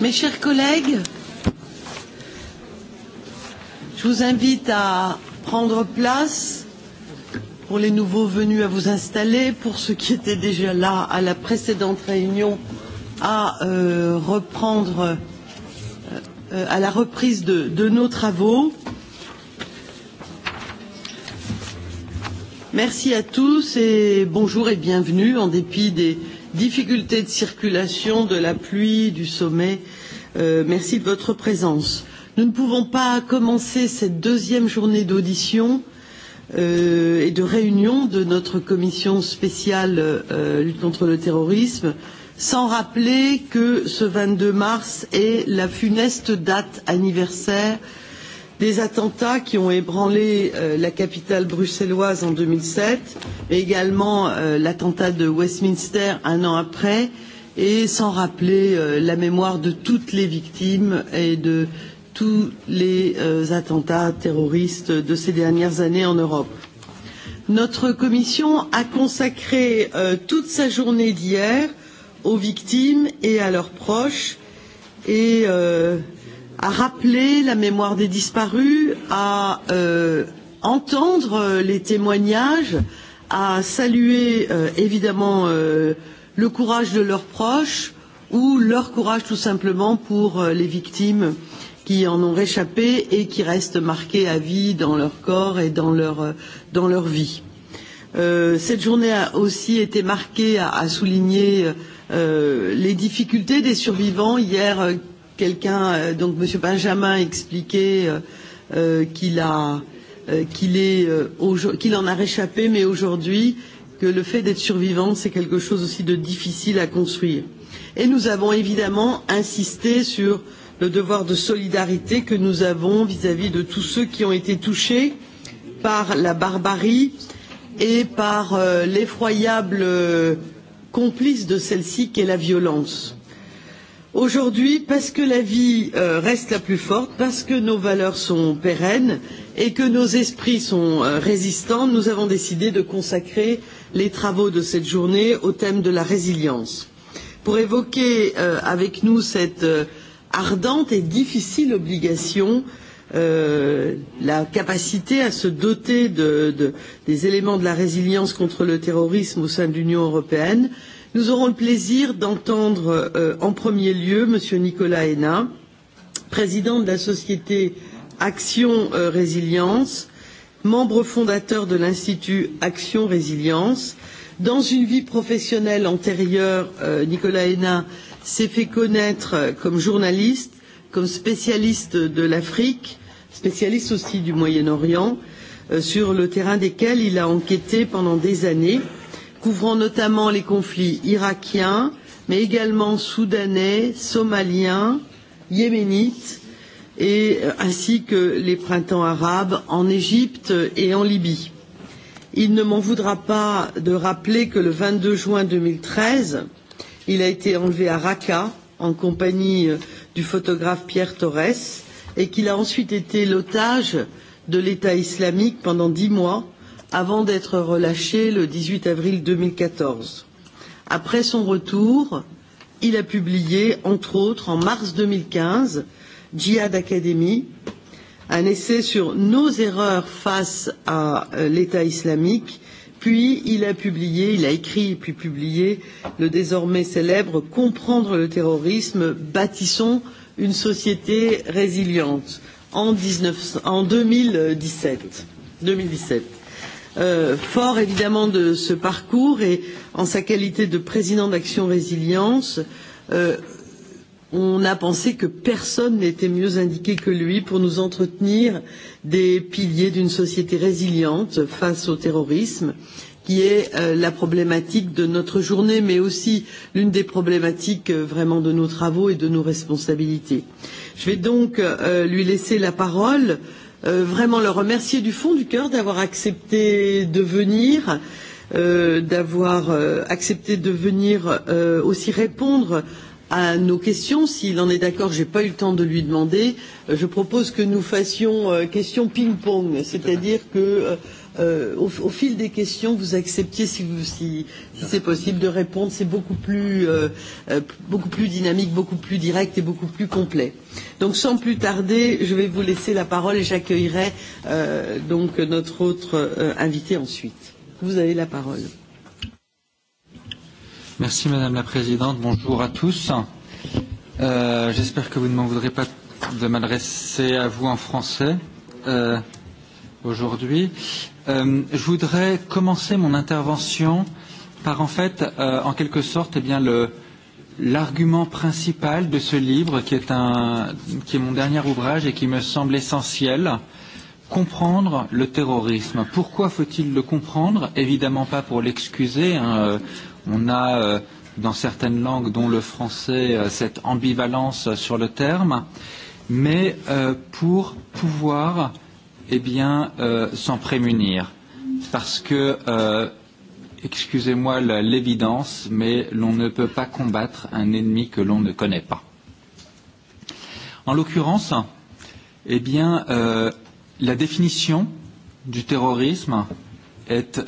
Mes chers collègues, je vous invite à prendre place pour les nouveaux venus à vous installer, pour ceux qui étaient déjà là à la précédente réunion à reprendre à la reprise de nos travaux. Merci à tous et bonjour et bienvenue en dépit des difficultés de circulation de la pluie du sommet merci de votre présence nous ne pouvons pas commencer cette deuxième journée d'audition et de réunion de notre commission spéciale lutte contre le terrorisme sans rappeler que ce 22 mars est la funeste date anniversaire des attentats qui ont ébranlé la capitale bruxelloise en 2007, mais également l'attentat de Westminster un an après, et sans rappeler la mémoire de toutes les victimes et de tous les attentats terroristes de ces dernières années en Europe. Notre commission a consacré toute sa journée d'hier aux victimes et à leurs proches et à rappeler la mémoire des disparus, à entendre les témoignages, à saluer évidemment le courage de leurs proches ou leur courage tout simplement pour les victimes qui en ont réchappé et qui restent marquées à vie dans leur corps et dans leur, vie. Cette journée a aussi été marquée à souligner les difficultés des survivants. Hier, Quelqu'un, donc M. Benjamin, expliquait qu'il en a réchappé, mais aujourd'hui, que le fait d'être survivante, c'est quelque chose aussi de difficile à construire. Et nous avons évidemment insisté sur le devoir de solidarité que nous avons vis-à-vis de tous ceux qui ont été touchés par la barbarie et par l'effroyable complice de celle-ci qu'est la violence aujourd'hui parce que la vie reste la plus forte parce que nos valeurs sont pérennes et que nos esprits sont résistants nous avons décidé de consacrer les travaux de cette journée au thème de la résilience pour évoquer avec nous cette ardente et difficile obligation la capacité à se doter des éléments de la résilience contre le terrorisme au sein de l'union européenne Nous aurons le plaisir d'entendre en premier lieu M. Nicolas Hénin, président de la société Action Résilience, membre fondateur de l'Institut Action Résilience. Dans une vie professionnelle antérieure, Nicolas Hénin s'est fait connaître comme journaliste, comme spécialiste de l'Afrique, spécialiste aussi du Moyen-Orient, sur le terrain desquels il a enquêté pendant des années couvrant notamment les conflits irakiens, mais également soudanais, somaliens, yéménites, ainsi que les printemps arabes en Égypte et en Libye. Il ne m'en voudra pas de rappeler que le 22 juin 2013, il a été enlevé à Raqqa en compagnie du photographe Pierre Torres et qu'il a ensuite été l'otage de l'État islamique pendant dix mois avant d'être relâché le 18 avril 2014. Après son retour, il a publié, entre autres, en mars 2015, Djihad Academy, un essai sur nos erreurs face à l'État islamique, puis il a publié, il a écrit et puis publié le désormais célèbre Comprendre le terrorisme, bâtissons une société résiliente en 2017. 2017 fort évidemment de ce parcours et en sa qualité de président d'Action Résilience, on a pensé que personne n'était mieux indiqué que lui pour nous entretenir des piliers d'une société résiliente face au terrorisme qui est la problématique de notre journée mais aussi l'une des problématiques vraiment de nos travaux et de nos responsabilités. Je vais donc lui laisser la parole vraiment le remercier du fond du cœur d'avoir accepté de venir, d'avoir accepté de venir aussi répondre à nos questions. S'il en est d'accord, je n'ai pas eu le temps de lui demander. Je propose que nous fassions question ping-pong, c'est-à-dire que au fil des questions, vous acceptiez, si c'est possible, de répondre. C'est beaucoup plus dynamique, beaucoup plus direct et beaucoup plus complet. Donc, sans plus tarder, je vais vous laisser la parole et j'accueillerai donc notre autre invité ensuite. Vous avez la parole. Merci Madame la Présidente. Bonjour à tous. J'espère que vous ne m'en voudrez pas de m'adresser à vous en français aujourd'hui. Je voudrais commencer mon intervention par, en fait, en quelque sorte, eh bien, le l'argument principal de ce livre, qui est, un, qui est mon dernier ouvrage et qui me semble essentiel, comprendre le terrorisme. Pourquoi faut-il le comprendre Évidemment pas pour l'excuser. On a, dans certaines langues, dont le français, cette ambivalence sur le terme, mais pour pouvoir eh bien, s'en prémunir. Parce que, excusez-moi l'évidence, mais l'on ne peut pas combattre un ennemi que l'on ne connaît pas. En l'occurrence, eh bien, la définition du terrorisme est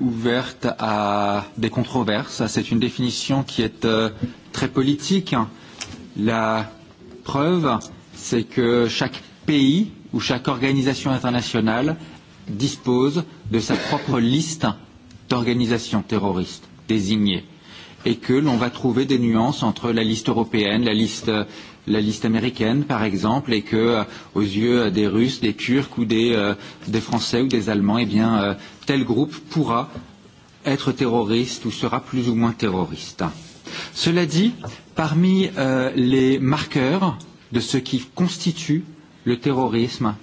ouverte à des controverses. C'est une définition qui est très politique. La preuve, c'est que chaque pays où chaque organisation internationale dispose de sa propre liste d'organisations terroristes désignées et que l'on va trouver des nuances entre la liste européenne, la liste la liste américaine par exemple et que aux yeux des Russes, des Turcs ou des des Français ou des Allemands, eh bien tel groupe pourra être terroriste ou sera plus ou moins terroriste. Cela dit, parmi les marqueurs de ce qui constitue le terrorisme,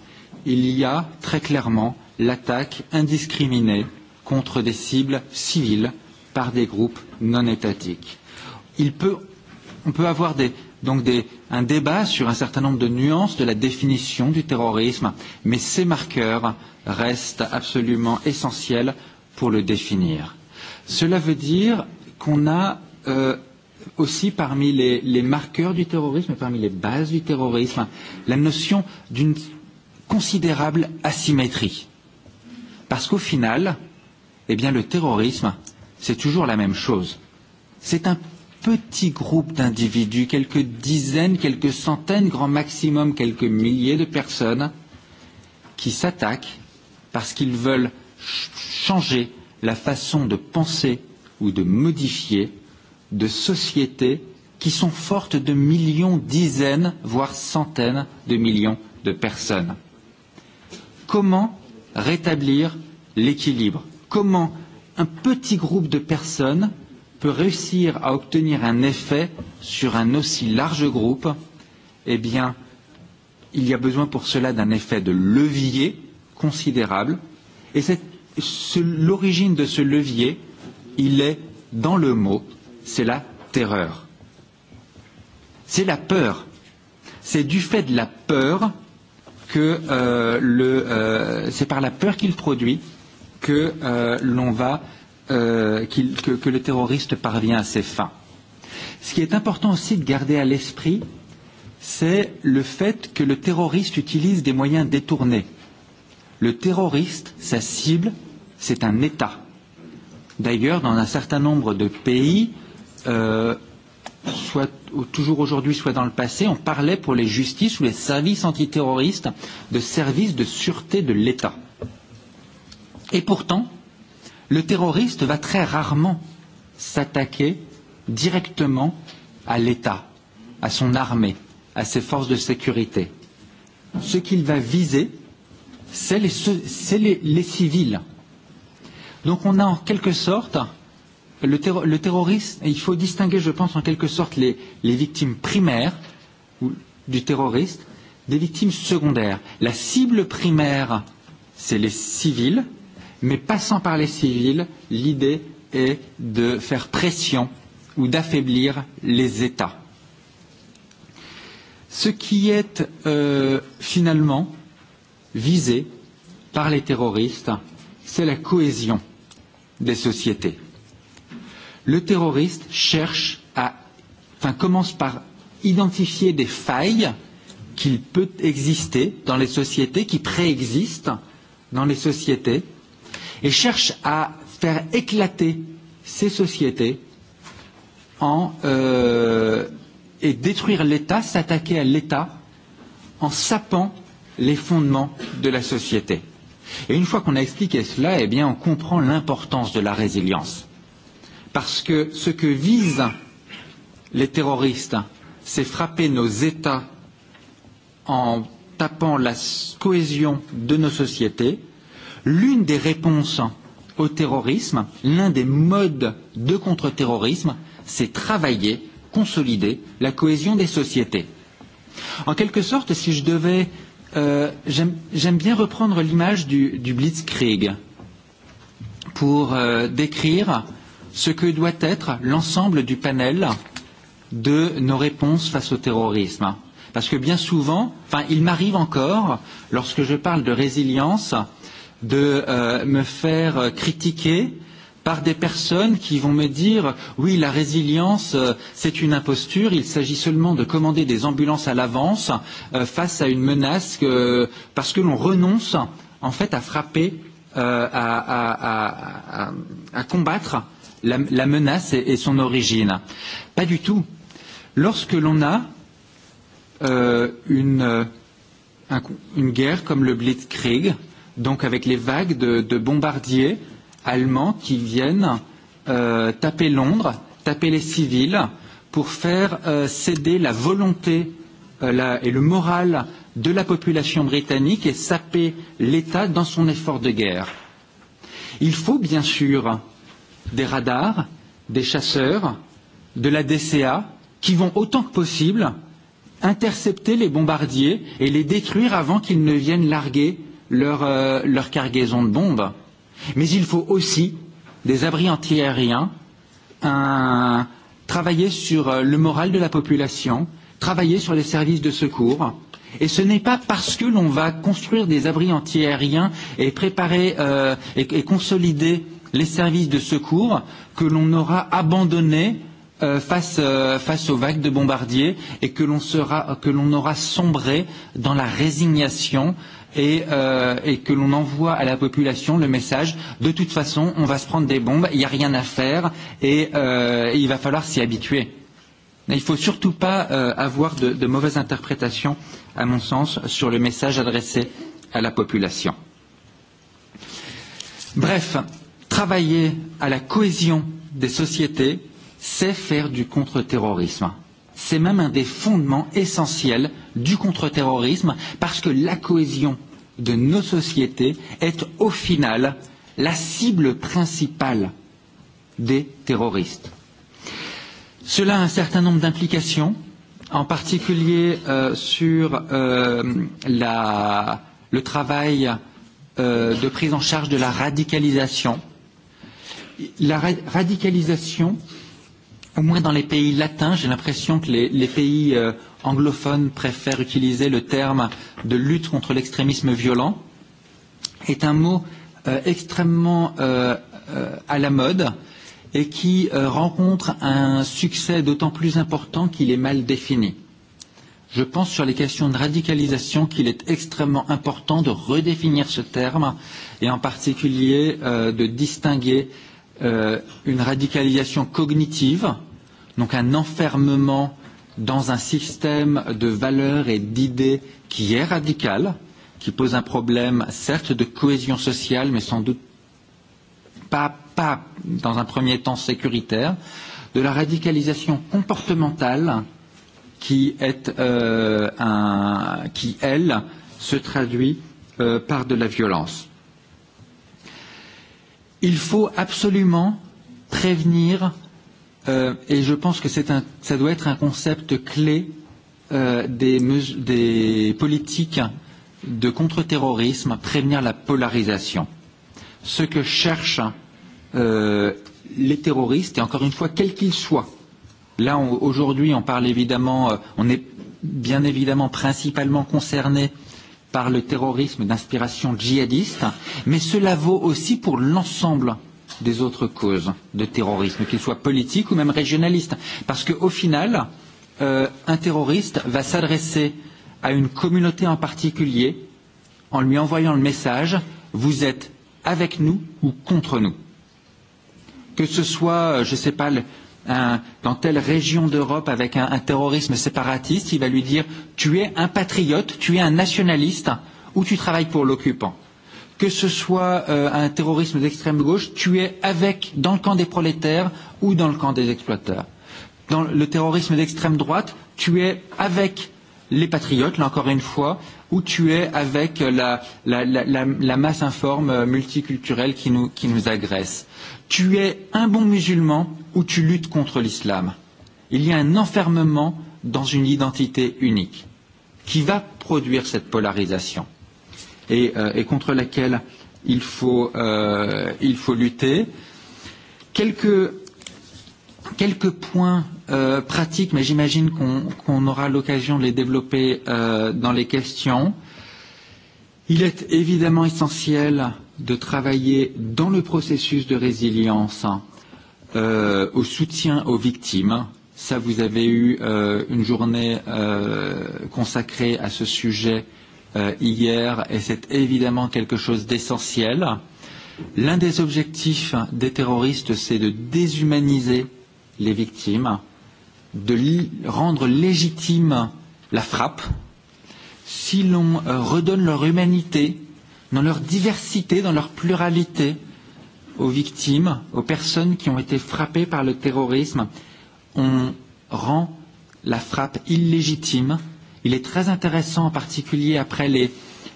il y a très clairement l'attaque indiscriminée contre des cibles civiles par des groupes non étatiques. Il peut, on peut avoir des, donc des, un débat sur un certain nombre de nuances de la définition du terrorisme, mais ces marqueurs restent absolument essentiels pour le définir. Cela veut dire qu'on a aussi parmi les, les marqueurs du terrorisme, parmi les bases du terrorisme, la notion d'une considérable asymétrie. Parce qu'au final, eh bien, le terrorisme, c'est toujours la même chose. C'est un petit groupe d'individus, quelques dizaines, quelques centaines, grand maximum, quelques milliers de personnes, qui s'attaquent parce qu'ils veulent changer la façon de penser ou de modifier de sociétés qui sont fortes de millions, dizaines, voire centaines de millions de personnes. Comment rétablir l'équilibre Comment un petit groupe de personnes peut réussir à obtenir un effet sur un aussi large groupe Eh bien, il y a besoin pour cela d'un effet de levier considérable. Et l'origine de ce levier, il est dans le mot c'est la terreur. C'est la peur. C'est du fait de la peur que le c'est par la peur qu'il produit que l'on va que le terroriste parvient à ses fins. Ce qui est important aussi de garder à l'esprit, c'est le fait que le terroriste utilise des moyens détournés. Le terroriste, sa cible, c'est un État. D'ailleurs, dans un certain nombre de pays, soit toujours aujourd'hui, soit dans le passé, on parlait pour les justices ou les services antiterroristes de services de sûreté de l'État. Et pourtant, le terroriste va très rarement s'attaquer directement à l'État, à son armée, à ses forces de sécurité. Ce qu'il va viser, c'est les civils. Donc on a en quelque sorte le terrorisme, il faut distinguer, je pense, en quelque sorte les victimes primaires du terroriste des victimes secondaires. La cible primaire, c'est les civils, mais passant par les civils, l'idée est de faire pression ou d'affaiblir les États. Ce qui est finalement visé par les terroristes, c'est la cohésion des sociétés le terroriste cherche à, enfin commence par identifier des failles qu'il peut exister dans les sociétés, qui préexistent dans les sociétés, et cherche à faire éclater ces sociétés en, et détruire l'État, s'attaquer à l'État en sapant les fondements de la société. Et une fois qu'on a expliqué cela, eh bien, on comprend l'importance de la résilience parce que ce que visent les terroristes, c'est frapper nos États en tapant la cohésion de nos sociétés. L'une des réponses au terrorisme, l'un des modes de contre-terrorisme, c'est travailler, consolider la cohésion des sociétés. En quelque sorte, si je devais. J'aime bien reprendre l'image du Blitzkrieg pour décrire ce que doit être l'ensemble du panel de nos réponses face au terrorisme. Parce que bien souvent, enfin, il m'arrive encore, lorsque je parle de résilience, de me faire critiquer par des personnes qui vont me dire oui la résilience c'est une imposture il s'agit seulement de commander des ambulances à l'avance face à une menace parce que l'on renonce en fait à frapper à combattre la menace et son origine. Pas du tout. Lorsque l'on a une guerre comme le Blitzkrieg, donc avec les vagues de bombardiers allemands qui viennent taper Londres, taper les civils, pour faire céder la volonté et le moral de la population britannique et saper l'État dans son effort de guerre. Il faut bien sûr des radars, des chasseurs, de la DCA, qui vont autant que possible intercepter les bombardiers et les détruire avant qu'ils ne viennent larguer leur cargaison de bombes. Mais il faut aussi des abris antiaériens, travailler sur le moral de la population, travailler sur les services de secours. Et ce n'est pas parce que l'on va construire des abris antiaériens et préparer et consolider les services de secours que l'on aura abandonnés face face aux vagues de bombardiers et que l'on aura sombré dans la résignation et et que l'on envoie à la population le message de toute façon on va se prendre des bombes il n'y a rien à faire et il va falloir s'y habituer il ne faut surtout pas avoir de de mauvaises interprétations à mon sens sur le message adressé à la population bref travailler à la cohésion des sociétés, c'est faire du contre-terrorisme. C'est même un des fondements essentiels du contre-terrorisme parce que la cohésion de nos sociétés est au final la cible principale des terroristes. Cela a un certain nombre d'implications, en particulier sur le travail de prise en charge de la radicalisation la radicalisation, au moins dans les pays latins, j'ai l'impression que les pays anglophones préfèrent utiliser le terme de lutte contre l'extrémisme violent, est un mot extrêmement à la mode et qui rencontre un succès d'autant plus important qu'il est mal défini. Je pense sur les questions de radicalisation qu'il est extrêmement important de redéfinir ce terme et en particulier de distinguer une radicalisation cognitive, donc un enfermement dans un système de valeurs et d'idées qui est radical, qui pose un problème certes de cohésion sociale, mais sans doute pas, pas dans un premier temps sécuritaire, de la radicalisation comportementale qui, est, un, qui elle, se traduit par de la violence. Il faut absolument prévenir, et je pense que ça doit être un concept clé des politiques de contre-terrorisme, prévenir la polarisation. Ce que cherchent les terroristes, et encore une fois, quels qu'ils soient, là aujourd'hui on parle évidemment, on est bien évidemment principalement concerné par le terrorisme d'inspiration djihadiste, mais cela vaut aussi pour l'ensemble des autres causes de terrorisme, qu'ils soient politiques ou même régionalistes. Parce qu'au final, un terroriste va s'adresser à une communauté en particulier en lui envoyant le message Vous êtes avec nous ou contre nous. Que ce soit, je ne sais pas, dans telle région d'Europe avec un terrorisme séparatiste, il va lui dire tu es un patriote, tu es un nationaliste ou tu travailles pour l'occupant. Que ce soit un terrorisme d'extrême gauche, tu es avec, dans le camp des prolétaires ou dans le camp des exploiteurs. Dans le terrorisme d'extrême droite, tu es avec les patriotes, là encore une fois, ou tu es avec la, la, la, la masse informe multiculturelle qui nous, qui nous agresse. Tu es un bon musulman, ou tu luttes contre l'islam. Il y a un enfermement dans une identité unique qui va produire cette polarisation et contre laquelle il faut lutter. Quelques points pratiques, mais j'imagine qu'on aura l'occasion de les développer dans les questions. Il est évidemment essentiel de travailler dans le processus de résilience au soutien aux victimes. Ça, vous avez eu une journée consacrée à ce sujet hier et c'est évidemment quelque chose d'essentiel. L'un des objectifs des terroristes, c'est de déshumaniser les victimes, de rendre légitime la frappe. Si l'on redonne leur humanité, dans leur diversité, dans leur pluralité, aux victimes, aux personnes qui ont été frappées par le terrorisme. On rend la frappe illégitime. Il est très intéressant, en particulier après les,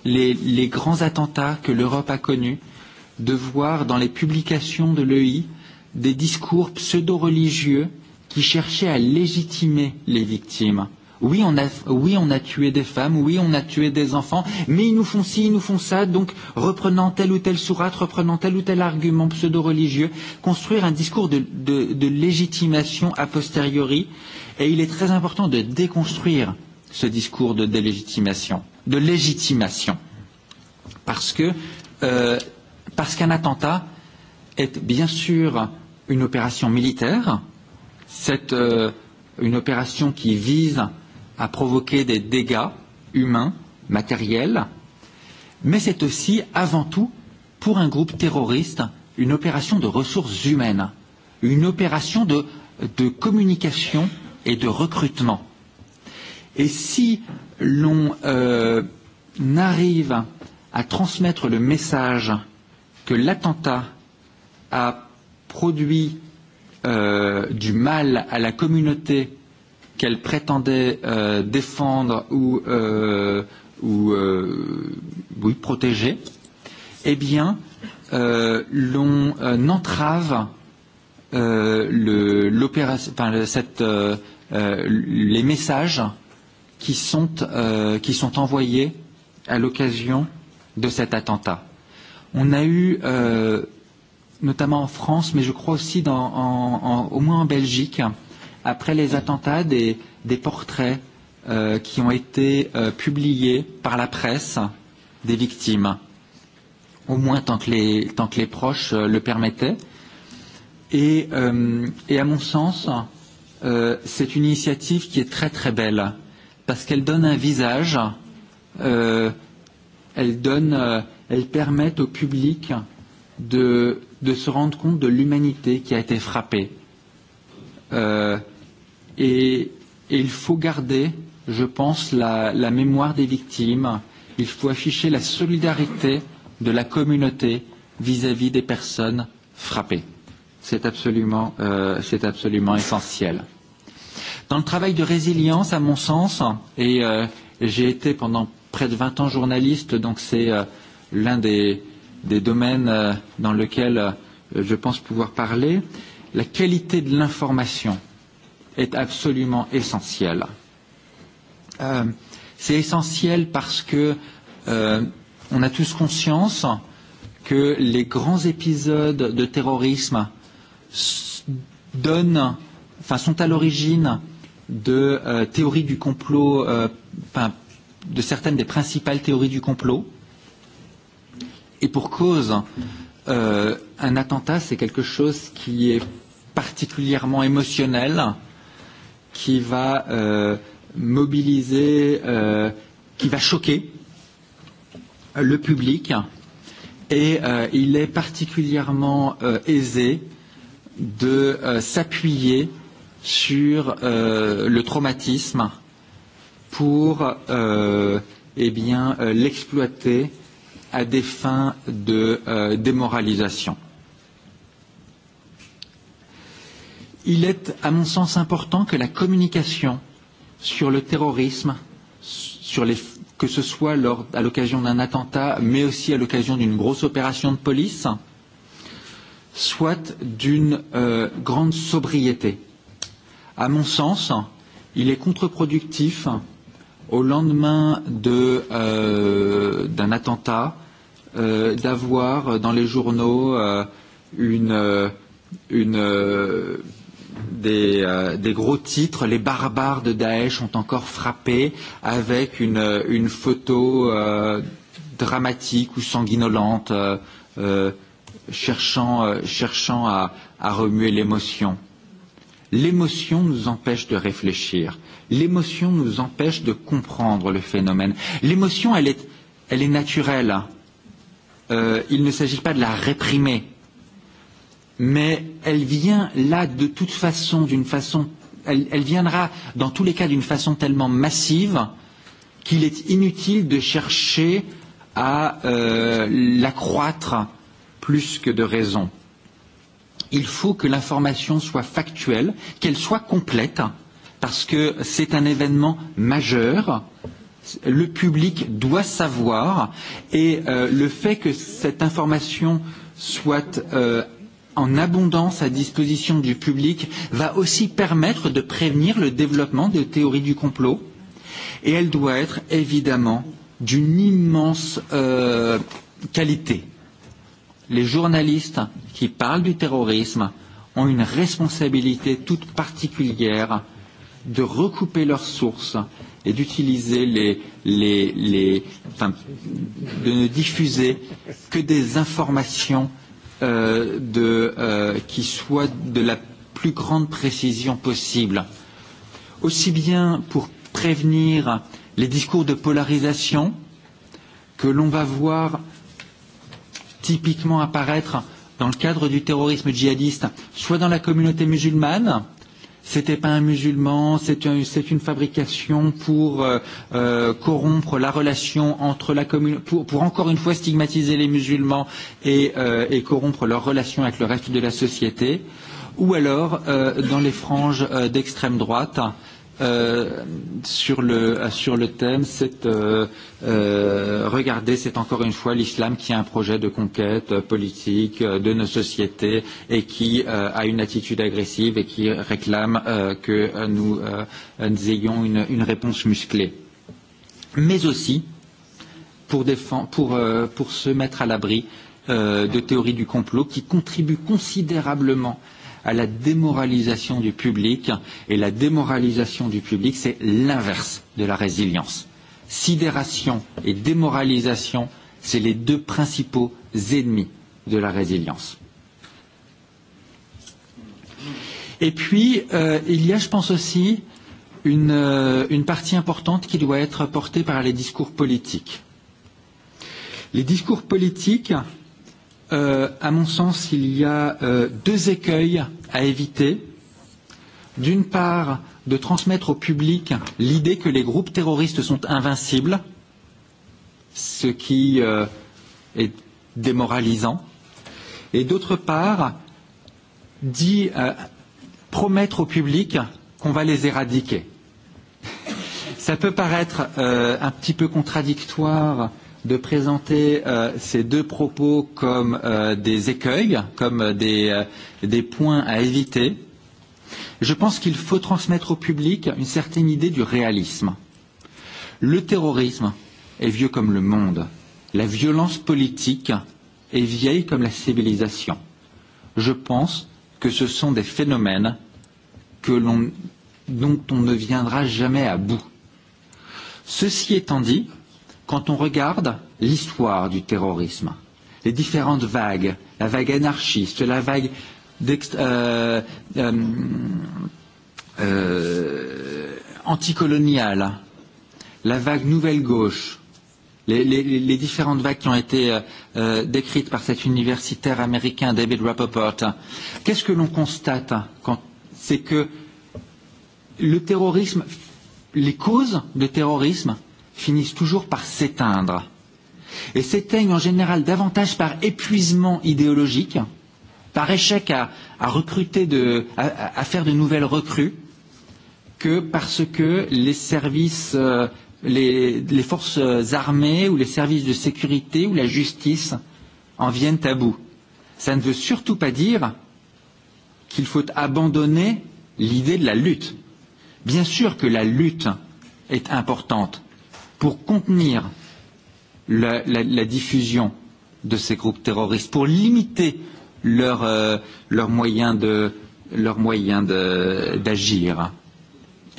les, les grands attentats que l'Europe a connus, de voir dans les publications de l'EI des discours pseudo-religieux qui cherchaient à légitimer les victimes. Oui, on a, oui, on a tué des femmes, oui, on a tué des enfants, mais ils nous font ci, ils nous font ça, donc reprenant telle ou telle sourate, reprenant tel ou tel argument pseudo-religieux, construire un discours de, de, de légitimation a posteriori, et il est très important de déconstruire ce discours de délégitimation, de légitimation, parce que euh, parce qu'un attentat est bien sûr une opération militaire, c'est une opération qui vise à provoquer des dégâts humains, matériels, mais c'est aussi, avant tout, pour un groupe terroriste, une opération de ressources humaines, une opération de, de communication et de recrutement. Et si l'on euh, arrive à transmettre le message que l'attentat a produit euh, du mal à la communauté qu'elle prétendait défendre ou ou oui protéger eh bien l'on entrave le enfin cette les messages qui sont qui sont envoyés à l'occasion de cet attentat on a eu notamment en France mais je crois aussi dans en au moins en Belgique après les attentats, des portraits qui ont été publiés par la presse des victimes, au moins tant que les proches le permettaient. Et à mon sens, c'est une initiative qui est très très belle, parce qu'elle donne un visage, elle donne elle permet au public de se rendre compte de l'humanité qui a été frappée et il faut garder, je pense, la mémoire des victimes. Il faut afficher la solidarité de la communauté vis-à-vis des personnes frappées. C'est absolument essentiel. Dans le travail de résilience, à mon sens, et j'ai été pendant près de 20 ans journaliste, donc c'est l'un des domaines dans lequel je pense pouvoir parler, la qualité de l'information est absolument essentiel. C'est essentiel parce que on a tous conscience que les grands épisodes de terrorisme donnent, enfin, sont à l'origine de théories du complot, de certaines des principales théories du complot. Et pour cause, un attentat, c'est quelque chose qui est particulièrement émotionnel, qui va mobiliser, qui va choquer le public et il est particulièrement aisé de s'appuyer sur le traumatisme pour eh bien l'exploiter à des fins de démoralisation Il est, à mon sens, important que la communication sur le terrorisme, sur que ce soit lors, à l'occasion d'un attentat, mais aussi à l'occasion d'une grosse opération de police, soit d'une grande sobriété. À mon sens, il est contre-productif au lendemain d'un attentat d'avoir dans les journaux une des gros titres, les barbares de Daesh ont encore frappé avec une photo dramatique ou sanguinolente cherchant cherchant à à remuer l'émotion l'émotion nous empêche de réfléchir l'émotion nous empêche de comprendre le phénomène l'émotion elle est elle est naturelle il ne s'agit pas de la réprimer mais elle vient là de toute façon d'une façon elle viendra dans tous les cas d'une façon tellement massive qu'il est inutile de chercher à l'accroître plus que de raison. Il faut que l'information soit factuelle, qu'elle soit complète, parce que c'est un événement majeur. Le public doit savoir et le fait que cette information soit en abondance à disposition du public va aussi permettre de prévenir le développement de théories du complot et elle doit être évidemment d'une immense qualité. Les journalistes qui parlent du terrorisme ont une responsabilité toute particulière de recouper leurs sources et d'utiliser les, les, les, enfin, de ne diffuser que des informations qui soit de la plus grande précision possible, aussi bien pour prévenir les discours de polarisation que l'on va voir typiquement apparaître dans le cadre du terrorisme djihadiste, soit dans la communauté musulmane, c'était pas un musulman, c'est une fabrication pour corrompre la relation entre la commune, pour, encore une fois stigmatiser les musulmans et, et corrompre leur relation avec le reste de la société, ou alors dans les franges d'extrême droite, sur le sur le thème c'est regarder, c'est encore une fois l'islam qui a un projet de conquête politique de nos sociétés et qui a une attitude agressive et qui réclame que nous nous ayons une une réponse musclée mais aussi pour défendre pour pour se mettre à l'abri de théories du complot qui contribuent considérablement à la démoralisation du public. Et la démoralisation du public, c'est l'inverse de la résilience. Sidération et démoralisation, c'est les deux principaux ennemis de la résilience. Et puis, il y a, je pense aussi, une partie importante qui doit être portée par les discours politiques. Les discours politiques à mon sens, il y a deux écueils à éviter. D'une part, de transmettre au public l'idée que les groupes terroristes sont invincibles, ce qui est démoralisant. Et d'autre part, promettre au public qu'on va les éradiquer. Ça peut paraître un petit peu contradictoire de présenter ces deux propos comme des écueils, comme des points à éviter. Je pense qu'il faut transmettre au public une certaine idée du réalisme. Le terrorisme est vieux comme le monde. La violence politique est vieille comme la civilisation. Je pense que ce sont des phénomènes dont on ne viendra jamais à bout. Ceci étant dit, Quand on regarde l'histoire du terrorisme, les différentes vagues, la vague anarchiste, la vague anticoloniale, la vague nouvelle gauche, les différentes vagues qui ont été décrites par cet universitaire américain David Rappaport, qu'est-ce que l'on constate C'est que le terrorisme, les causes de terrorisme finissent toujours par s'éteindre et s'éteignent en général davantage par épuisement idéologique, par échec à recruter de à faire de nouvelles recrues que parce que les services les forces armées ou les services de sécurité ou la justice en viennent à bout. Ça ne veut surtout pas dire qu'il faut abandonner l'idée de la lutte. Bien sûr que la lutte est importante pour contenir la diffusion de ces groupes terroristes, pour limiter leurs moyens d'agir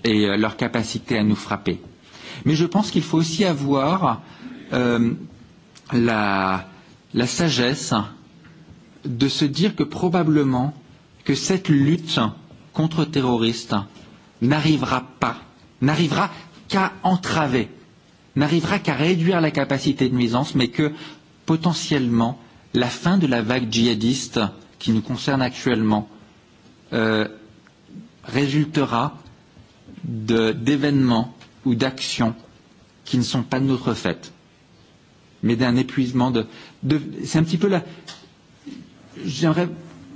et leur capacité à nous frapper. Mais je pense qu'il faut aussi avoir la sagesse de se dire que probablement que cette lutte contre terroristes n'arrivera pas, n'arrivera qu'à entraver n'arrivera qu'à réduire la capacité de nuisance, mais que potentiellement la fin de la vague djihadiste qui nous concerne actuellement résultera d'événements ou d'actions qui ne sont pas de notre fait, mais d'un épuisement de. C'est un petit peu la.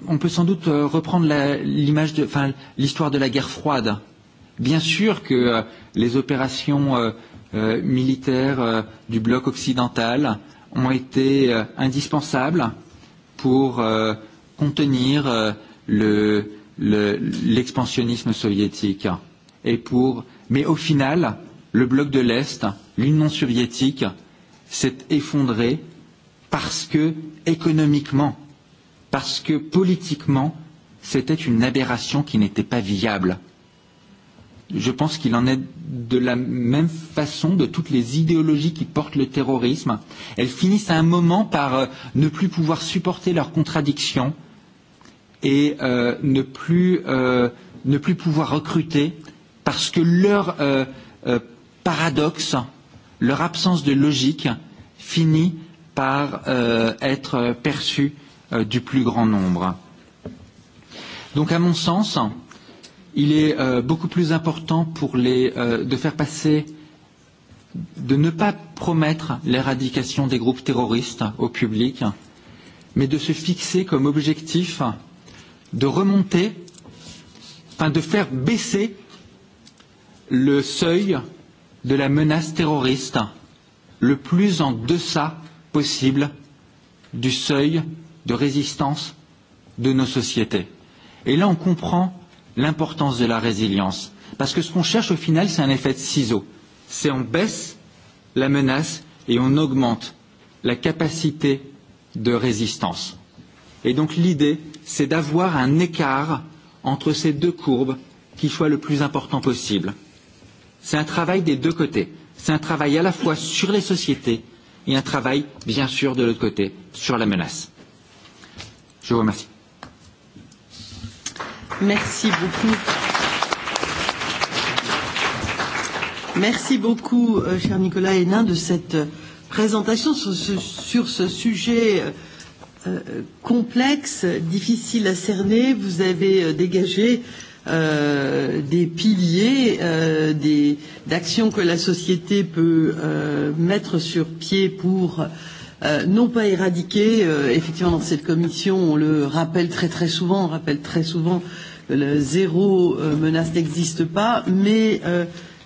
On peut sans doute reprendre l'image Enfin, l'histoire de la guerre froide. Bien sûr que les opérations militaires du bloc occidental ont été indispensables pour contenir l'expansionnisme soviétique. Et pour, mais au final, le bloc de l'Est, l'Union soviétique, s'est effondré parce que, économiquement, parce que, politiquement, c'était une aberration qui n'était pas viable Je pense qu'il en est de la même façon de toutes les idéologies qui portent le terrorisme. Elles finissent à un moment par ne plus pouvoir supporter leurs contradictions et ne plus pouvoir recruter parce que leur paradoxe, leur absence de logique finit par être perçue du plus grand nombre. Donc à mon sens, il est beaucoup plus important pour les de faire passer de ne pas promettre l'éradication des groupes terroristes au public mais de se fixer comme objectif de remonter enfin de faire baisser le seuil de la menace terroriste le plus en deçà possible du seuil de résistance de nos sociétés et là on comprend l'importance de la résilience. Parce que ce qu'on cherche au final, c'est un effet de ciseau. C'est on baisse la menace et on augmente la capacité de résistance. Et donc l'idée, c'est d'avoir un écart entre ces deux courbes qui soit le plus important possible. C'est un travail des deux côtés. C'est un travail à la fois sur les sociétés et un travail, bien sûr, de l'autre côté, sur la menace. Je vous remercie. Merci beaucoup. Merci beaucoup, cher Nicolas Hénin, de cette présentation sur ce, sur ce sujet complexe, difficile à cerner. Vous avez dégagé des piliers d'actions que la société peut mettre sur pied pour non pas éradiquer. Effectivement, dans cette commission, on le rappelle très très souvent, on rappelle très souvent le zéro menace n'existe pas, mais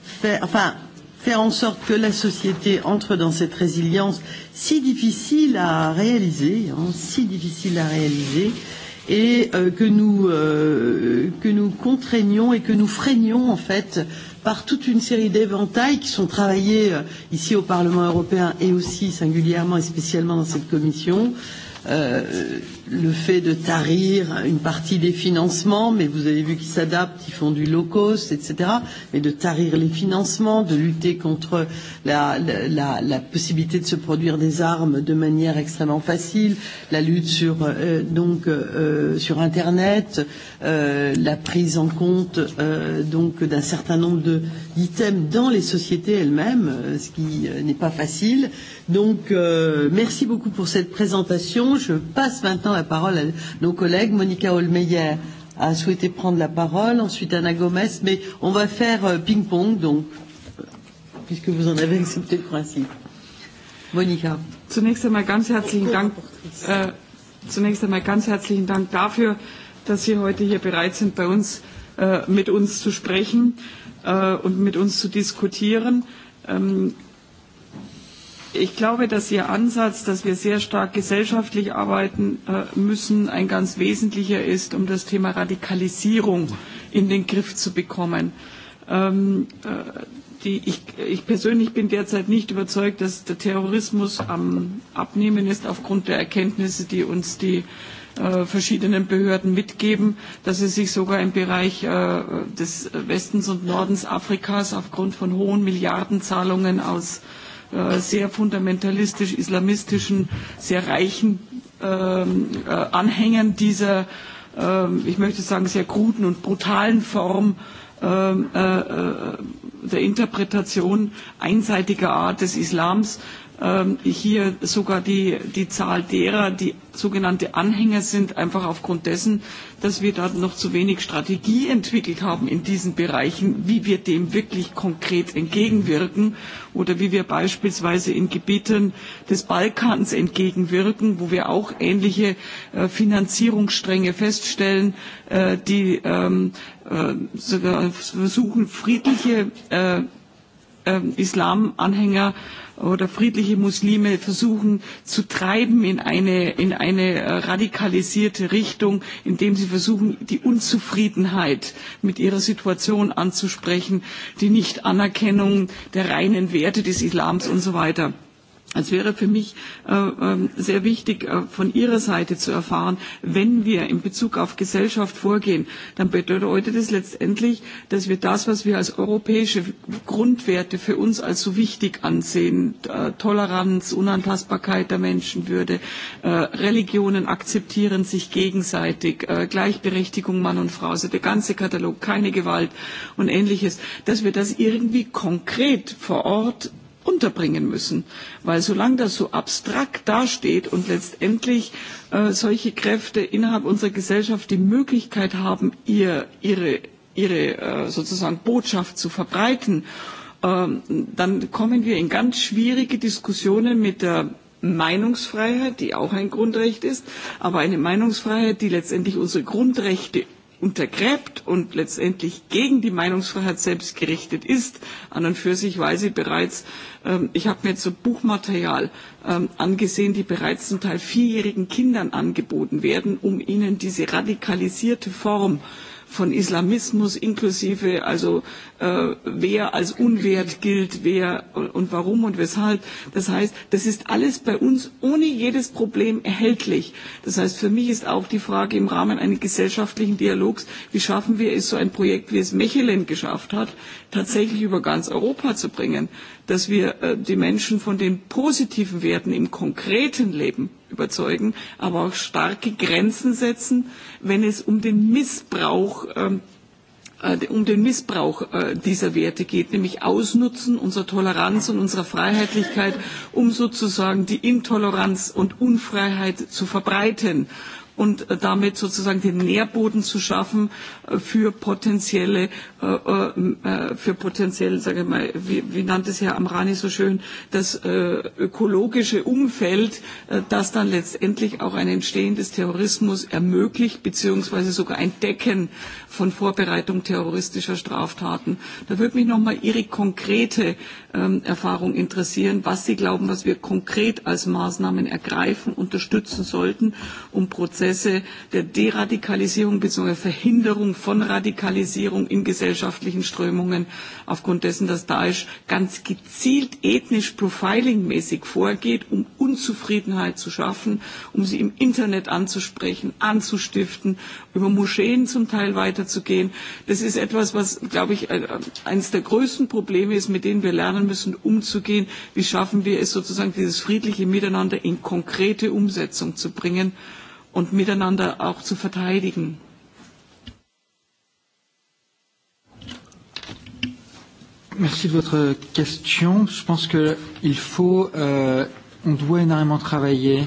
faire, enfin, faire en sorte que la société entre dans cette résilience si difficile à réaliser, si difficile à réaliser, et que nous que nous contraignons et que nous freignons en fait par toute une série d'éventails qui sont travaillés ici au Parlement européen et aussi singulièrement et spécialement dans cette commission le fait de tarir une partie des financements, mais vous avez vu qu'ils s'adaptent, ils font du low cost, etc., mais de tarir les financements, de lutter contre la, la, la possibilité de se produire des armes de manière extrêmement facile, la lutte sur, donc, sur Internet, la prise en compte donc d'un certain nombre d'items dans les sociétés elles-mêmes, ce qui n'est pas facile. Donc, merci beaucoup pour cette présentation. Je passe maintenant la parole à nos collègues. Monica Holmeyer a souhaité prendre la parole, ensuite Anna Gomes, mais on va faire ping-pong, donc, puisque vous en avez accepté le principe. Monika. Zunächst einmal ganz herzlichen Dank, äh, zunächst einmal ganz herzlichen Dank dafür, dass Sie heute hier bereit sind, bei uns, äh, mit uns zu sprechen äh, und mit uns zu diskutieren. Ähm, Ich glaube, dass Ihr Ansatz, dass wir sehr stark gesellschaftlich arbeiten müssen, ein ganz wesentlicher ist, um das Thema Radikalisierung in den Griff zu bekommen. Ich persönlich bin derzeit nicht überzeugt, dass der Terrorismus am Abnehmen ist, aufgrund der Erkenntnisse, die uns die verschiedenen Behörden mitgeben, dass es sich sogar im Bereich des Westens und Nordens Afrikas aufgrund von hohen Milliardenzahlungen aus sehr fundamentalistisch islamistischen, sehr reichen Anhängern dieser, ich möchte sagen, sehr kruden und brutalen Form der Interpretation einseitiger Art des Islams hier sogar die Zahl derer, die sogenannte Anhänger sind, einfach aufgrund dessen, dass wir da noch zu wenig Strategie entwickelt haben in diesen Bereichen, wie wir dem wirklich konkret entgegenwirken oder wie wir beispielsweise in Gebieten des Balkans entgegenwirken, wo wir auch ähnliche Finanzierungsstränge feststellen, die sogar versuchen, friedliche Islamanhänger oder friedliche Muslime versuchen zu treiben in eine radikalisierte Richtung, indem sie versuchen, die Unzufriedenheit mit ihrer Situation anzusprechen, die Nichtanerkennung der reinen Werte des Islams und so weiter. Es wäre für mich sehr wichtig, von Ihrer Seite zu erfahren, wenn wir in Bezug auf Gesellschaft vorgehen, dann bedeutet es letztendlich, dass wir das, was wir als europäische Grundwerte für uns als so wichtig ansehen, Toleranz, Unantastbarkeit der Menschenwürde, Religionen akzeptieren sich gegenseitig, Gleichberechtigung Mann und Frau, also der ganze Katalog, keine Gewalt und Ähnliches, dass wir das irgendwie konkret vor Ort unterbringen müssen. Weil solange das so abstrakt dasteht und letztendlich solche Kräfte innerhalb unserer Gesellschaft die Möglichkeit haben, ihre Botschaft zu verbreiten, dann kommen wir in ganz schwierige Diskussionen mit der Meinungsfreiheit, die auch ein Grundrecht ist, aber eine Meinungsfreiheit, die letztendlich unsere Grundrechte untergräbt und letztendlich gegen die Meinungsfreiheit selbst gerichtet ist. An und für sich weiß ich bereits, ich habe mir jetzt Buchmaterial angesehen, die bereits zum Teil vierjährigen Kindern angeboten werden, um ihnen diese radikalisierte Form von Islamismus inklusive, also wer als unwert gilt, wer und warum und weshalb. Das heißt, das ist alles bei uns ohne jedes Problem erhältlich. Das heißt, für mich ist auch die Frage im Rahmen eines gesellschaftlichen Dialogs, wie schaffen wir es, so ein Projekt, wie es Mechelen geschafft hat, tatsächlich über ganz Europa zu bringen dass wir die Menschen von den positiven Werten im konkreten Leben überzeugen, aber auch starke Grenzen setzen, wenn es um den Missbrauch um den Missbrauch dieser Werte geht, nämlich Ausnutzen unserer Toleranz und unserer Freiheitlichkeit, um sozusagen die Intoleranz und Unfreiheit zu verbreiten und damit sozusagen den Nährboden zu schaffen für potenzielle, für sage ich mal, wie nannte es Herr Amrani so schön, das ökologische Umfeld, das dann letztendlich auch ein Entstehen des Terrorismus ermöglicht, beziehungsweise sogar ein Decken von Vorbereitung terroristischer Straftaten. Da würde mich nochmal Ihre konkrete Erfahrung interessieren, was Sie glauben, was wir konkret als Maßnahmen ergreifen, unterstützen sollten, um Prozesse Prozesse der Deradikalisierung bzw. Verhinderung von Radikalisierung in gesellschaftlichen Strömungen aufgrund dessen, dass Daesh ganz gezielt ethnisch profilingmäßig vorgeht, um Unzufriedenheit zu schaffen, um sie im Internet anzusprechen, anzustiften, über Moscheen zum Teil weiterzugehen. Das ist etwas, was, glaube ich, eines der größten Probleme ist, mit denen wir lernen müssen, umzugehen. Wie schaffen wir es sozusagen, dieses friedliche Miteinander in konkrete Umsetzung zu bringen? und miteinander auch zu verteidigen. Merci de votre question. Je pense qu'il faut, on doit énormément travailler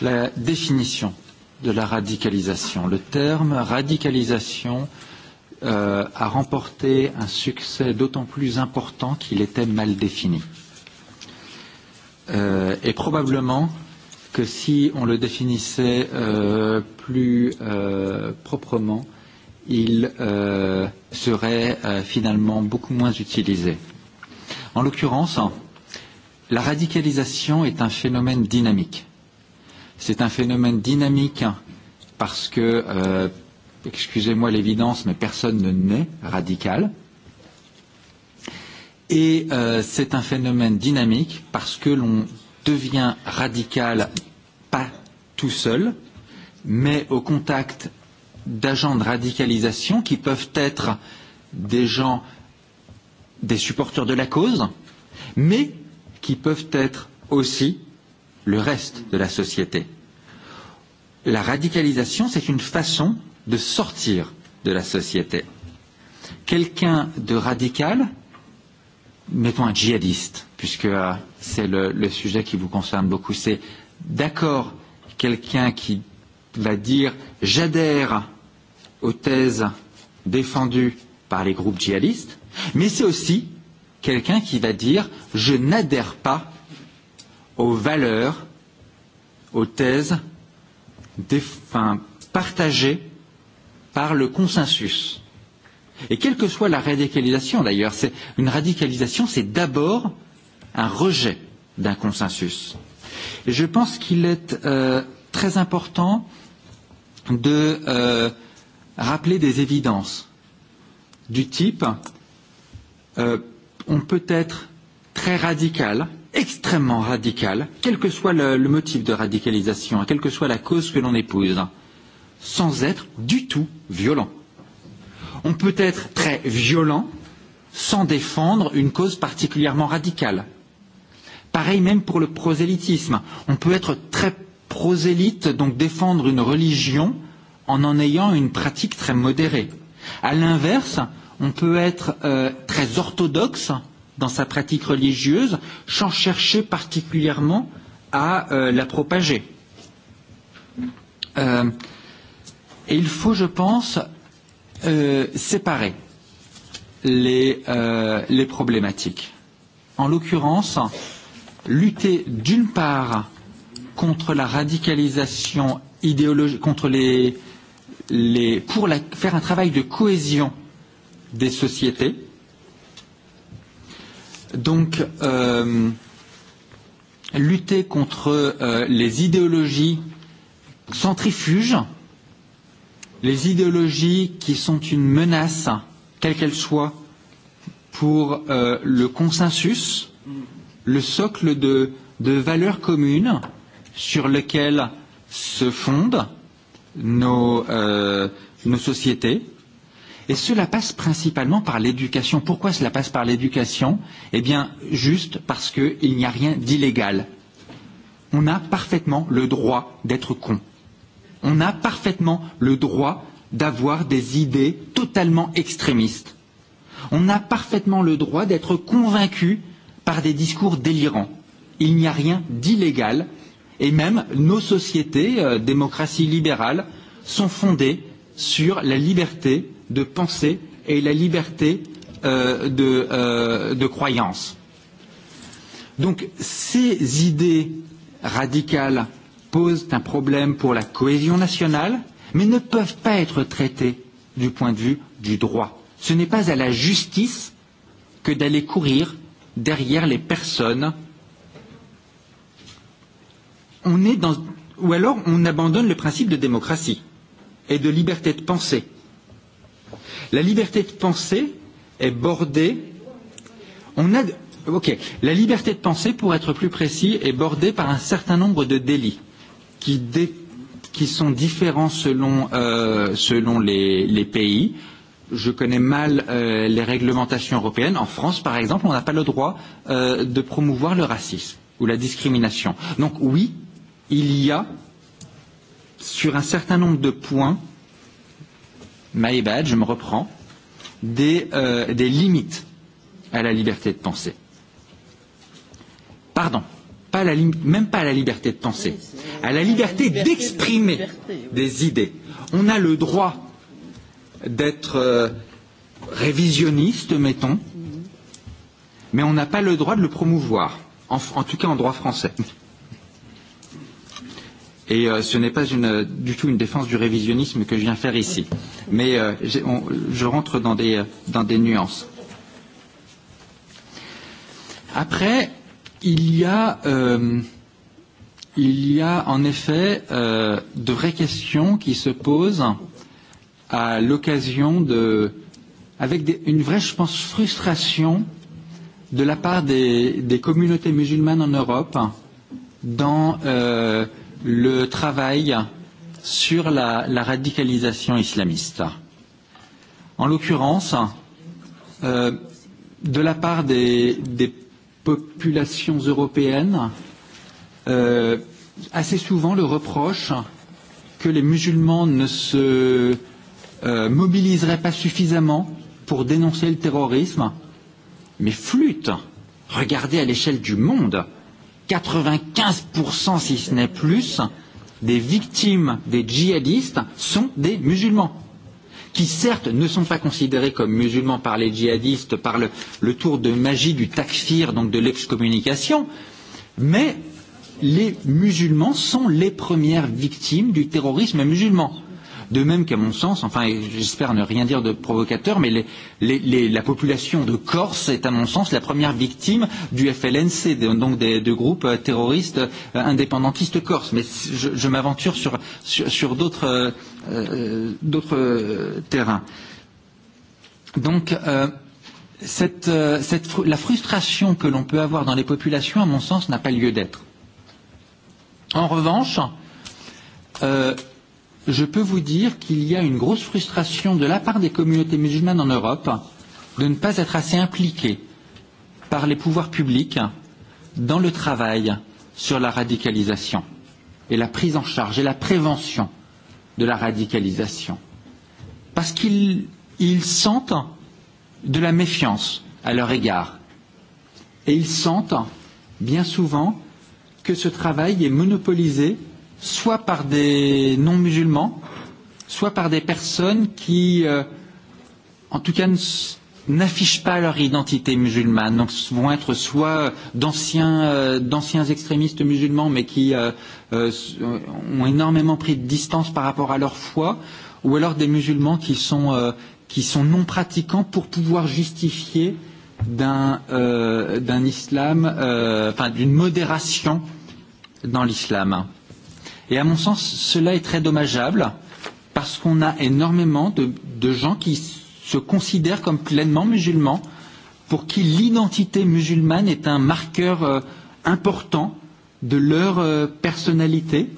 la définition de la radicalisation. Le terme radicalisation a remporté un succès d'autant plus important qu'il était mal défini. Et probablement, que si on le définissait plus proprement, il serait finalement beaucoup moins utilisé. En l'occurrence, la radicalisation est un phénomène dynamique. C'est un phénomène dynamique parce que, excusez-moi l'évidence, mais personne ne naît radical. Et c'est un phénomène dynamique parce que l'on devient radical, pas tout seul, mais au contact d'agents de radicalisation qui peuvent être des gens, des supporters de la cause, mais qui peuvent être aussi le reste de la société. La radicalisation, c'est une façon de sortir de la société. Quelqu'un de radical, mettons un djihadiste, puisque c'est le, le sujet qui vous concerne beaucoup. C'est d'accord quelqu'un qui va dire j'adhère aux thèses défendues par les groupes djihadistes, mais c'est aussi quelqu'un qui va dire je n'adhère pas aux valeurs, aux thèses partagées par le consensus. Et quelle que soit la radicalisation d'ailleurs, une radicalisation c'est d'abord un rejet d'un consensus. je pense qu'il est très important de rappeler des évidences du type on peut être très radical, extrêmement radical, quel que soit le motif de radicalisation, quelle que soit la cause que l'on épouse, sans être du tout violent. On peut être très violent sans défendre une cause particulièrement radicale. Pareil même pour le prosélytisme. On peut être très prosélyte, donc défendre une religion en en ayant une pratique très modérée. À l'inverse, on peut être très orthodoxe dans sa pratique religieuse sans chercher particulièrement à la propager. Et il faut, je pense, séparer les problématiques. En l'occurrence, lutter d'une part contre la radicalisation idéologique, contre les, les, pour faire un travail de cohésion des sociétés. Donc, euh, lutter contre les idéologies centrifuges, les idéologies qui sont une menace, quelle qu'elle soit, pour le consensus le socle de de valeurs communes sur lequel se fondent nos nos sociétés et cela passe principalement par l'éducation pourquoi cela passe par l'éducation eh bien juste parce qu'il n'y a rien d'illégal on a parfaitement le droit d'être con on a parfaitement le droit d'avoir des idées totalement extrémistes on a parfaitement le droit d'être convaincu par des discours délirants. Il n'y a rien d'illégal et même nos sociétés, démocratie libérale, sont fondées sur la liberté de penser et la liberté de croyance. Donc ces idées radicales posent un problème pour la cohésion nationale, mais ne peuvent pas être traitées du point de vue du droit. Ce n'est pas à la justice que d'aller courir derrière les personnes. On est dans, ou alors on abandonne le principe de démocratie et de liberté de pensée. La liberté de pensée est bordée. On a, ok, la liberté de pensée, pour être plus précis, est bordée par un certain nombre de délits qui, qui sont différents selon, selon les pays je connais mal les réglementations européennes. En France, par exemple, on n'a pas le droit de promouvoir le racisme ou la discrimination. Donc oui, il y a, sur un certain nombre de points, my bad, je me reprends, des limites à la liberté de penser. Pardon, même pas à la liberté de penser, à la liberté d'exprimer des idées. On a le droit d'être révisionniste, mettons, mais on n'a pas le droit de le promouvoir, en tout cas en droit français. Et ce n'est pas du tout une défense du révisionnisme que je viens faire ici, mais je rentre dans des nuances. Après, il y a il y a en effet de vraies questions qui se posent à l'occasion de, avec une vraie, je pense, frustration de la part des, des communautés musulmanes en Europe dans euh, le travail sur la, la radicalisation islamiste. En l'occurrence, euh, de la part des, des populations européennes, euh, assez souvent le reproche que les musulmans ne se mobiliserait pas suffisamment pour dénoncer le terrorisme. Mais flûte, regardez à l'échelle du monde, 95%, si ce n'est plus, des victimes des djihadistes sont des musulmans, qui certes ne sont pas considérés comme musulmans par les djihadistes, par le tour de magie du takfir, donc de l'excommunication, mais les musulmans sont les premières victimes du terrorisme musulman. De même qu'à mon sens, enfin, j'espère ne rien dire de provocateur, mais la population de Corse est à mon sens la première victime du FLNC, donc de groupes terroristes indépendantistes Corse, Mais je m'aventure sur d'autres terrains. Donc, cette, cette, la frustration que l'on peut avoir dans les populations, à mon sens, n'a pas lieu d'être. En revanche, je peux vous dire qu'il y a une grosse frustration de la part des communautés musulmanes en Europe de ne pas être assez impliquées par les pouvoirs publics dans le travail sur la radicalisation et la prise en charge et la prévention de la radicalisation. Parce qu'ils sentent de la méfiance à leur égard. Et ils sentent bien souvent que ce travail est monopolisé soit par des non-musulmans, soit par des personnes qui, en tout cas, n'affichent pas leur identité musulmane. Donc, vont être soit d'anciens extrémistes musulmans, mais qui ont énormément pris de distance par rapport à leur foi, ou alors des musulmans qui sont qui sont non pratiquants pour pouvoir justifier d'un d'un islam, enfin d'une modération dans l'islam. Et à mon sens, cela est très dommageable parce qu'on a énormément de gens qui se considèrent comme pleinement musulmans, pour qui l'identité musulmane est un marqueur important de leur personnalité,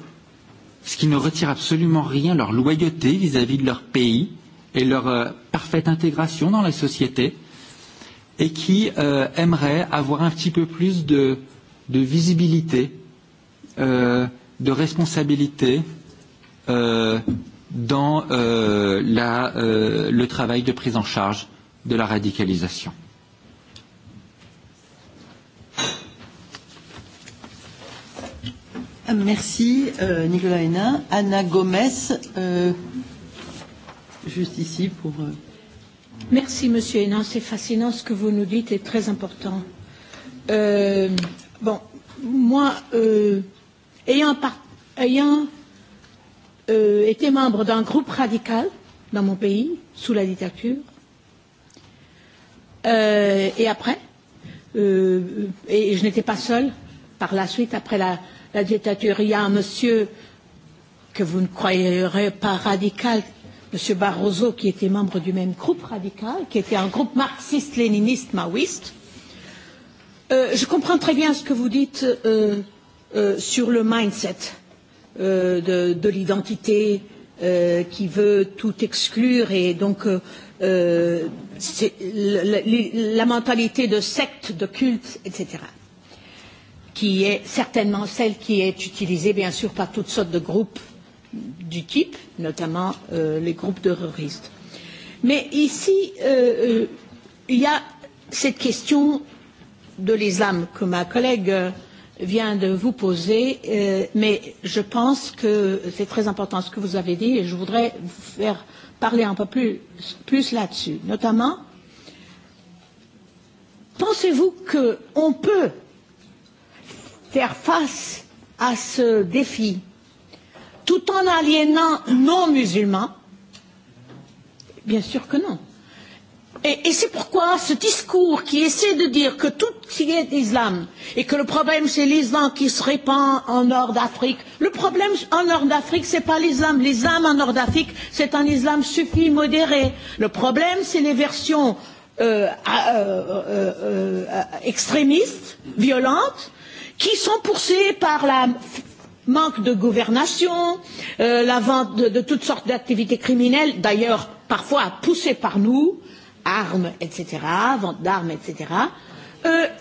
ce qui ne retire absolument rien leur loyauté vis-à-vis de leur pays et leur parfaite intégration dans la société, et qui aimeraient avoir un petit peu plus de visibilité, de responsabilité dans le travail de prise en charge de la radicalisation. Merci Nicolas Hénin. Anna Gomez, juste ici pour. Merci Monsieur Hénin, c'est fascinant ce que vous nous dites est très important. Bon, moi ayant, ayant euh, été membre d'un groupe radical dans mon pays, sous la dictature, euh, et après, euh, et je n'étais pas seule, par la suite, après la, la dictature, il y a un monsieur que vous ne croyerez pas radical, monsieur Barroso, qui était membre du même groupe radical, qui était un groupe marxiste-léniniste-maoïste. Euh, je comprends très bien ce que vous dites, euh, sur le mindset de l'identité qui veut tout exclure et donc la mentalité de secte, de culte, etc. qui est certainement celle qui est utilisée bien sûr par toutes sortes de groupes du type, notamment les groupes terroristes. Mais ici, il y a cette question de l'islam que ma collègue vient de vous poser, mais je pense que c'est très important ce que vous avez dit et je voudrais vous faire parler un peu plus là-dessus. Notamment, pensez-vous qu'on peut faire face à ce défi tout en aliénant non musulmans Bien sûr que non. Et c'est pourquoi ce discours qui essaie de dire que tout ce qui est islam et que le problème c'est l'islam qui se répand en Nord d'Afrique, le problème en Nord d'Afrique c'est pas l'islam. L'islam en Nord d'Afrique c'est un islam suffi modéré. Le problème c'est les versions extrémistes, violentes, qui sont poussées par la manque de gouvernation, la vente de toutes sortes d'activités criminelles, d'ailleurs parfois poussées par nous armes, etc., vente d'armes, etc.,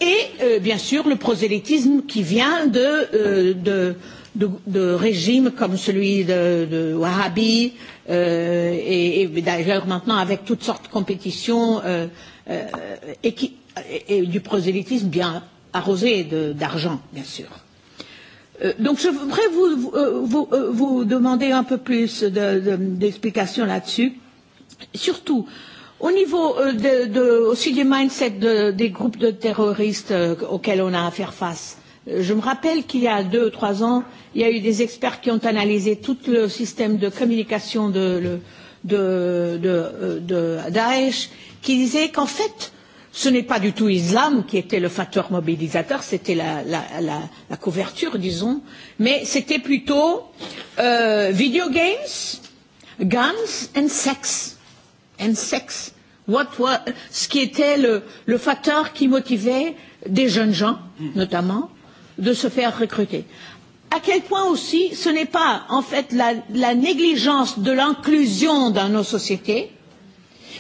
et bien sûr le prosélytisme qui vient de de régimes comme celui de Wahhabi et d'ailleurs maintenant avec toutes sortes de compétitions et du prosélytisme bien arrosé d'argent, bien sûr. Donc je voudrais vous demander un peu plus d'explications là-dessus. Surtout, Au niveau aussi du mindset des groupes de terroristes auxquels on a à faire face, je me rappelle qu'il y a deux ou trois ans, il y a eu des experts qui ont analysé tout le système de communication de Daesh, qui disaient qu'en fait, ce n'est pas du tout l'islam qui était le facteur mobilisateur, c'était la couverture, disons, mais c'était plutôt video games, guns and sex and sex. What ce qui était le facteur qui motivait des jeunes gens, notamment, de se faire recruter. À quel point aussi ce n'est pas en fait la négligence de l'inclusion dans nos sociétés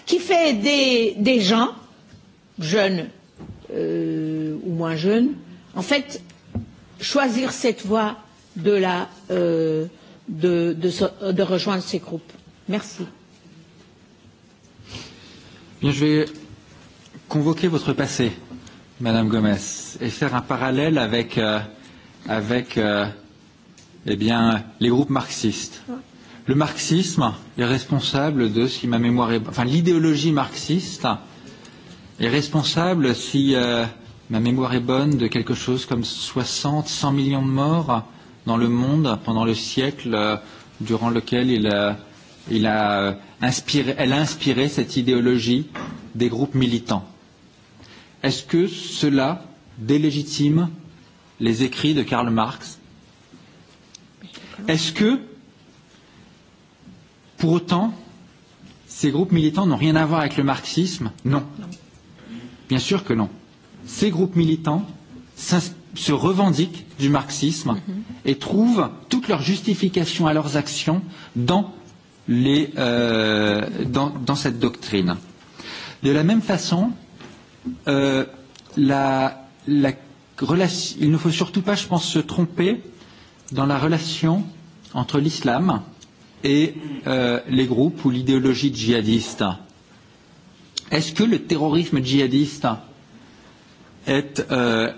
qui fait des gens, jeunes ou moins jeunes, en fait choisir cette voie de rejoindre ces groupes. Merci. Bien, je vais convoquer votre passé, Madame Gomez, et faire un parallèle avec, avec eh bien, les groupes marxistes. Le marxisme est responsable de, si ma mémoire est... Enfin, l'idéologie marxiste est responsable, si ma mémoire est bonne, de quelque chose comme 60, 100 millions de morts dans le monde pendant le siècle durant lequel il Il a inspiré, elle a inspiré cette idéologie des groupes militants. Est-ce que cela délégitime les écrits de Karl Marx Est-ce que, pour autant, ces groupes militants n'ont rien à voir avec le marxisme Non. Bien sûr que non. Ces groupes militants se revendiquent du marxisme et trouvent toute leur justification à leurs actions dans les, dans, dans cette doctrine. De la même façon, euh, la, la il ne faut surtout pas, je pense, se tromper dans la relation entre l'islam et euh, les groupes ou l'idéologie djihadiste. Est-ce que le terrorisme djihadiste est euh,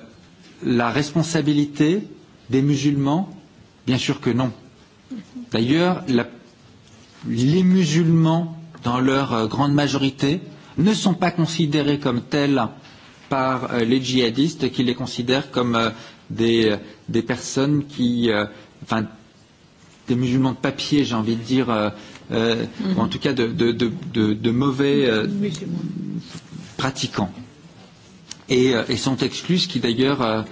la responsabilité des musulmans Bien sûr que non. D'ailleurs, la les musulmans, dans leur grande majorité, ne sont pas considérés comme tels par les djihadistes qui les considèrent comme des personnes qui, enfin, des musulmans de papier, j'ai envie de dire, ou en tout cas de mauvais pratiquants. Et sont exclus, ce qui d'ailleurs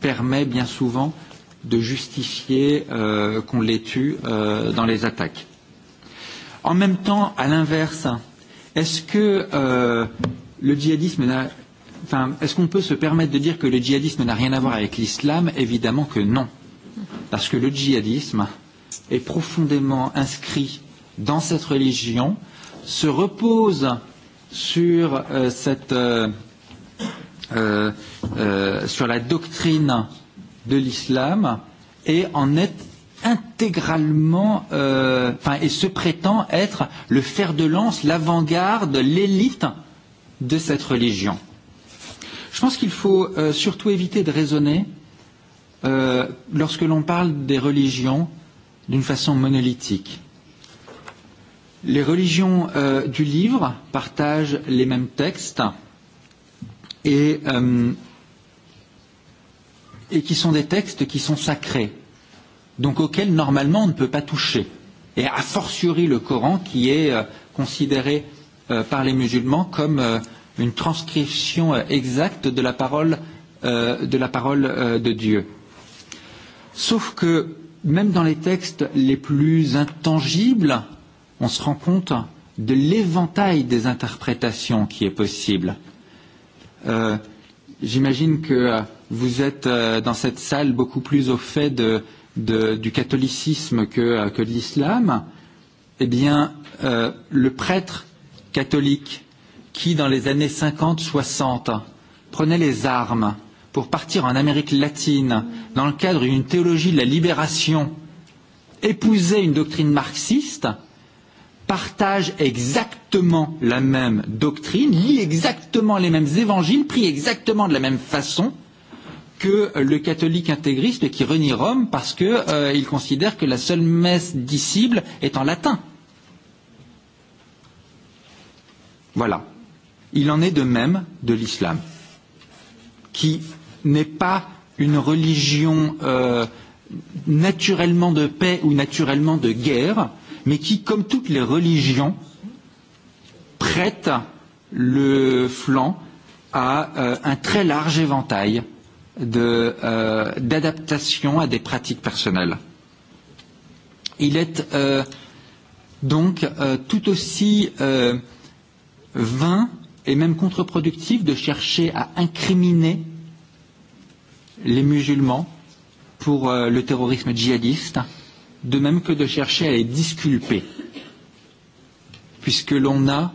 permet bien souvent de justifier qu'on les tue dans les attaques. En même temps, à l'inverse, est-ce que le djihadisme n'a enfin est-ce qu'on peut se permettre de dire que le djihadisme n'a rien à voir avec l'islam évidemment que non parce que le djihadisme est profondément inscrit dans cette religion se repose sur cette sur la doctrine de l'islam et en est intégralement, enfin, et se prétend être le fer de lance, l'avant-garde, l'élite de cette religion. Je pense qu'il faut surtout éviter de raisonner lorsque l'on parle des religions d'une façon monolithique. Les religions du livre partagent les mêmes textes et et qui sont des textes qui sont sacrés, donc auxquels normalement on ne peut pas toucher, et a fortiori le Coran qui est considéré par les musulmans comme une transcription exacte de la parole de la parole de Dieu. Sauf que même dans les textes les plus intangibles, on se rend compte de l'éventail des interprétations qui est possible. J'imagine que vous êtes dans cette salle beaucoup plus au fait de, du catholicisme que, que de l'islam, eh bien, le prêtre catholique qui, dans les années 50-60, prenait les armes pour partir en Amérique latine dans le cadre d'une théologie de la libération, épousait une doctrine marxiste, partage exactement la même doctrine, lit exactement les mêmes évangiles, prie exactement de la même façon, que le catholique intégriste qui renie Rome parce qu'il considère que la seule messe disciple est en latin. Voilà. Il en est de même de l'islam, qui n'est pas une religion naturellement de paix ou naturellement de guerre, mais qui, comme toutes les religions, prête le flanc à un très large éventail d'adaptation à des pratiques personnelles. Il est donc tout aussi vain et même contre-productif de chercher à incriminer les musulmans pour le terrorisme djihadiste, de même que de chercher à les disculper, puisque l'on a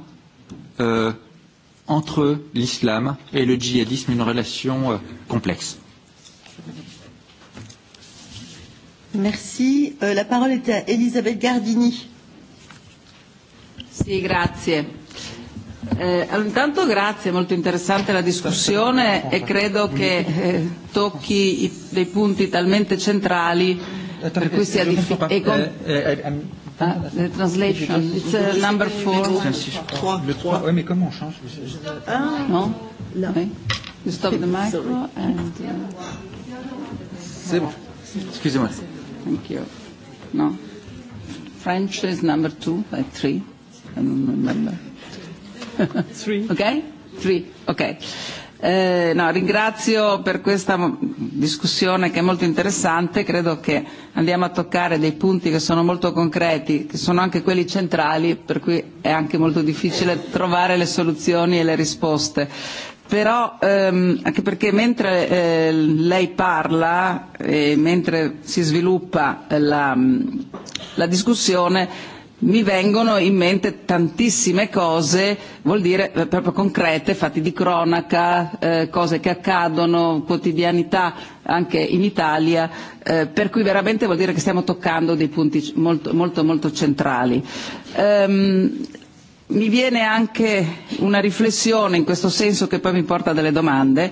entre l'islam et le djihadisme, une relation complexe. Merci. La parole est à Elisabeth Gardini. Sì, grazie. Eh, intanto grazie, molto interessante la discussione e credo che tocchi dei punti talmente centrali per cui sia difficile The translation, it's number four. Le 3, oui, mais comment on change Non Non. You stop the micro and... C'est bon. Excusez-moi. Thank you. No. French is number two, like three. I don't remember. Three. Okay? Three. Okay. No, ringrazio per questa discussione che è molto interessante, credo che andiamo a toccare dei punti che sono molto concreti, che sono anche quelli centrali, per cui è anche molto difficile trovare le soluzioni e le risposte. Però anche perché mentre lei parla e mentre si sviluppa la discussione mi vengono in mente tantissime cose, vuol dire proprio concrete, fatti di cronaca, cose che accadono, quotidianità anche in Italia, per cui veramente vuol dire che stiamo toccando dei punti molto molto molto centrali. Mi viene anche una riflessione in questo senso che poi mi porta a delle domande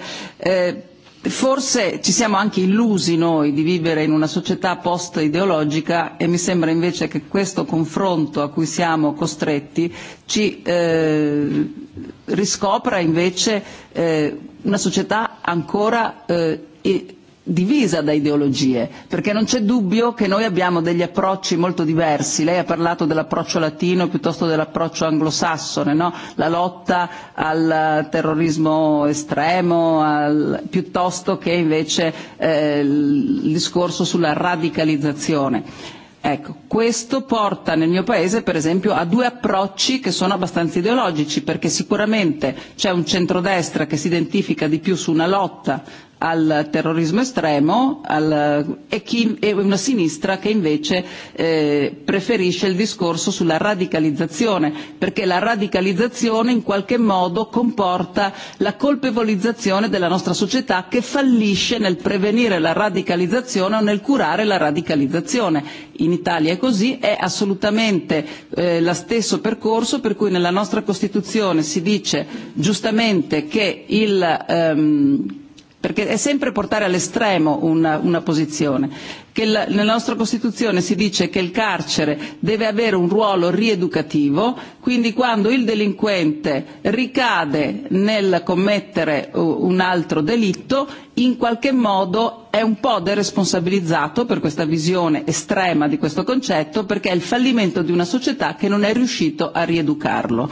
Forse ci siamo anche illusi noi di vivere in una società post ideologica e mi sembra invece che questo confronto a cui siamo costretti ci riscopra invece una società ancora divisa da ideologie perché non c'è dubbio che noi abbiamo degli approcci molto diversi lei ha parlato dell'approccio latino piuttosto dell'approccio anglosassone no la lotta al terrorismo estremo al piuttosto che invece il discorso sulla radicalizzazione ecco questo porta nel mio paese per esempio a due approcci che sono abbastanza ideologici perché sicuramente c'è un centrodestra che si identifica di più su una lotta al terrorismo estremo e una sinistra che invece preferisce il discorso sulla radicalizzazione perché la radicalizzazione in qualche modo comporta la colpevolizzazione della nostra società che fallisce nel prevenire la radicalizzazione o nel curare la radicalizzazione. In Italia è così, è assolutamente lo stesso percorso per cui nella nostra Costituzione si dice giustamente che il perché è sempre portare all'estremo una posizione che nella nostra costituzione si dice che il carcere deve avere un ruolo rieducativo quindi quando il delinquente ricade nel commettere un altro delitto in qualche modo è un po' deresponsabilizzato per questa visione estrema di questo concetto perché è il fallimento di una società che non è riuscito a rieducarlo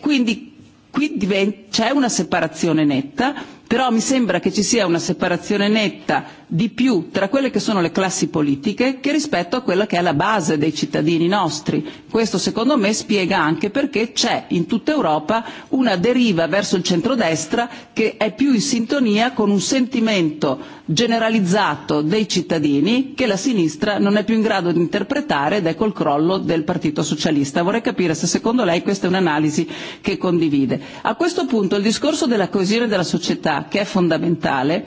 quindi qui c'è una separazione netta però mi sembra che ci sia una separazione netta di più tra quelle che sono le classi politiche che rispetto a quella che è la base dei cittadini nostri. Questo secondo me spiega anche perché c'è in tutta Europa una deriva verso il centrodestra che è più in sintonia con un sentimento generalizzato dei cittadini che la sinistra non è più in grado di interpretare ed è col crollo del Partito Socialista. Vorrei capire se secondo lei questa è un'analisi che condivide. A questo punto il discorso della coesione della società che è fondamentale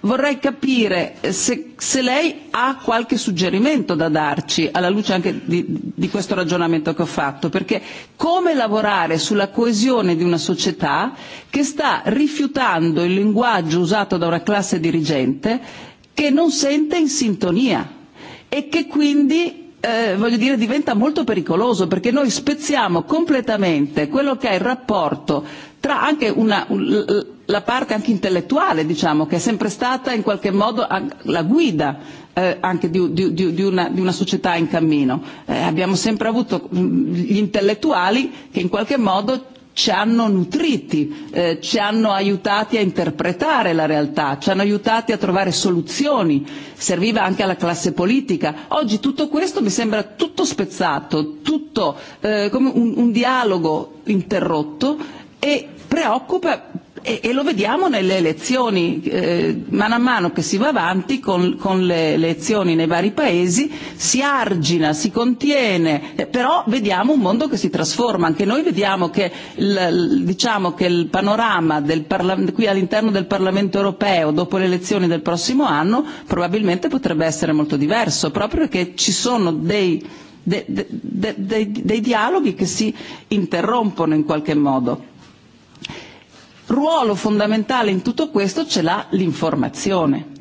vorrei capire se se lei ha qualche suggerimento da darci alla luce anche di questo ragionamento che ho fatto perché come lavorare sulla coesione di una società che sta rifiutando il linguaggio usato da una classe dirigente che non sente in sintonia e che quindi voglio dire diventa molto pericoloso perché noi spezziamo completamente quello che è il rapporto tra anche una la parte anche intellettuale diciamo che è sempre stata in qualche modo la guida anche di di una di una società in cammino abbiamo sempre avuto gli intellettuali che in qualche modo ci hanno nutriti ci hanno aiutati a interpretare la realtà ci hanno aiutati a trovare soluzioni serviva anche alla classe politica oggi tutto questo mi sembra tutto spezzato tutto come un dialogo interrotto e preoccupa e lo vediamo nelle elezioni mano a mano che si va avanti con le elezioni nei vari paesi si argina si contiene però vediamo un mondo che si trasforma anche noi vediamo che diciamo che il panorama del qui all'interno del Parlamento europeo dopo le elezioni del prossimo anno probabilmente potrebbe essere molto diverso proprio perché ci sono dei dei dialoghi che si interrompono in qualche modo ruolo fondamentale in tutto questo ce l'ha l'informazione.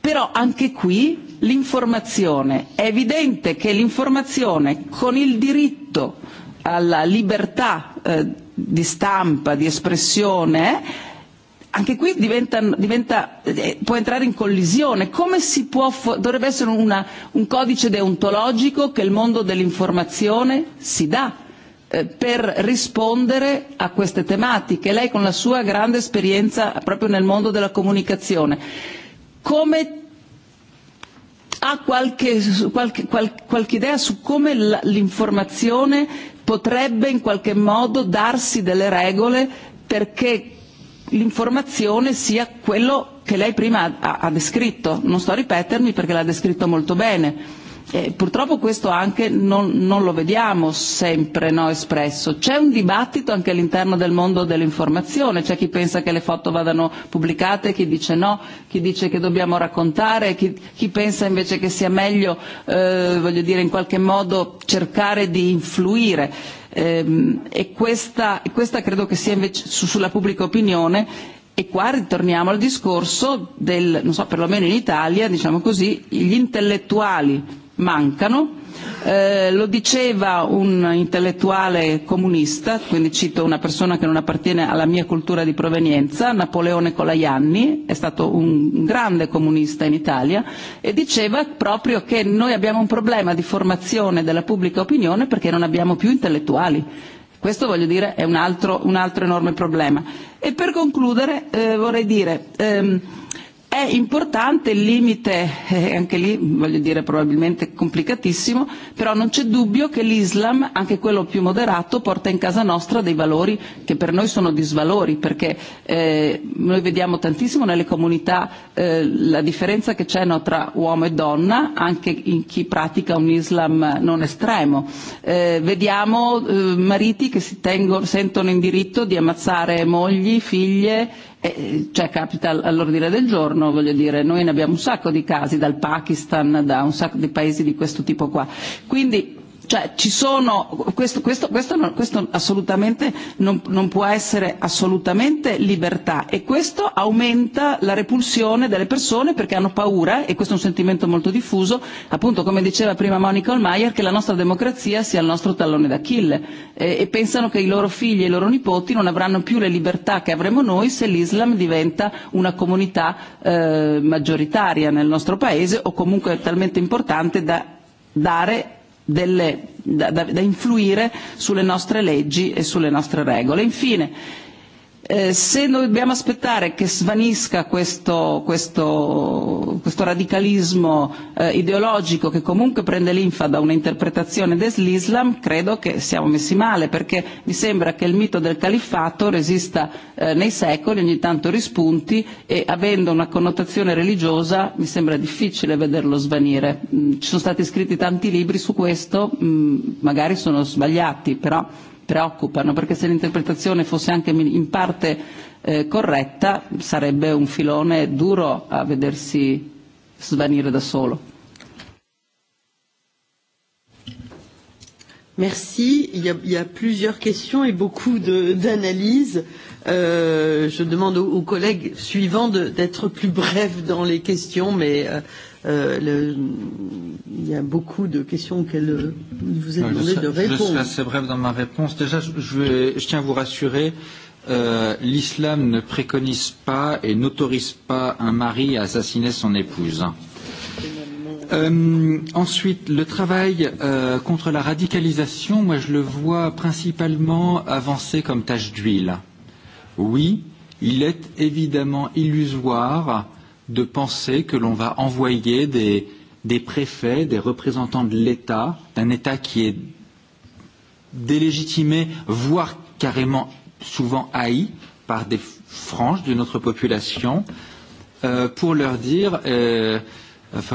Però anche qui l'informazione, è evidente che l'informazione con il diritto alla libertà di stampa, di espressione, anche qui diventa, diventa, può entrare in collisione. Come si può, dovrebbe essere un codice deontologico che il mondo dell'informazione si dà per rispondere a queste tematiche lei con la sua grande esperienza proprio nel mondo della comunicazione come ha qualche qualche idea su come l'informazione potrebbe in qualche modo darsi delle regole perché l'informazione sia quello che lei prima ha descritto non sto a ripetermi perché l'ha descritto molto bene Purtroppo questo anche non lo vediamo sempre espresso. C'è un dibattito anche all'interno del mondo dell'informazione, c'è chi pensa che le foto vadano pubblicate, chi dice no, chi dice che dobbiamo raccontare, chi pensa invece che sia meglio voglio dire in qualche modo cercare di influire e questa credo che sia invece sulla pubblica opinione e qua ritorniamo al discorso del non so perlomeno in Italia diciamo così gli intellettuali mancano. Lo diceva un intellettuale comunista, quindi cito una persona che non appartiene alla mia cultura di provenienza, Napoleone Colaianni, è stato un grande comunista in Italia, e diceva proprio che noi abbiamo un problema di formazione della pubblica opinione perché non abbiamo più intellettuali. Questo voglio dire è un altro enorme problema. E per concludere vorrei dire È importante il limite, anche lì voglio dire probabilmente complicatissimo, però non c'è dubbio che l'Islam, anche quello più moderato, porta in casa nostra dei valori che per noi sono disvalori, perché noi vediamo tantissimo nelle comunità la differenza che c'è tra uomo e donna, anche in chi pratica un Islam non estremo. Vediamo mariti che si sentono in diritto di ammazzare mogli, figlie c'è capital all'ordine del giorno, voglio dire, noi ne abbiamo un sacco di casi dal Pakistan, da un sacco di paesi di questo tipo qua. Quindi Cioè ci sono questo questo questo assolutamente non può essere assolutamente libertà e questo aumenta la repulsione delle persone perché hanno paura e questo è un sentimento molto diffuso appunto come diceva prima Monica Olmeyer, che la nostra democrazia sia il nostro tallone d'Achille e pensano che i loro figli e i loro nipoti non avranno più le libertà che avremo noi se l'Islam diventa una comunità maggioritaria nel nostro paese o comunque talmente importante da dare da influire sulle nostre leggi e sulle nostre regole. Infine se noi dobbiamo aspettare che svanisca questo questo questo radicalismo ideologico che comunque prende linfa da un'interpretazione dell'Islam credo che siamo messi male perché mi sembra che il mito del califfato resista nei secoli ogni tanto rispunti e avendo una connotazione religiosa mi sembra difficile vederlo svanire ci sono stati scritti tanti libri su questo magari sono sbagliati però preoccupano perché se l'interpretazione fosse anche in parte corretta sarebbe un filone duro a vedersi svanire da solo. Merci. Il y, a, il y a plusieurs questions et beaucoup d'analyses. Euh, je demande aux, aux collègues suivants d'être plus brefs dans les questions, mais euh, il y a beaucoup de questions auxquelles vous êtes demandé de répondre. Je serai assez bref dans ma réponse. Déjà, je, je tiens à vous rassurer. L'islam ne préconise pas et n'autorise pas un mari à assassiner son épouse. Ensuite, le travail contre la radicalisation, moi je le vois principalement avancer comme tâche d'huile. Oui, il est évidemment illusoire de penser que l'on va envoyer des, des préfets, des représentants de l'État, d'un État qui est délégitimé, voire carrément souvent haï par des franges de notre population, pour leur dire,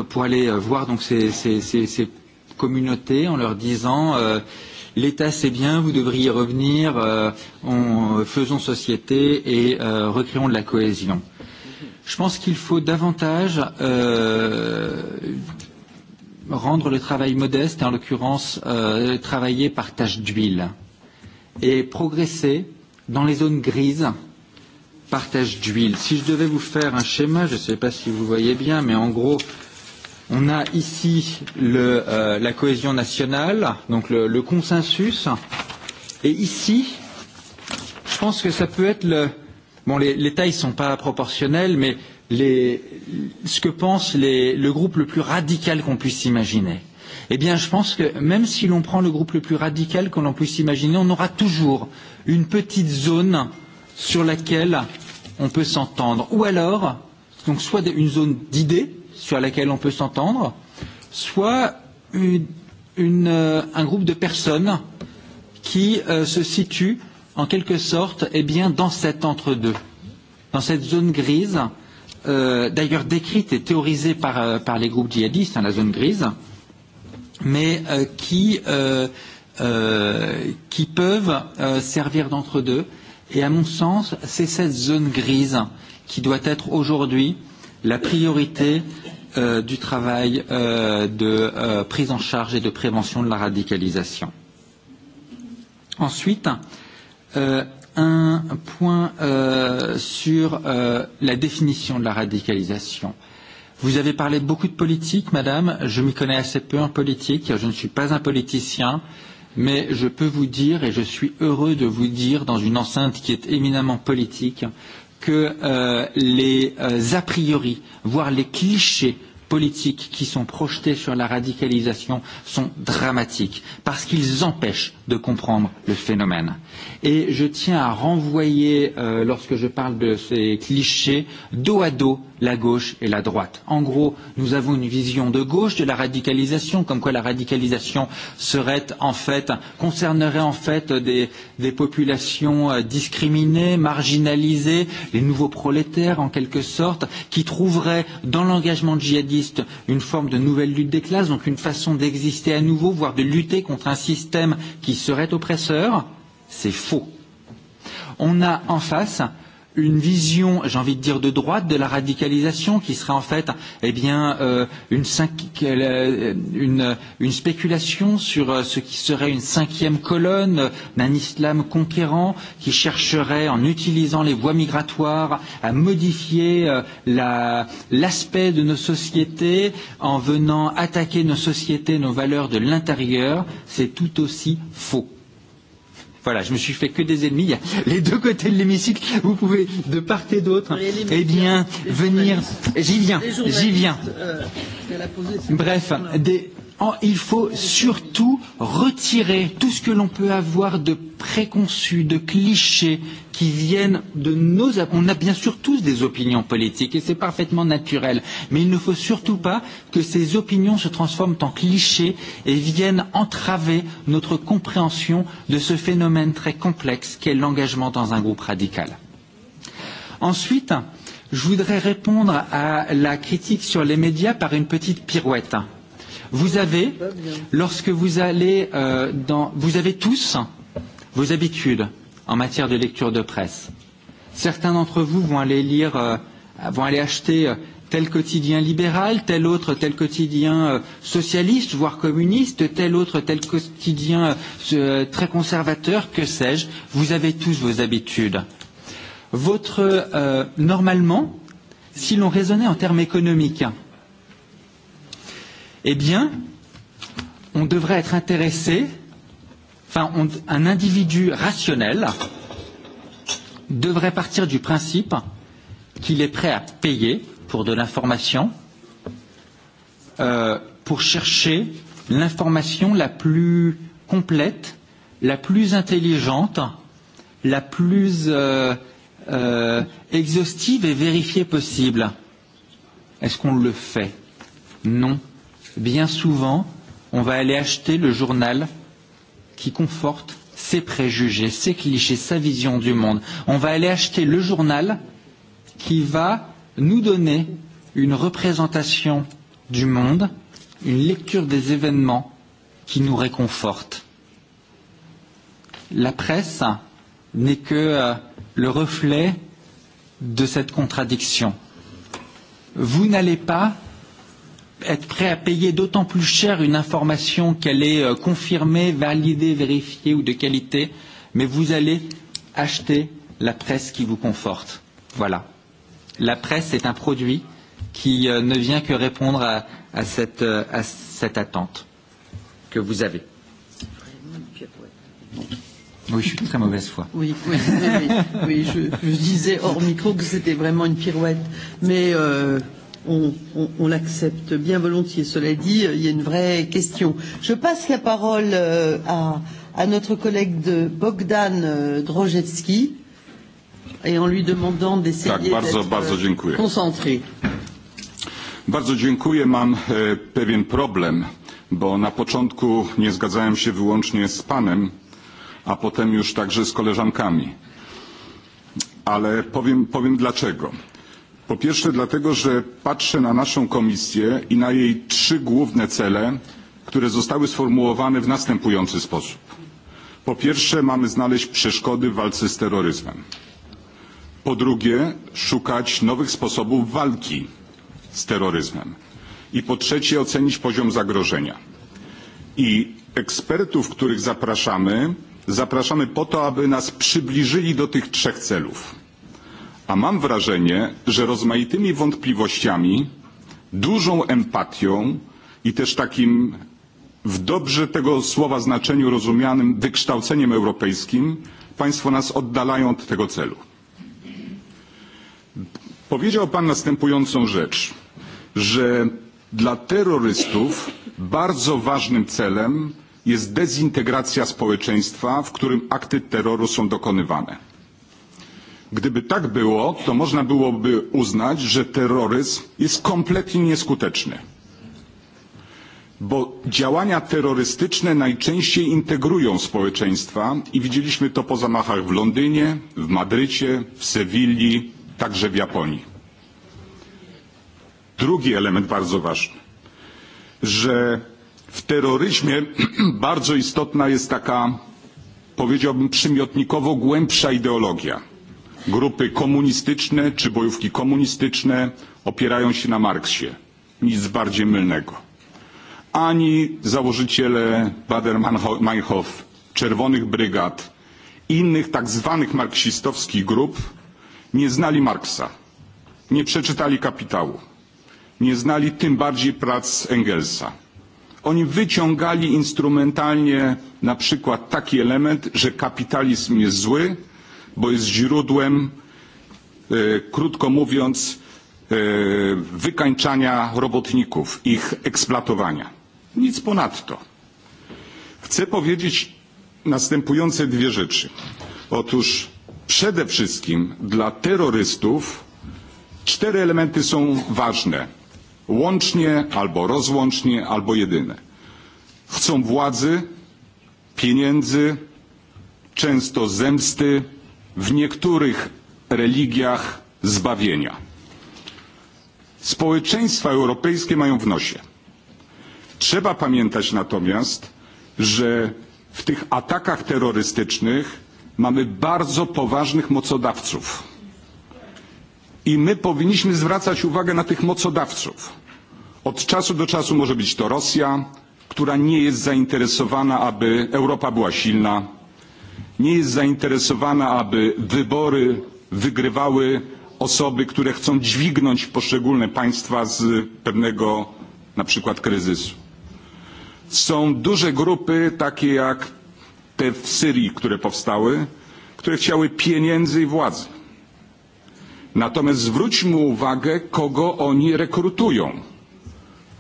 pour aller voir donc ces, ces, ces, ces communautés en leur disant l'État c'est bien, vous devriez revenir, on, faisons société et recréons de la cohésion. Je pense qu'il faut davantage rendre le travail modeste, en l'occurrence travailler par tâche d'huile, et progresser dans les zones grises par tâche d'huile. Si je devais vous faire un schéma, je ne sais pas si vous voyez bien, mais en gros, on a ici la cohésion nationale, donc le consensus, et ici, je pense que ça peut être le les, les tailles ne sont pas proportionnelles, mais les, ce que pense les, le groupe le plus radical qu'on puisse imaginer, eh bien, je pense que même si l'on prend le groupe le plus radical qu'on puisse imaginer, on aura toujours une petite zone sur laquelle on peut s'entendre. Ou alors, donc soit une zone d'idées sur laquelle on peut s'entendre, soit une, un groupe de personnes qui se situent en quelque sorte, eh bien, dans cet entre-deux, dans cette zone grise, d'ailleurs décrite et théorisée par, par les groupes djihadistes, la zone grise, mais qui, qui peuvent servir d'entre-deux. Et à mon sens, c'est cette zone grise qui doit être aujourd'hui la priorité du travail de prise en charge et de prévention de la radicalisation. Ensuite, un point sur la définition de la radicalisation. Vous avez parlé beaucoup de politique, madame. Je m'y connais assez peu en politique. Je ne suis pas un politicien. Mais je peux vous dire, et je suis heureux de vous dire, dans une enceinte qui est éminemment politique, que les a priori, voire les clichés politiques qui sont projetés sur la radicalisation sont dramatiques, parce qu'ils empêchent de comprendre le phénomène. Et je tiens à renvoyer, lorsque je parle de ces clichés, dos à dos la gauche et la droite. En gros, nous avons une vision de gauche de la radicalisation, comme quoi la radicalisation serait en fait, concernerait en fait des, des populations discriminées, marginalisées, les nouveaux prolétaires en quelque sorte, qui trouveraient dans l'engagement djihadiste une forme de nouvelle lutte des classes, donc une façon d'exister à nouveau, voire de lutter contre un système qui serait seraient oppresseurs, c'est faux. On a en face une vision, j'ai envie de dire, de droite de la radicalisation qui serait en fait eh bien, une, une, une spéculation sur ce qui serait une cinquième colonne d'un islam conquérant qui chercherait, en utilisant les voies migratoires, à modifier l'aspect de nos sociétés en venant attaquer nos sociétés, nos valeurs de l'intérieur. C'est tout aussi faux. Voilà, je me suis fait que des ennemis. Il y a les deux côtés de l'hémicycle, vous pouvez de part et d'autre, eh bien, venir. J'y viens, j'y viens. Bref, des il faut surtout retirer tout ce que l'on peut avoir de préconçus, de clichés qui viennent de nos... On a bien sûr tous des opinions politiques et c'est parfaitement naturel, mais il ne faut surtout pas que ces opinions se transforment en clichés et viennent entraver notre compréhension de ce phénomène très complexe qu'est l'engagement dans un groupe radical. Ensuite, je voudrais répondre à la critique sur les médias par une petite pirouette Vous avez, lorsque vous allez dans, vous avez tous vos habitudes en matière de lecture de presse. Certains d'entre vous vont aller lire, vont aller acheter tel quotidien libéral, tel autre tel quotidien socialiste, voire communiste, tel autre tel quotidien très conservateur, que sais-je. Vous avez tous vos habitudes. Votre, normalement, si l'on raisonnait en termes économiques, eh bien, on devrait être intéressé, enfin, un individu rationnel devrait partir du principe qu'il est prêt à payer pour de l'information, pour chercher l'information la plus complète, la plus intelligente, la plus exhaustive et vérifiée possible. Est-ce qu'on le fait Non bien souvent, on va aller acheter le journal qui conforte ses préjugés, ses clichés, sa vision du monde. On va aller acheter le journal qui va nous donner une représentation du monde, une lecture des événements qui nous réconforte. La presse n'est que le reflet de cette contradiction. Vous n'allez pas être prêt à payer d'autant plus cher une information qu'elle est confirmée, validée, vérifiée ou de qualité, mais vous allez acheter la presse qui vous conforte. Voilà. La presse est un produit qui ne vient que répondre à, à, cette, attente que vous avez. Oui, je suis très mauvaise foi. Oui, oui, oui, oui, je, disais hors micro que c'était vraiment une pirouette. Mais on, on, l'accepte bien volontiers. Cela dit, il y a une vraie question. Je passe la parole à, à notre collègue de Bogdan Drojewski et en lui demandant d'essayer d'être concentré. Bardzo dziękuję. Mam pewien problem, bo na początku nie zgadzałem się wyłącznie z panem, a potem już także z koleżankami. Ale powiem dlaczego Po pierwsze dlatego, że patrzę na naszą komisję i na jej trzy główne cele, które zostały sformułowane w następujący sposób. Po pierwsze mamy znaleźć przeszkody w walce z terroryzmem. Po drugie szukać nowych sposobów walki z terroryzmem. I po trzecie ocenić poziom zagrożenia. I ekspertów, których zapraszamy, zapraszamy po to, aby nas przybliżyli do tych trzech celów a mam wrażenie, że rozmaitymi wątpliwościami, dużą empatią i też takim w dobrze tego słowa znaczeniu rozumianym wykształceniem europejskim państwo nas oddalają od tego celu. Powiedział pan następującą rzecz, że dla terrorystów bardzo ważnym celem jest dezintegracja społeczeństwa, w którym akty terroru są dokonywane Gdyby tak było, to można byłoby uznać, że terroryzm jest kompletnie nieskuteczny, bo działania terrorystyczne najczęściej integrują społeczeństwa i widzieliśmy to po zamachach w Londynie, w Madrycie, w Sewilli, także w Japonii. Drugi element bardzo ważny, że w terroryzmie bardzo istotna jest taka, powiedziałbym, przymiotnikowo głębsza ideologia grupy komunistyczne czy bojówki komunistyczne opierają się na Marksie. Nic bardziej mylnego. Ani założyciele Bader-Meinhof, Czerwonych Brygad innych tak zwanych marksistowskich grup nie znali Marksa, nie przeczytali Kapitału, nie znali tym bardziej prac Engelsa. Oni wyciągali instrumentalnie na przykład taki element, że kapitalizm jest zły, bo jest źródłem, krótko mówiąc, wykańczania robotników, ich eksploatowania. Nic ponadto. Chcę powiedzieć następujące dwie rzeczy. Otóż przede wszystkim dla terrorystów cztery elementy są ważne. Łącznie albo rozłącznie, albo jedyne. Chcą władzy, pieniędzy, często zemsty, w niektórych religiach zbawienia. Społeczeństwa europejskie mają w nosie. Trzeba pamiętać natomiast, że w tych atakach terrorystycznych mamy bardzo poważnych mocodawców. I my powinniśmy zwracać uwagę na tych mocodawców. Od czasu do czasu może być to Rosja, która nie jest zainteresowana, aby Europa była silna nie jest zainteresowana, aby wybory wygrywały osoby, które chcą dźwignąć poszczególne państwa z pewnego na przykład kryzysu. Są duże grupy, takie jak te w Syrii, które powstały, które chciały pieniędzy i władzy. Natomiast zwróćmy uwagę, kogo oni rekrutują.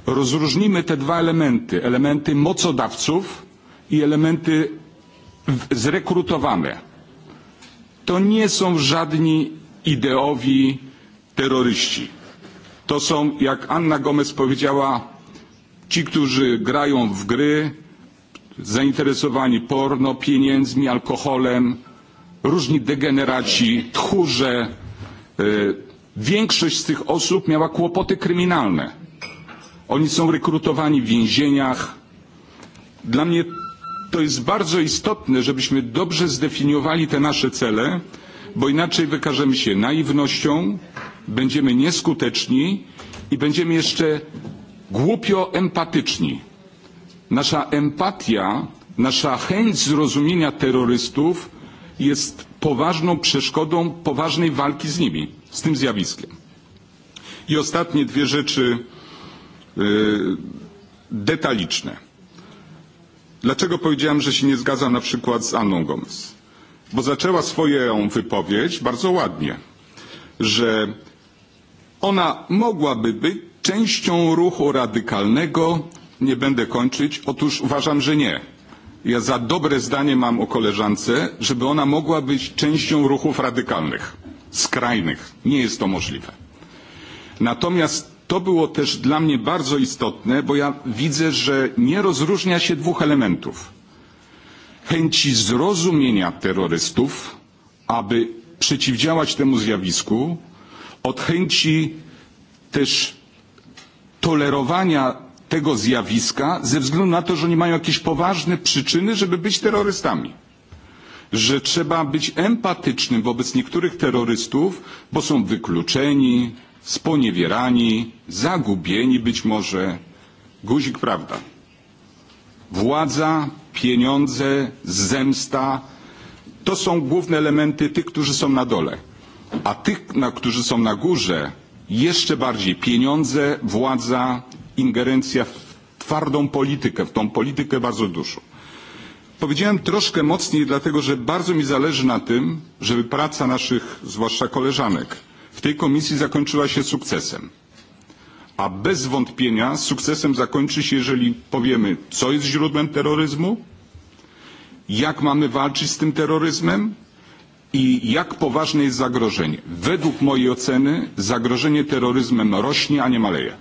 Rozróżnimy te dwa elementy, elementy mocodawców i elementy zrekrutowane. To nie są żadni ideowi terroryści. To są, jak Anna Gomez powiedziała, ci, którzy grają w gry, zainteresowani porno, pieniędzmi, alkoholem, różni degeneraci, tchórze. Większość z tych osób miała kłopoty kryminalne. Oni są rekrutowani w więzieniach. Dla mnie to jest bardzo istotne żebyśmy dobrze zdefiniowali te nasze cele bo inaczej wykażemy się naiwnością będziemy nieskuteczni i będziemy jeszcze głupio empatyczni. nasza empatia nasza chęć zrozumienia terrorystów jest poważną przeszkodą poważnej walki z nimi z tym zjawiskiem. i ostatnie dwie rzeczy detaliczne Dlaczego powiedziałem, że się nie zgadzam na przykład z Anną Gomez? Bo zaczęła swoją wypowiedź bardzo ładnie, że ona mogłaby być częścią ruchu radykalnego. Nie będę kończyć. Otóż uważam, że nie. Ja za dobre zdanie mam o koleżance, żeby ona mogła być częścią ruchów radykalnych, skrajnych. Nie jest to możliwe. Natomiast To było też dla mnie bardzo istotne, bo ja widzę, że nie rozróżnia się dwóch elementów. Chęci zrozumienia terrorystów, aby przeciwdziałać temu zjawisku, od chęci też tolerowania tego zjawiska ze względu na to, że oni mają jakieś poważne przyczyny, żeby być terrorystami. Że trzeba być empatycznym wobec niektórych terrorystów, bo są wykluczeni, sponiewierani, zagubieni być może. Guzik prawda. Władza, pieniądze, zemsta to są główne elementy tych, którzy są na dole. A tych, którzy są na górze, jeszcze bardziej pieniądze, władza, ingerencja w twardą politykę, w tą politykę bardzo dużą. Powiedziałem troszkę mocniej, dlatego że bardzo mi zależy na tym, żeby praca naszych, zwłaszcza koleżanek, w tej komisji zakończyła się sukcesem. A bez wątpienia sukcesem zakończy się, jeżeli powiemy, co jest źródłem terroryzmu, jak mamy walczyć z tym terroryzmem i jak poważne jest zagrożenie. Według mojej oceny zagrożenie terroryzmem rośnie, a nie maleje.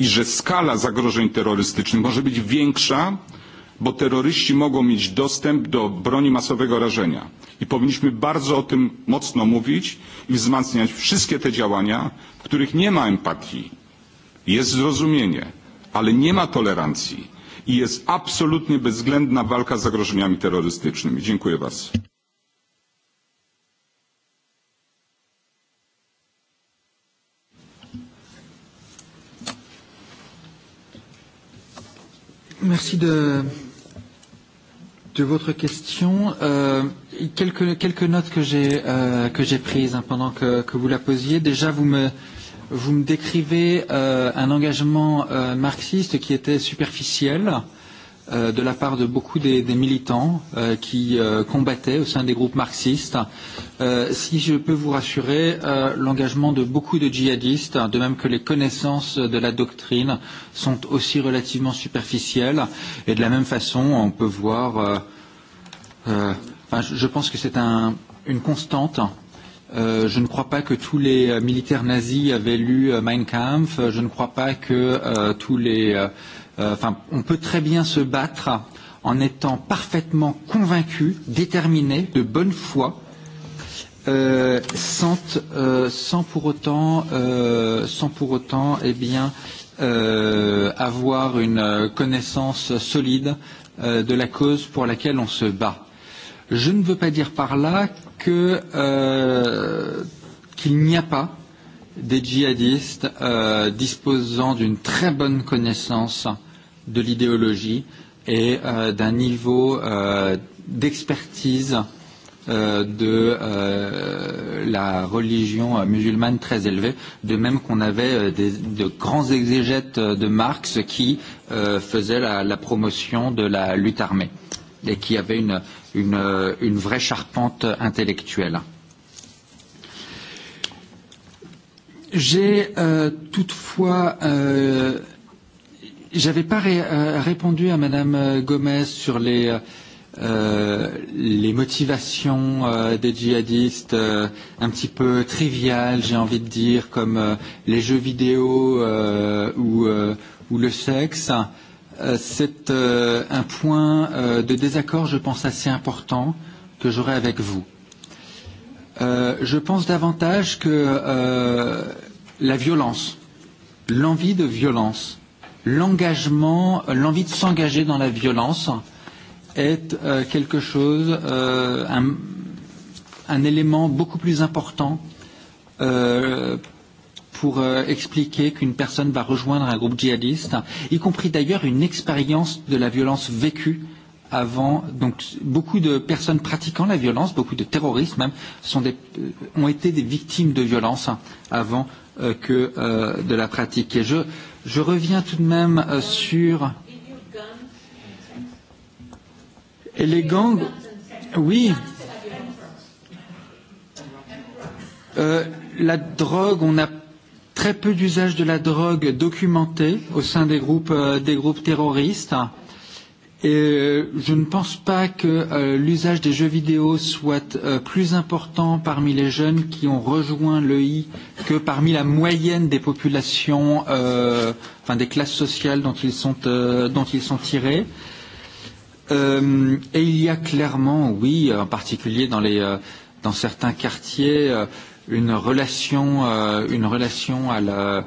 I że skala zagrożeń terrorystycznych może być większa bo terroryści mogą mieć dostęp do broni masowego rażenia i powinniśmy bardzo o tym mocno mówić i wzmacniać wszystkie te działania, w których nie ma empatii, jest zrozumienie, ale nie ma tolerancji i jest absolutnie bezwzględna walka z zagrożeniami terrorystycznymi. Dziękuję bardzo de votre question, euh, quelques, quelques notes que j'ai prises pendant que, que vous la posiez. Déjà, vous me vous me décrivez un engagement marxiste qui était superficiel de la part de beaucoup des militants qui combattaient au sein des groupes marxistes. Si je peux vous rassurer, l'engagement de beaucoup de djihadistes, de même que les connaissances de la doctrine, sont aussi relativement superficielles. Et de la même façon, on peut voir. Je pense que c'est une constante. Je ne crois pas que tous les militaires nazis avaient lu Mein Kampf. Je ne crois pas que tous les enfin, on peut très bien se battre en étant parfaitement convaincu, déterminé, de bonne foi, sans, sans pour autant, sans pour autant eh bien, avoir une connaissance solide de la cause pour laquelle on se bat. Je ne veux pas dire par là que qu'il n'y a pas des djihadistes disposant d'une très bonne connaissance de l'idéologie et d'un niveau d'expertise de la religion musulmane très élevé, de même qu'on avait de grands exégètes de Marx qui faisaient la promotion de la lutte armée et qui avaient une vraie charpente intellectuelle. J'ai toutefois n'avais pas répondu à madame Gomez sur les les motivations des djihadistes un petit peu triviales, j'ai envie de dire, comme les jeux vidéo ou ou le sexe. C'est un point de désaccord, je pense, assez important que j'aurai avec vous je pense davantage que la violence, l'envie de violence, l'engagement, l'envie de s'engager dans la violence est quelque chose, un élément beaucoup plus important pour expliquer qu'une personne va rejoindre un groupe djihadiste, y compris d'ailleurs une expérience de la violence vécue avant. Donc beaucoup de personnes pratiquant la violence, beaucoup de terroristes même, sont des, ont été des victimes de violences avant que de la pratique. je, je reviens tout de même sur et les gangs. Oui. Euh, la drogue, on a très peu d'usage de la drogue documenté au sein des groupes, des groupes terroristes. Et je ne pense pas que l'usage des jeux vidéo soit plus important parmi les jeunes qui ont rejoint l'EI que parmi la moyenne des populations, enfin des classes sociales dont ils sont, dont ils sont tirés. Euh, et il y a clairement, oui, en particulier dans, les, dans certains quartiers, une relation, une relation à la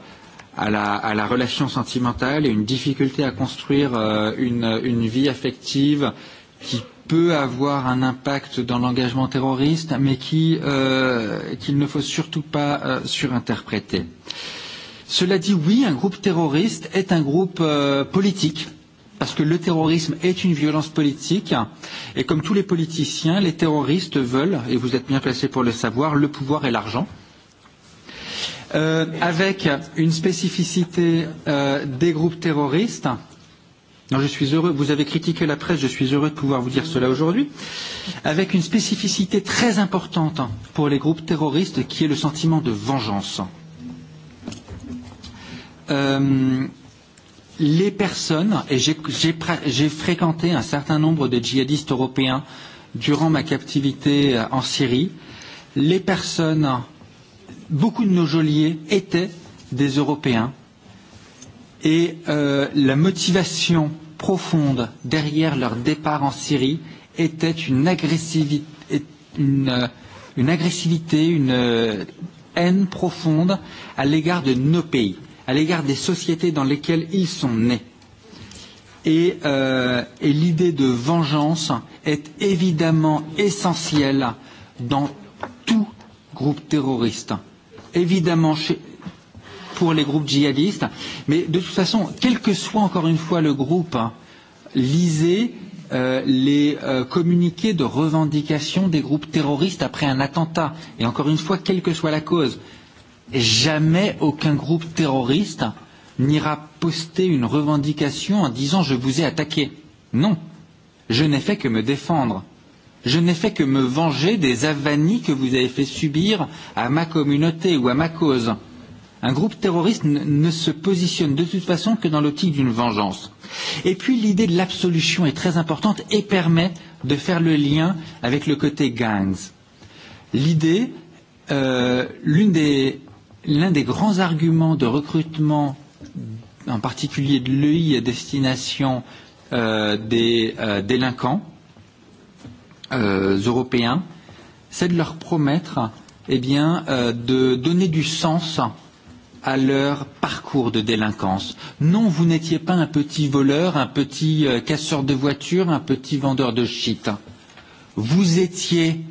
à la, à la relation sentimentale et une difficulté à construire une, une vie affective qui peut avoir un impact dans l'engagement terroriste, mais qu'il qu ne faut surtout pas surinterpréter. Cela dit, oui, un groupe terroriste est un groupe politique, parce que le terrorisme est une violence politique, et comme tous les politiciens, les terroristes veulent, et vous êtes bien placés pour le savoir, le pouvoir et l'argent avec une spécificité des groupes terroristes. Je suis heureux, vous avez critiqué la presse, je suis heureux de pouvoir vous dire cela aujourd'hui, avec une spécificité très importante pour les groupes terroristes qui est le sentiment de vengeance. Les personnes, et j'ai fréquenté un certain nombre de djihadistes européens durant ma captivité en Syrie, les personnes beaucoup de nos geôliers étaient des Européens et la motivation profonde derrière leur départ en Syrie était une agressivité, une, une, agressivité, une haine profonde à l'égard de nos pays, à l'égard des sociétés dans lesquelles ils sont nés. Et, et l'idée de vengeance est évidemment essentielle dans tout groupe terroriste évidemment pour les groupes djihadistes, mais de toute façon, quel que soit encore une fois le groupe, lisez les communiqués de revendication des groupes terroristes après un attentat. Et encore une fois, quelle que soit la cause, jamais aucun groupe terroriste n'ira poster une revendication en disant je vous ai attaqué. Non, je n'ai fait que me défendre je n'ai fait que me venger des avanies que vous avez fait subir à ma communauté ou à ma cause. Un groupe terroriste ne se positionne de toute façon que dans l'optique d'une vengeance. Et puis l'idée de l'absolution est très importante et permet de faire le lien avec le côté gangs. L'idée, l'un des grands arguments de recrutement, en particulier de l'EI à destination des délinquants, européens, c'est de leur promettre eh bien, de donner du sens à leur parcours de délinquance. Non, vous n'étiez pas un petit voleur, un petit casseur de voiture, un petit vendeur de shit. Vous étiez,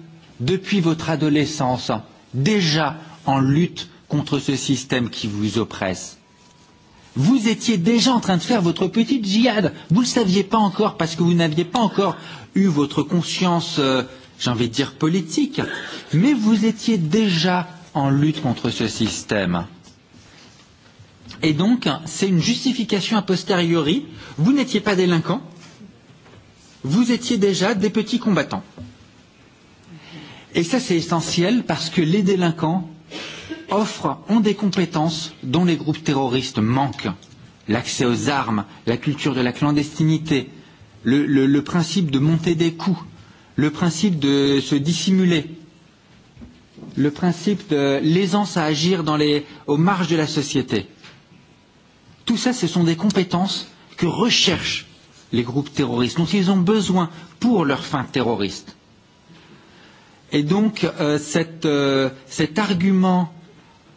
depuis votre adolescence, déjà en lutte contre ce système qui vous oppresse. Vous étiez déjà en train de faire votre petite djihad. Vous ne le saviez pas encore parce que vous n'aviez pas encore eu votre conscience, j'ai envie de dire, politique. Mais vous étiez déjà en lutte contre ce système. Et donc, c'est une justification a posteriori. Vous n'étiez pas délinquant. Vous étiez déjà des petits combattants. Et ça, c'est essentiel parce que les délinquants offrent ont des compétences dont les groupes terroristes manquent l'accès aux armes, la culture de la clandestinité, le principe de monter des coups, le principe de se dissimuler, le principe de l'aisance à agir aux marges de la société. Tout ça, ce sont des compétences que recherchent les groupes terroristes, dont ils ont besoin pour leurs fins terroristes. Et donc cet argument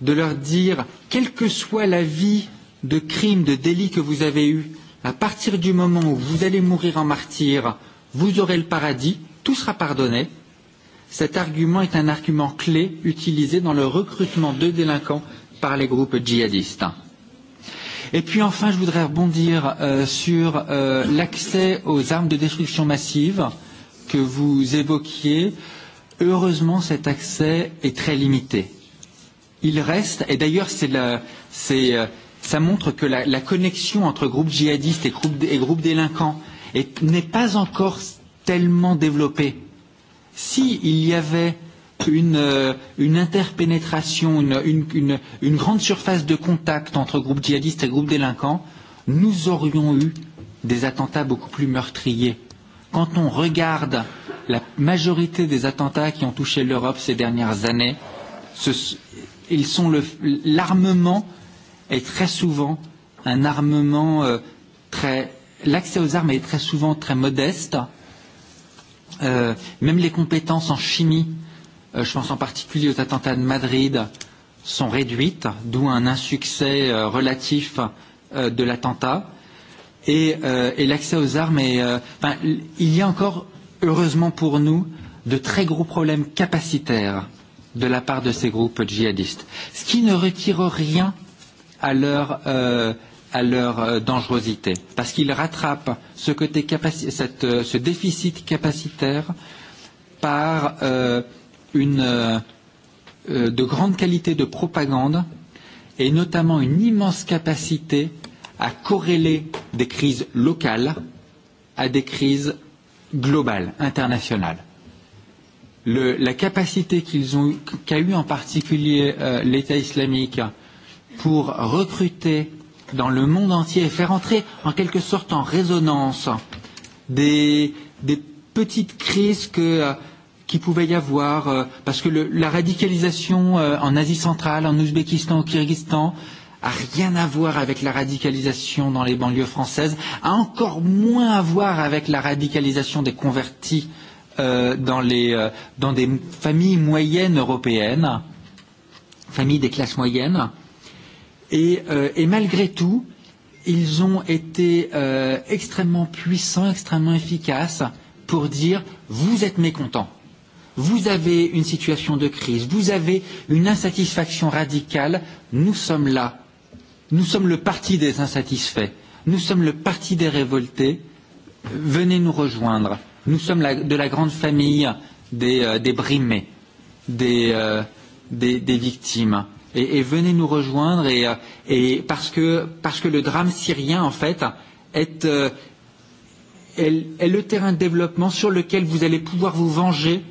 de leur dire, quelle que soit la vie de crime, de délit que vous avez eu, à partir du moment où vous allez mourir en martyr, vous aurez le paradis, tout sera pardonné, cet argument est un argument clé utilisé dans le recrutement de délinquants par les groupes djihadistes. Et puis enfin, je voudrais rebondir sur l'accès aux armes de destruction massive que vous évoquiez Heureusement, cet accès est très limité. Il reste, et d'ailleurs, ça montre que la connexion entre groupes djihadistes et groupes délinquants n'est pas encore tellement développée. S'il y avait une interpénétration, une grande surface de contact entre groupes djihadistes et groupes délinquants, nous aurions eu des attentats beaucoup plus meurtriers. Quand on regarde la majorité des attentats qui ont touché l'Europe ces dernières années, ils sont l'armement est très souvent un armement très l'accès aux armes est très souvent très modeste. Même les compétences en chimie, je pense en particulier aux attentats de Madrid, sont réduites, d'où un insuccès relatif de l'attentat. Et l'accès aux armes est... Il y a encore heureusement pour nous, de très gros problèmes capacitaires de la part de ces groupes djihadistes, ce qui ne retire rien à leur à leur dangerosité, parce qu'ils rattrapent ce, côté cette, ce déficit capacitaire par une, de grande qualité de propagande et notamment une immense capacité à corréler des crises locales à des crises globale, internationale. La capacité qu'a eu en particulier l'État islamique pour recruter dans le monde entier et faire entrer en quelque sorte en résonance des petites crises qu'il pouvait y avoir, parce que la radicalisation en Asie centrale, en Ouzbékistan, au Kyrgyzstan, a rien à voir avec la radicalisation dans les banlieues françaises, a encore moins à voir avec la radicalisation des convertis dans des familles moyennes européennes, familles des classes moyennes. Et malgré tout, ils ont été extrêmement puissants, extrêmement efficaces pour dire vous êtes mécontents. Vous avez une situation de crise, vous avez une insatisfaction radicale, nous sommes là Nous sommes le parti des insatisfaits. Nous sommes le parti des révoltés. Venez nous rejoindre. Nous sommes de la grande famille des brimés, des victimes. Et venez nous rejoindre et parce que le drame syrien, en fait, est le terrain de développement sur lequel vous allez pouvoir vous venger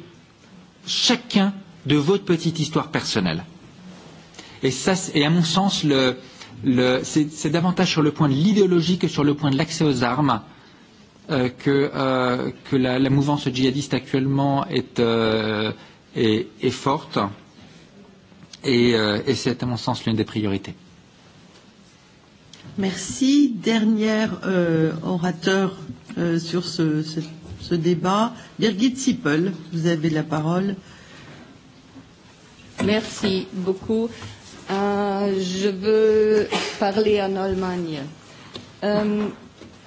chacun de votre petite histoire personnelle. Et à mon sens, le c'est davantage sur le point de l'idéologie que sur le point de l'accès aux armes que que la mouvance djihadiste actuellement est est forte et c'est à mon sens l'une des priorités. Merci. Dernier orateur sur ce débat, Birgit Sippel, vous avez la parole. Merci beaucoup. Je veux parler en Allemagne.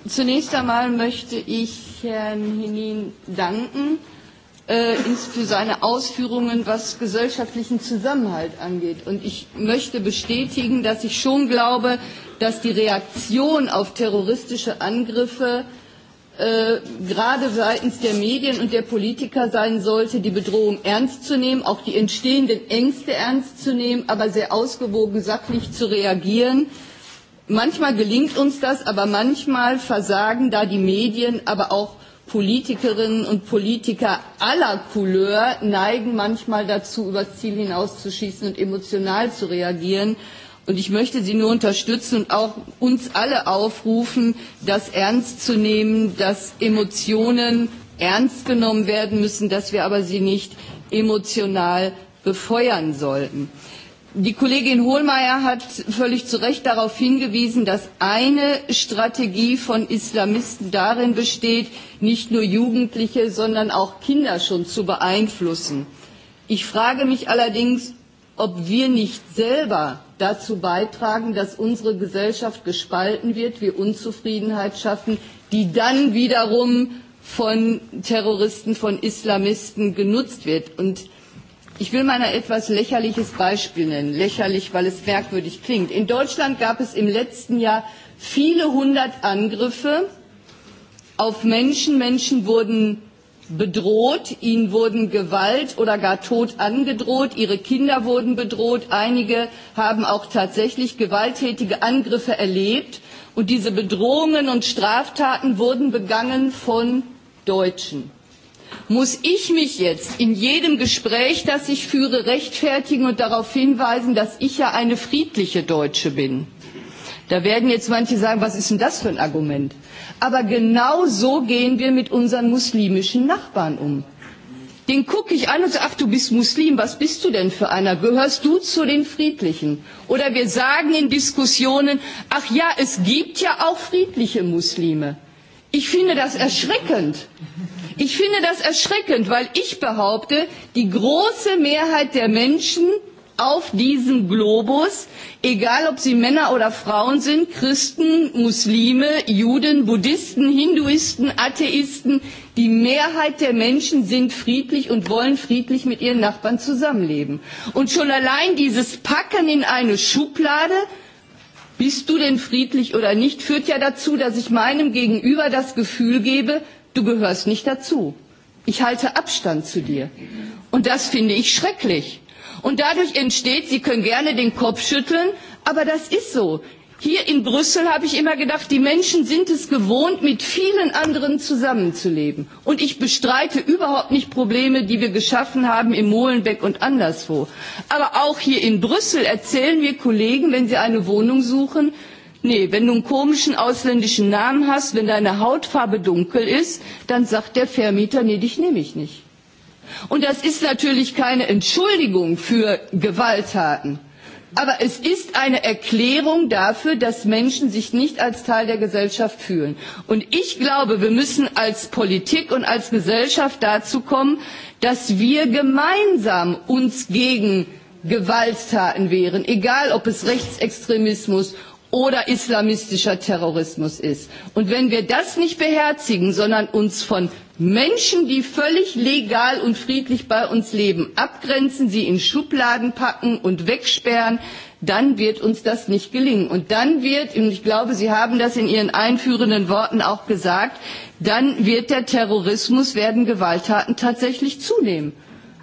Zunächst einmal möchte ich Herrn Henin danken für seine Ausführungen, was gesellschaftlichen Zusammenhalt angeht. Und ich möchte bestätigen, dass ich schon glaube, dass die Reaktion auf terroristische Angriffe gerade seitens der Medien und der Politiker sein sollte, die Bedrohung ernst zu nehmen, auch die entstehenden Ängste ernst zu nehmen, aber sehr ausgewogen sachlich zu reagieren. Manchmal gelingt uns das, aber manchmal versagen da die Medien, aber auch Politikerinnen und Politiker aller Couleur neigen manchmal dazu, übers Ziel hinauszuschießen und emotional zu reagieren. Und ich möchte Sie nur unterstützen und auch uns alle aufrufen, das ernst zu nehmen, dass Emotionen ernst genommen werden müssen, dass wir aber sie nicht emotional befeuern sollten. Die Kollegin Hohlmeier hat völlig zu Recht darauf hingewiesen, dass eine Strategie von Islamisten darin besteht, nicht nur Jugendliche, sondern auch Kinder schon zu beeinflussen. Ich frage mich allerdings, ob wir nicht selber dazu beitragen, dass unsere Gesellschaft gespalten wird, wir Unzufriedenheit schaffen, die dann wiederum von Terroristen, von Islamisten genutzt wird. Und ich will mal ein etwas lächerliches Beispiel nennen. Lächerlich, weil es merkwürdig klingt. In Deutschland gab es im letzten Jahr viele hundert Angriffe auf Menschen. Menschen wurden bedroht, ihnen wurden Gewalt oder gar Tod angedroht, ihre Kinder wurden bedroht, einige haben auch tatsächlich gewalttätige Angriffe erlebt, und diese Bedrohungen und Straftaten wurden begangen von Deutschen. Muss ich mich jetzt in jedem Gespräch, das ich führe, rechtfertigen und darauf hinweisen, dass ich ja eine friedliche Deutsche bin? Da werden jetzt manche sagen, was ist denn das für ein Argument? Aber genau so gehen wir mit unseren muslimischen Nachbarn um. Den gucke ich an und sage, ach du bist Muslim, was bist du denn für einer? Gehörst du zu den Friedlichen? Oder wir sagen in Diskussionen, ach ja, es gibt ja auch friedliche Muslime. Ich finde das erschreckend. Ich finde das erschreckend, weil ich behaupte, die große Mehrheit der Menschen auf diesem globus egal ob sie männer oder frauen sind christen muslime juden buddhisten hinduisten atheisten die mehrheit der menschen sind friedlich und wollen friedlich mit ihren nachbarn zusammenleben. und schon allein dieses packen in eine schublade bist du denn friedlich oder nicht führt ja dazu dass ich meinem gegenüber das gefühl gebe du gehörst nicht dazu ich halte abstand zu dir. und das finde ich schrecklich und dadurch entsteht sie können gerne den kopf schütteln aber das ist so hier in brüssel habe ich immer gedacht die menschen sind es gewohnt mit vielen anderen zusammenzuleben und ich bestreite überhaupt nicht probleme die wir geschaffen haben in molenbeek und anderswo aber auch hier in brüssel erzählen mir kollegen wenn sie eine wohnung suchen nee wenn du einen komischen ausländischen namen hast wenn deine hautfarbe dunkel ist dann sagt der vermieter nee dich nehme ich nicht und das ist natürlich keine entschuldigung für gewalttaten aber es ist eine erklärung dafür dass menschen sich nicht als teil der gesellschaft fühlen und ich glaube wir müssen als politik und als gesellschaft dazu kommen dass wir gemeinsam gegen gewalttaten wehren egal ob es rechtsextremismus oder islamistischer terrorismus ist und wenn wir das nicht beherzigen sondern uns von Menschen, die völlig legal und friedlich bei uns leben, abgrenzen, sie in Schubladen packen und wegsperren, dann wird uns das nicht gelingen. Und dann wird, und ich glaube, Sie haben das in Ihren einführenden Worten auch gesagt, dann wird der Terrorismus, werden Gewalttaten tatsächlich zunehmen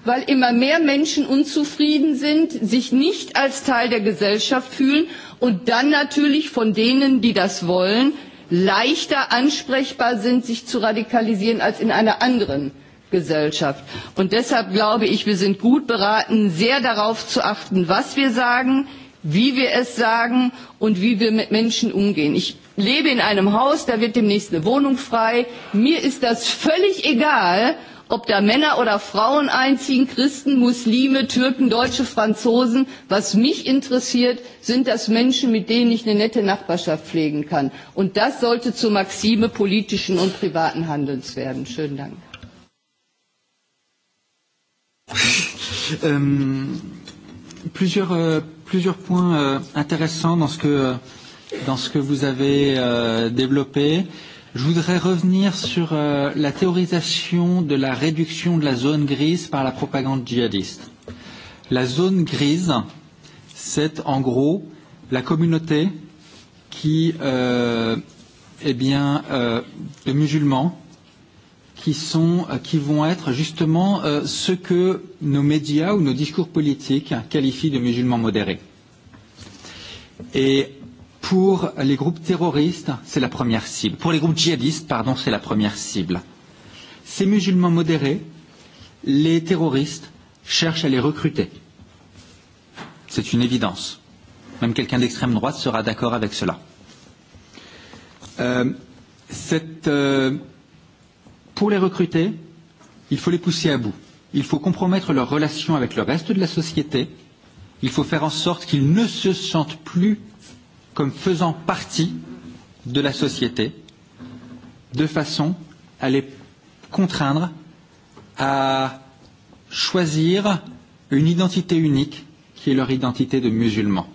weil immer mehr Menschen unzufrieden sind, sich nicht als Teil der Gesellschaft fühlen und dann natürlich von denen, die das wollen, leichter ansprechbar sind, sich zu radikalisieren als in einer anderen Gesellschaft. Und deshalb glaube ich, wir sind gut beraten, sehr darauf zu achten, was wir sagen, wie wir es sagen und wie wir mit Menschen umgehen. Ich lebe in einem Haus, da wird demnächst eine Wohnung frei. Mir ist das völlig egal, ob da Männer oder Frauen einziehen, Christen, Muslime, Türken, Deutsche, Franzosen. Was mich interessiert, sind das Menschen, mit denen ich eine nette Nachbarschaft pflegen kann. Und das sollte zur Maxime politischen und privaten Handelns werden. Schönen Dank. Plusieurs points intéressants dans Je voudrais revenir sur la théorisation de la réduction de la zone grise par la propagande djihadiste. La zone grise, c'est en gros la communauté qui, eh bien, de musulmans qui sont, qui vont être justement ce que nos médias ou nos discours politiques qualifient de musulmans modérés. Et Pour les groupes terroristes, c'est la première cible. Pour les groupes djihadistes, pardon, c'est la première cible. Ces musulmans modérés, les terroristes cherchent à les recruter. C'est une évidence. Même quelqu'un d'extrême droite sera d'accord avec cela. Pour les recruter, il faut les pousser à bout. Il faut compromettre leurs relations avec le reste de la société. Il faut faire en sorte qu'ils ne se sentent plus comme faisant partie de la société, de façon à les contraindre à choisir une identité unique qui est leur identité de musulmans.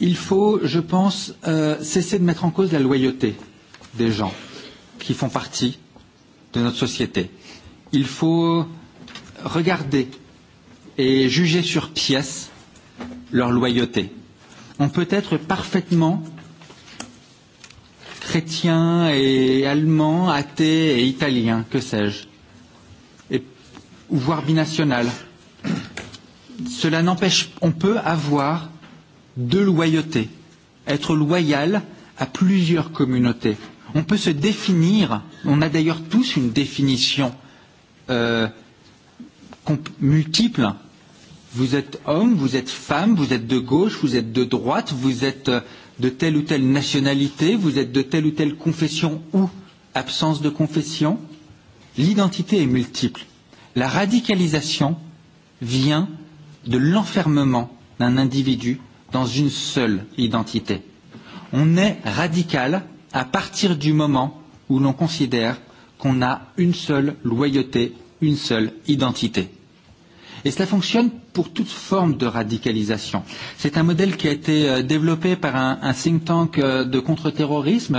Il faut, je pense, cesser de mettre en cause la loyauté des gens qui font partie de notre société. Il faut regarder et juger sur pièce leur loyauté on peut être parfaitement chrétien et allemand, athée et italien, que sais-je, ou voire binational. Cela n'empêche, on peut avoir deux loyautés, être loyal à plusieurs communautés. On peut se définir, on a d'ailleurs tous une définition multiple Vous êtes homme, vous êtes femme, vous êtes de gauche, vous êtes de droite, vous êtes de telle ou telle nationalité, vous êtes de telle ou telle confession ou absence de confession. L'identité est multiple. La radicalisation vient de l'enfermement d'un individu dans une seule identité. On est radical à partir du moment où l'on considère qu'on a une seule loyauté, une seule identité. Et cela fonctionne pour toute forme de radicalisation. C'est un modèle qui a été développé par un think tank de contre-terrorisme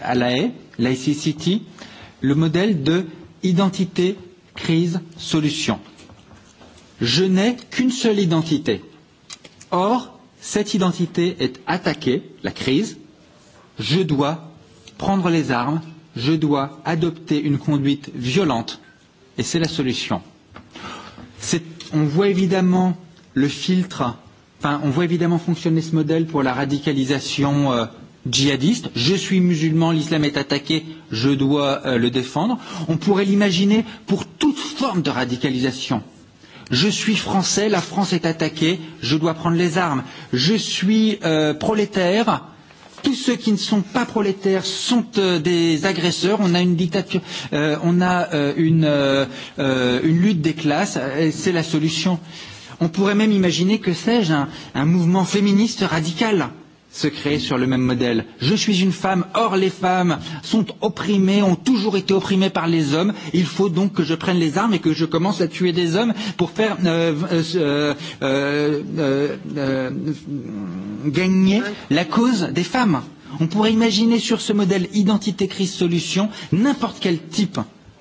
à La Haye, l'ICCT, le modèle de identité, crise, solution. Je n'ai qu'une seule identité. Or, cette identité est attaquée, la crise. Je dois prendre les armes, je dois adopter une conduite violente. Et c'est la solution. C'est on voit évidemment le filtre, enfin, on voit évidemment fonctionner ce modèle pour la radicalisation djihadiste. Je suis musulman, l'islam est attaqué, je dois le défendre. On pourrait l'imaginer pour toute forme de radicalisation. Je suis français, la France est attaquée, je dois prendre les armes. Je suis prolétaire, tous ceux qui ne sont pas prolétaires sont des agresseurs. On a une dictature, on a une lutte des classes. et C'est la solution. On pourrait même imaginer que sais-je un mouvement féministe radical se créer sur le même modèle. Je suis une femme, or les femmes sont opprimées, ont toujours été opprimées par les hommes, il faut donc que je prenne les armes et que je commence à tuer des hommes pour faire gagner la cause des femmes. On pourrait imaginer sur ce modèle identité crise solution n'importe quel type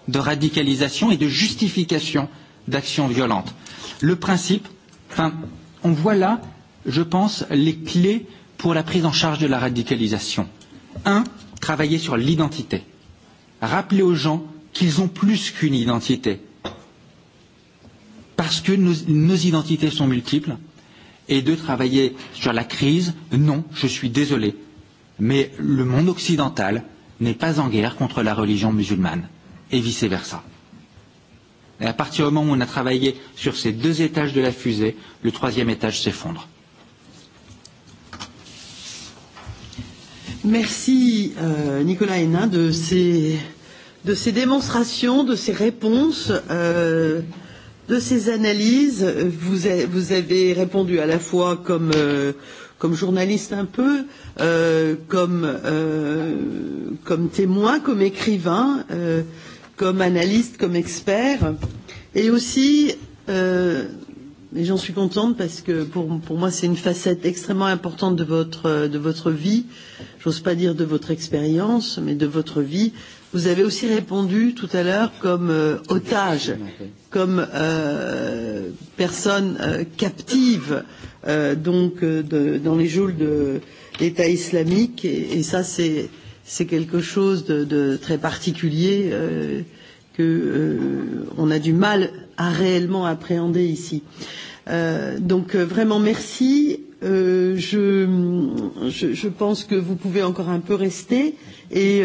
de radicalisation et de justification d'actions violentes. Le principe, enfin, on voit là, je pense, les clés pour la prise en charge de la radicalisation. Un, travailler sur l'identité. Rappeler aux gens qu'ils ont plus qu'une identité. Parce que nos identités sont multiples. Et deux, travailler sur la crise. Non, je suis désolé. Mais le monde occidental n'est pas en guerre contre la religion musulmane. Et vice-versa. Et à partir du moment où on a travaillé sur ces deux étages de la fusée, le troisième étage s'effondre. Merci euh, Nicolas Hénin de ces, de ces démonstrations, de ces réponses, euh, de ces analyses. Vous, vous avez répondu à la fois comme, comme journaliste un peu, euh, comme, euh, comme témoin, comme écrivain, euh, comme analyste, comme expert, et aussi euh, Mais j'en suis contente parce que pour, pour moi, c'est une facette extrêmement importante de votre, de votre vie. J'ose pas dire de votre expérience, mais de votre vie. Vous avez aussi répondu tout à l'heure comme otage, comme personne captive donc dans les geôles de l'État islamique. Et, ça, c'est quelque chose de, de très particulier On a du mal à réellement appréhender ici. Donc vraiment merci. Je pense que vous pouvez encore un peu rester et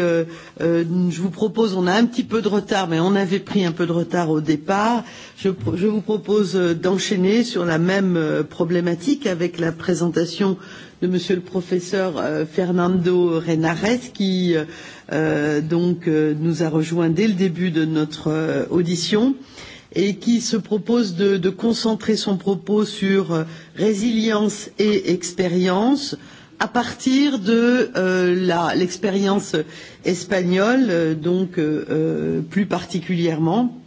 je vous propose, on a un petit peu de retard, mais on avait pris un peu de retard au départ. Je vous propose d'enchaîner sur la même problématique avec la présentation de monsieur le professeur Fernando Renares qui donc nous a rejoint dès le début de notre audition et qui se propose de de concentrer son propos sur résilience et expérience à partir de l'expérience espagnole donc plus particulièrement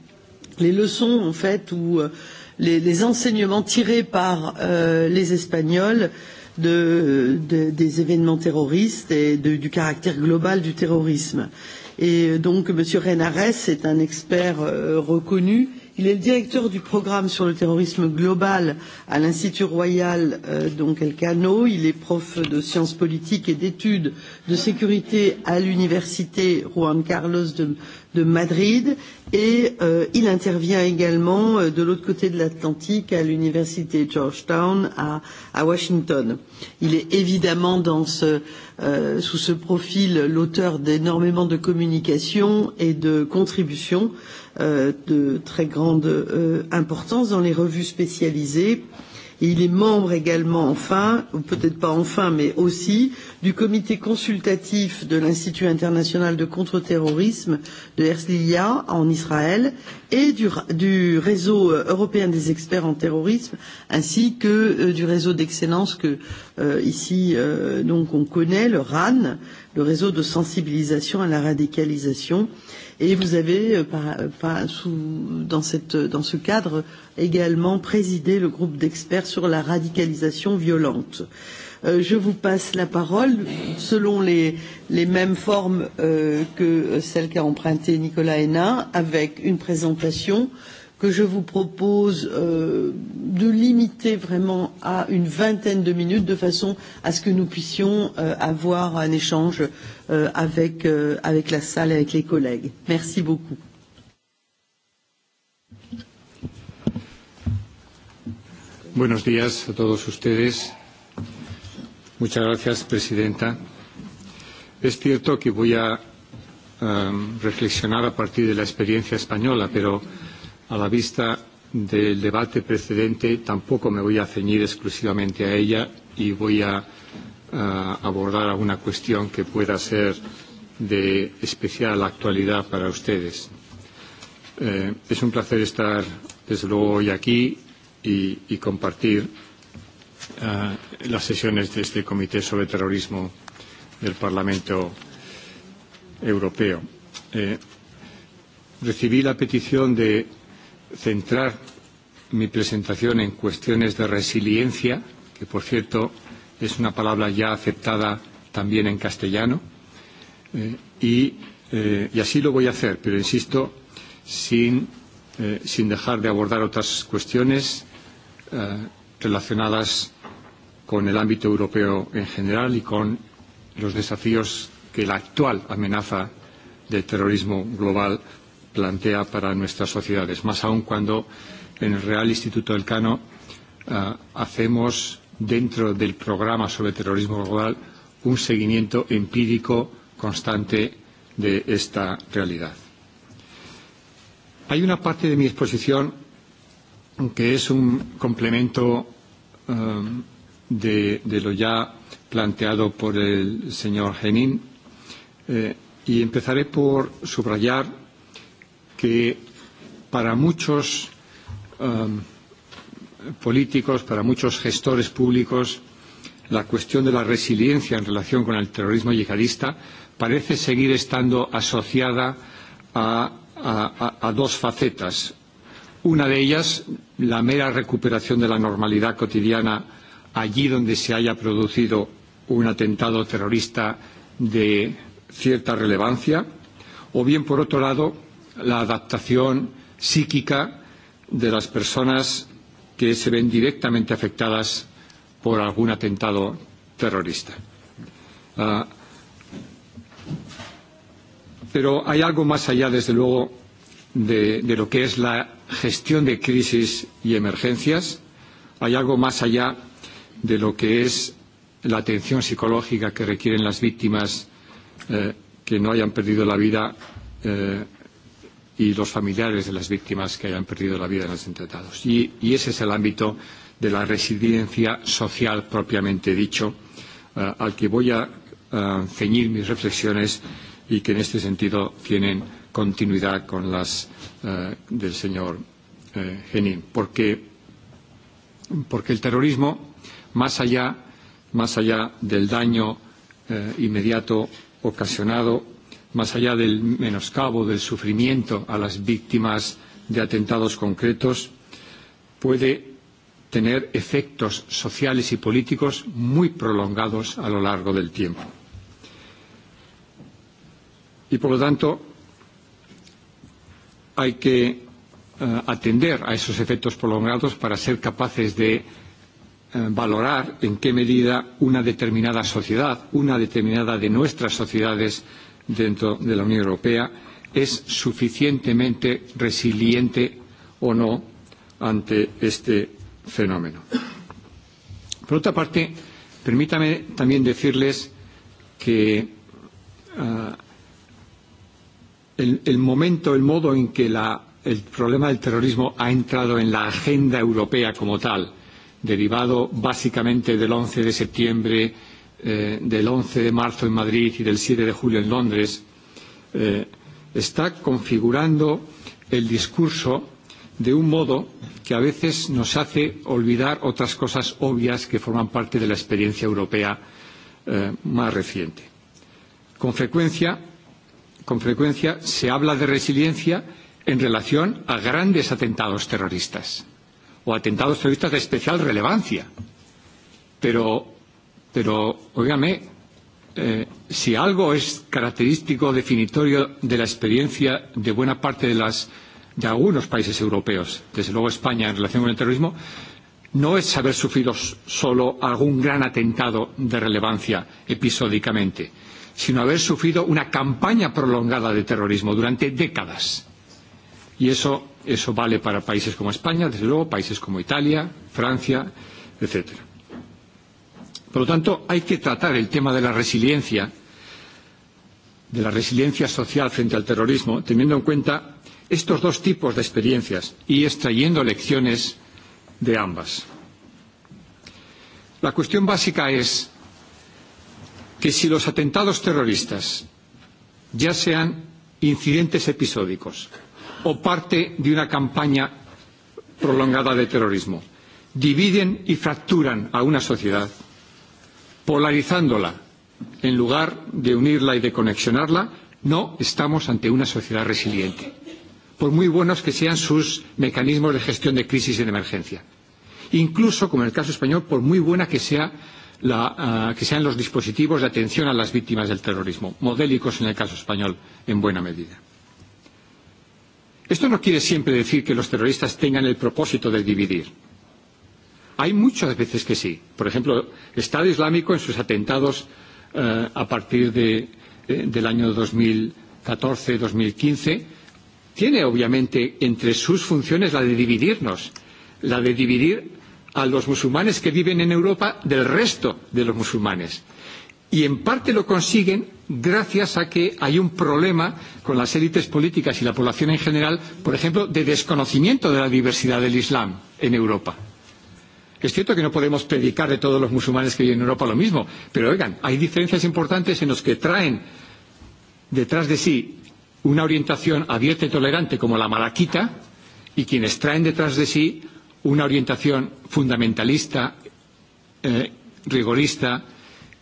les leçons en fait ou les enseignements tirés par les espagnols de, des événements terroristes et de, du caractère global du terrorisme. Et donc M. Renarès est un expert reconnu Il est le directeur du programme sur le terrorisme global à l'Institut royal Elcano. Il est prof de sciences politiques et d'études de sécurité à l'université Juan Carlos de Madrid. Et il intervient également de l'autre côté de l'Atlantique à l'université Georgetown à Washington. Il est évidemment dans ce sous ce profil l'auteur d'énormément de communications et de contributions de très grande importance dans les revues spécialisées. et Il est membre également enfin, ou peut-être pas enfin, mais aussi, du comité consultatif de l'Institut international de contre-terrorisme de Herzliya en Israël et du réseau européen des experts en terrorisme, ainsi que du réseau d'excellence que ici donc on connaît, le RAN, le réseau de sensibilisation à la radicalisation. Et vous avez, sous dans ce cadre, également présidé le groupe d'experts sur la radicalisation violente. Je vous passe la parole, selon les mêmes formes que celles qu'a emprunté Nicolas Hénin, avec une présentation que je vous propose de limiter vraiment à une vingtaine de minutes de façon à ce que nous puissions avoir un échange avec avec la salle et avec les collègues. Merci beaucoup. Buenos días a todos ustedes. Muchas gracias, presidenta. Es cierto que voy a reflexionar a partir de la experiencia española, pero a la vista del debate precedente tampoco me voy a ceñir exclusivamente a ella y voy a abordar alguna cuestión que pueda ser de especial actualidad para ustedes. Es un placer estar desde luego hoy aquí y compartir las sesiones de este Comité sobre Terrorismo del Parlamento Europeo. Recibí la petición de centrar mi presentación en cuestiones de resiliencia, que por cierto es una palabra ya aceptada también en castellano, y así lo voy a hacer, pero insisto, sin dejar de abordar otras cuestiones relacionadas con el ámbito europeo en general y con los desafíos que la actual amenaza del terrorismo global plantea para nuestras sociedades, más aún cuando en el Real Instituto del Cano hacemos dentro del programa sobre terrorismo global un seguimiento empírico constante de esta realidad. Hay una parte de mi exposición que es un complemento de lo ya planteado por el señor Henin y empezaré por subrayar que para muchos políticos, para muchos gestores públicos, la cuestión de la resiliencia en relación con el terrorismo yihadista parece seguir estando asociada a dos facetas. Una de ellas, la mera recuperación de la normalidad cotidiana allí donde se haya producido un atentado terrorista de cierta relevancia, o bien, por otro lado, la adaptación psíquica de las personas que se ven directamente afectadas por algún atentado terrorista. Pero hay algo más allá, desde luego, de lo que es la gestión de crisis y emergencias. Hay algo más allá de lo que es la atención psicológica que requieren las víctimas que no hayan perdido la vida y los familiares de las víctimas que hayan perdido la vida en los atentados. Y ese es el ámbito de la residencia social propiamente dicho, al que voy a ceñir mis reflexiones y que en este sentido tienen continuidad con las del señor Genin. Porque el terrorismo, más allá del daño inmediato ocasionado más allá del menoscabo del sufrimiento a las víctimas de atentados concretos, puede tener efectos sociales y políticos muy prolongados a lo largo del tiempo. Y, por lo tanto, hay que atender a esos efectos prolongados para ser capaces de valorar en qué medida una determinada sociedad, una determinada de nuestras sociedades dentro de la Unión Europea es suficientemente resiliente o no ante este fenómeno. Por otra parte, permítame también decirles que el momento, el modo en que el problema del terrorismo ha entrado en la agenda europea como tal, derivado básicamente del 11 de septiembre del 11 de marzo en Madrid y del 7 de julio en Londres, está configurando el discurso de un modo que a veces nos hace olvidar otras cosas obvias que forman parte de la experiencia europea más reciente. Con frecuencia se habla de resiliencia en relación a grandes atentados terroristas o atentados terroristas de especial relevancia, pero Pero, óigame, si algo es característico, definitorio de la experiencia de buena parte de algunos países europeos, desde luego España en relación con el terrorismo, no es haber sufrido solo algún gran atentado de relevancia episódicamente, sino haber sufrido una campaña prolongada de terrorismo durante décadas. Y eso vale para países como España, desde luego, países como Italia, Francia, etcétera. Por lo tanto, hay que tratar el tema de la resiliencia, de la resiliencia social frente al terrorismo, teniendo en cuenta estos dos tipos de experiencias y extrayendo lecciones de ambas. La cuestión básica es que si los atentados terroristas, ya sean incidentes episódicos o parte de una campaña prolongada de terrorismo, dividen y fracturan a una sociedad, polarizándola en lugar de unirla y de conexionarla, no estamos ante una sociedad resiliente, por muy buenos que sean sus mecanismos de gestión de crisis y de emergencia. Incluso, como en el caso español, por muy buena que que sean los dispositivos de atención a las víctimas del terrorismo, modélicos en el caso español, en buena medida. Esto no quiere siempre decir que los terroristas tengan el propósito de dividir. Hay muchas veces que sí. Por ejemplo, el Estado Islámico en sus atentados a partir del año 2014-2015 tiene obviamente entre sus funciones la de dividirnos, la de dividir a los musulmanes que viven en Europa del resto de los musulmanes. Y en parte lo consiguen gracias a que hay un problema con las élites políticas y la población en general, por ejemplo, de desconocimiento de la diversidad del Islam en Europa. Es cierto que no podemos predicar de todos los musulmanes que viven en Europa lo mismo, pero oigan, hay diferencias importantes en los que traen detrás de sí una orientación abierta y tolerante como la malaquita y quienes traen detrás de sí una orientación fundamentalista, rigorista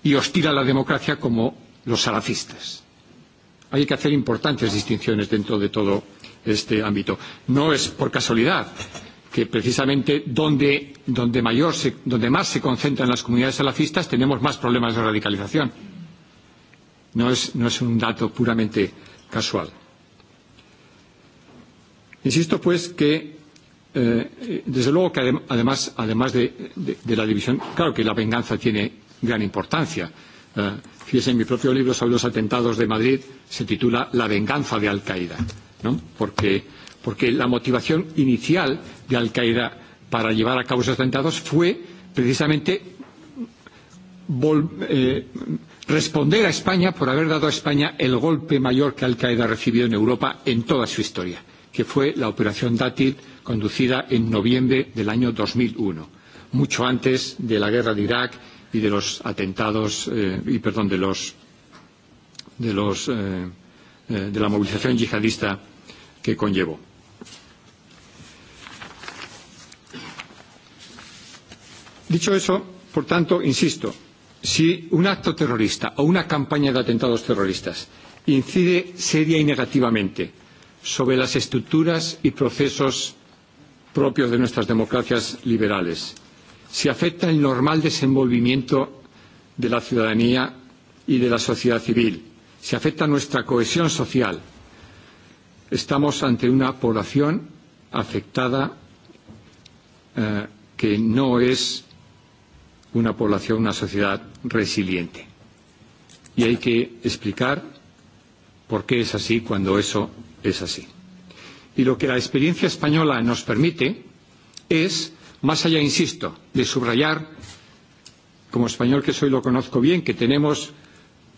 y hostil a la democracia como los salafistas. Hay que hacer importantes distinciones dentro de todo este ámbito. No es por casualidad que precisamente donde más se concentran las comunidades salafistas tenemos más problemas de radicalización. No es un dato puramente casual. Insisto, pues, que desde luego que además de la división, claro que la venganza tiene gran importancia. Fíjese, en mi propio libro sobre los atentados de Madrid se titula La venganza de Al-Qaeda, ¿no? porque la motivación inicial de Al Qaeda para llevar a cabo esos atentados fue precisamente responder a España por haber dado a España el golpe mayor que Al Qaeda recibió en Europa en toda su historia, que fue la operación Dátil conducida en noviembre del año 2001, mucho antes de la guerra de Irak y de los atentados y perdón de los de los de la movilización yihadista que conllevó. Dicho eso, por tanto, insisto, si un acto terrorista o una campaña de atentados terroristas incide seria y negativamente sobre las estructuras y procesos propios de nuestras democracias liberales, si afecta el normal desenvolvimiento de la ciudadanía y de la sociedad civil, si afecta nuestra cohesión social, estamos ante una población afectada que no es una población, una sociedad resiliente. Y hay que explicar por qué es así cuando eso es así. Y lo que la experiencia española nos permite es, más allá, insisto, de subrayar, como español que soy lo conozco bien, que tenemos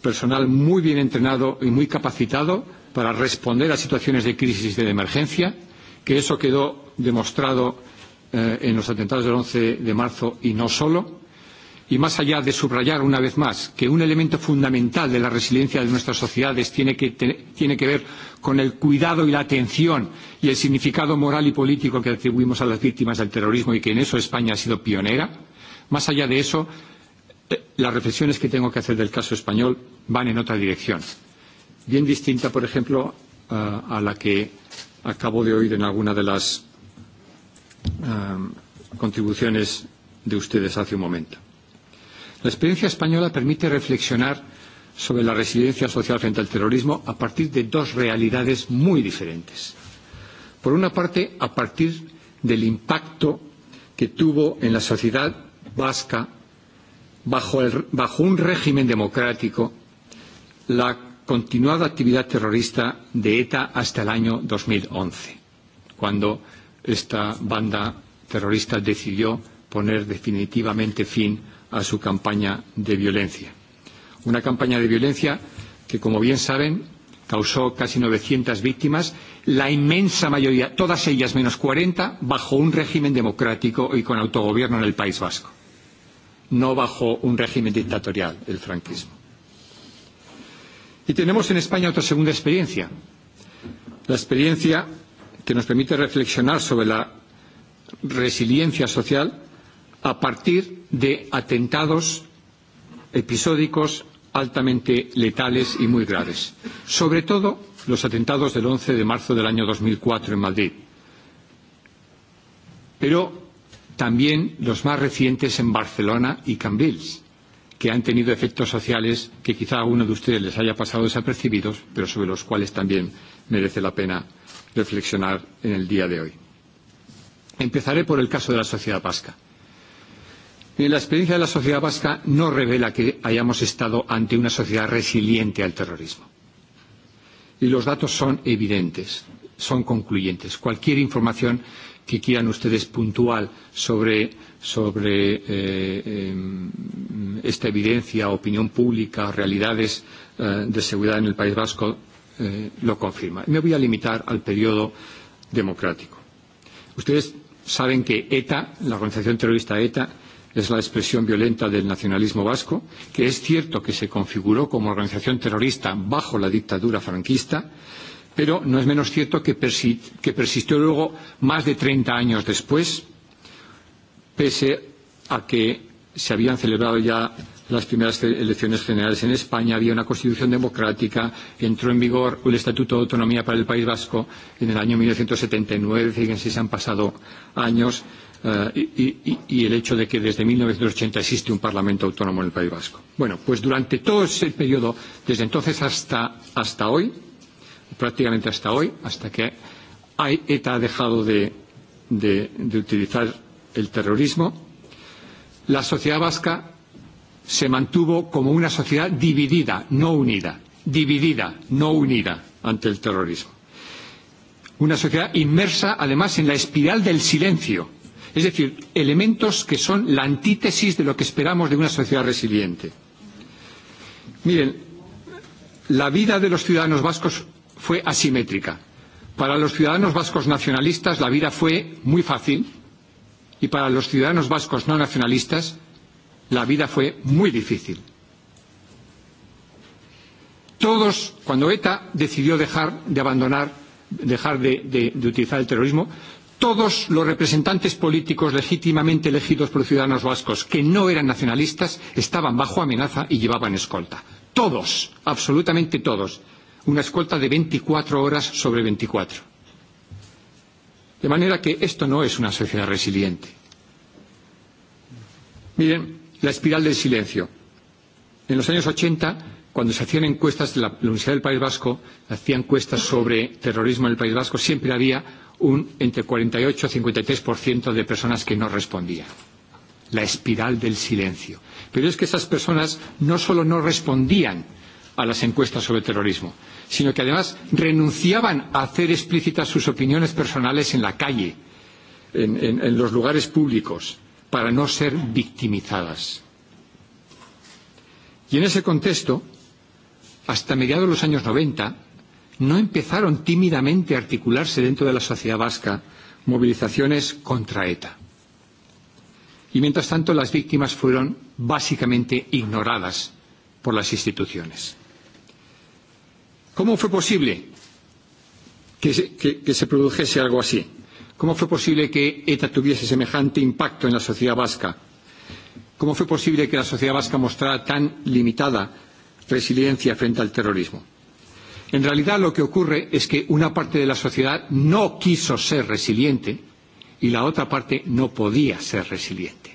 personal muy bien entrenado y muy capacitado para responder a situaciones de crisis y de emergencia, que eso quedó demostrado en los atentados del 11 de marzo y no solo, y más allá de subrayar una vez más que un elemento fundamental de la resiliencia de nuestras sociedades tiene que ver con el cuidado y la atención y el significado moral y político que atribuimos a las víctimas del terrorismo y que en eso España ha sido pionera, más allá de eso, las reflexiones que tengo que hacer del caso español van en otra dirección, bien distinta, por ejemplo, a la que acabo de oír en alguna de las contribuciones de ustedes hace un momento. La experiencia española permite reflexionar sobre la resiliencia social frente al terrorismo a partir de dos realidades muy diferentes. Por una parte, a partir del impacto que tuvo en la sociedad vasca, bajo un régimen democrático, la continuada actividad terrorista de ETA hasta el año 2011, cuando esta banda terrorista decidió poner definitivamente fin a su campaña de violencia. Una campaña de violencia que, como bien saben, causó casi 900 víctimas, la inmensa mayoría, todas ellas menos 40, bajo un régimen democrático y con autogobierno en el País Vasco, no bajo un régimen dictatorial, el franquismo. Y tenemos en España otra segunda experiencia, la experiencia que nos permite reflexionar sobre la resiliencia social a partir de atentados episódicos altamente letales y muy graves, sobre todo los atentados del 11 de marzo del año 2004 en Madrid, pero también los más recientes en Barcelona y Cambrils, que han tenido efectos sociales que quizá a uno de ustedes les haya pasado desapercibidos, pero sobre los cuales también merece la pena reflexionar en el día de hoy. Empezaré por el caso de la sociedad vasca. La experiencia de la sociedad vasca no revela que hayamos estado ante una sociedad resiliente al terrorismo. Y los datos son evidentes, son concluyentes. Cualquier información que quieran ustedes puntual sobre esta evidencia, opinión pública, realidades de seguridad en el País Vasco, lo confirma. Me voy a limitar al periodo democrático. Ustedes saben que ETA, la organización terrorista ETA, es la expresión violenta del nacionalismo vasco, que es cierto que se configuró como organización terrorista bajo la dictadura franquista, pero no es menos cierto que persistió luego más de 30 años después, pese a que se habían celebrado ya las primeras elecciones generales en España, había una constitución democrática, entró en vigor el Estatuto de Autonomía para el País Vasco en el año 1979, fíjense, se han pasado años y el hecho de que desde 1980 existe un Parlamento autónomo en el País Vasco. Bueno, pues durante todo ese periodo, desde entonces hasta hoy, prácticamente hasta hoy, hasta que ETA ha dejado de utilizar el terrorismo, la sociedad vasca se mantuvo como una sociedad dividida, no unida, dividida, no unida ante el terrorismo. Una sociedad inmersa, además, en la espiral del silencio es decir, elementos que son la antítesis de lo que esperamos de una sociedad resiliente. Miren, la vida de los ciudadanos vascos fue asimétrica. Para los ciudadanos vascos nacionalistas la vida fue muy fácil y para los ciudadanos vascos no nacionalistas la vida fue muy difícil. Todos, cuando ETA decidió dejar de abandonar, dejar de utilizar el terrorismo, todos los representantes políticos legítimamente elegidos por ciudadanos vascos que no eran nacionalistas estaban bajo amenaza y llevaban escolta. Todos, absolutamente todos. Una escolta de 24 horas sobre 24. De manera que esto no es una sociedad resiliente. Miren, la espiral del silencio. En los años 80, cuando se hacían encuestas de la Universidad del País Vasco, hacían encuestas sobre terrorismo en el País Vasco, siempre había un entre 48 y 53% de personas que no respondían. La espiral del silencio. Pero es que esas personas no solo no respondían a las encuestas sobre terrorismo, sino que además renunciaban a hacer explícitas sus opiniones personales en la calle, en los lugares públicos, para no ser victimizadas. Y en ese contexto, hasta mediados de los años 90, no empezaron tímidamente a articularse dentro de la sociedad vasca movilizaciones contra ETA. Y mientras tanto las víctimas fueron básicamente ignoradas por las instituciones. ¿Cómo fue posible que se produjese algo así? ¿Cómo fue posible que ETA tuviese semejante impacto en la sociedad vasca? ¿Cómo fue posible que la sociedad vasca mostrara tan limitada resiliencia frente al terrorismo? En realidad lo que ocurre es que una parte de la sociedad no quiso ser resiliente y la otra parte no podía ser resiliente.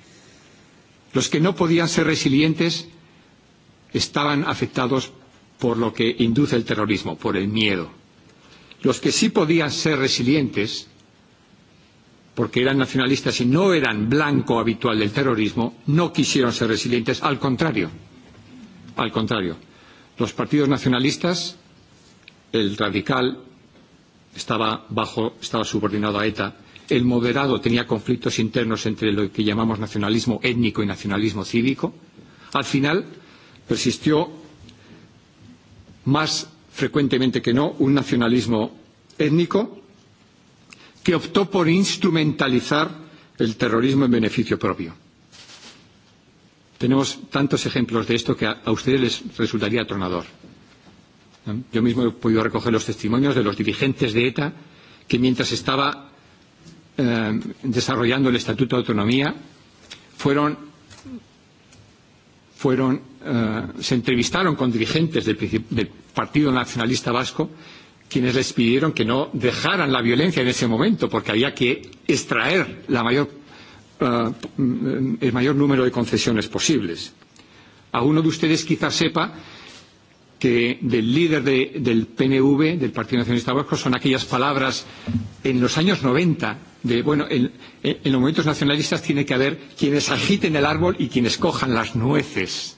Los que no podían ser resilientes estaban afectados por lo que induce el terrorismo, por el miedo. Los que sí podían ser resilientes, porque eran nacionalistas y no eran blanco habitual del terrorismo, no quisieron ser resilientes. Al contrario, al contrario, los partidos nacionalistas el radical estaba bajo estaba subordinado a ETA el moderado tenía conflictos internos entre lo que llamamos nacionalismo étnico y nacionalismo cívico al final persistió más frecuentemente que no un nacionalismo étnico que optó por instrumentalizar el terrorismo en beneficio propio tenemos tantos ejemplos de esto que a ustedes les resultaría atronador Yo mismo he podido recoger los testimonios de los dirigentes de ETA que mientras estaba desarrollando el Estatuto de Autonomía fueron fueron se entrevistaron con dirigentes del Partido Nacionalista Vasco quienes les pidieron que no dejaran la violencia en ese momento porque había que extraer la mayor el mayor número de concesiones posibles. uno de ustedes quizás sepa que del líder del PNV, del Partido Nacionalista Vasco, son aquellas palabras en los años 90 de, bueno, en los movimientos nacionalistas tiene que haber quienes agiten el árbol y quienes cojan las nueces.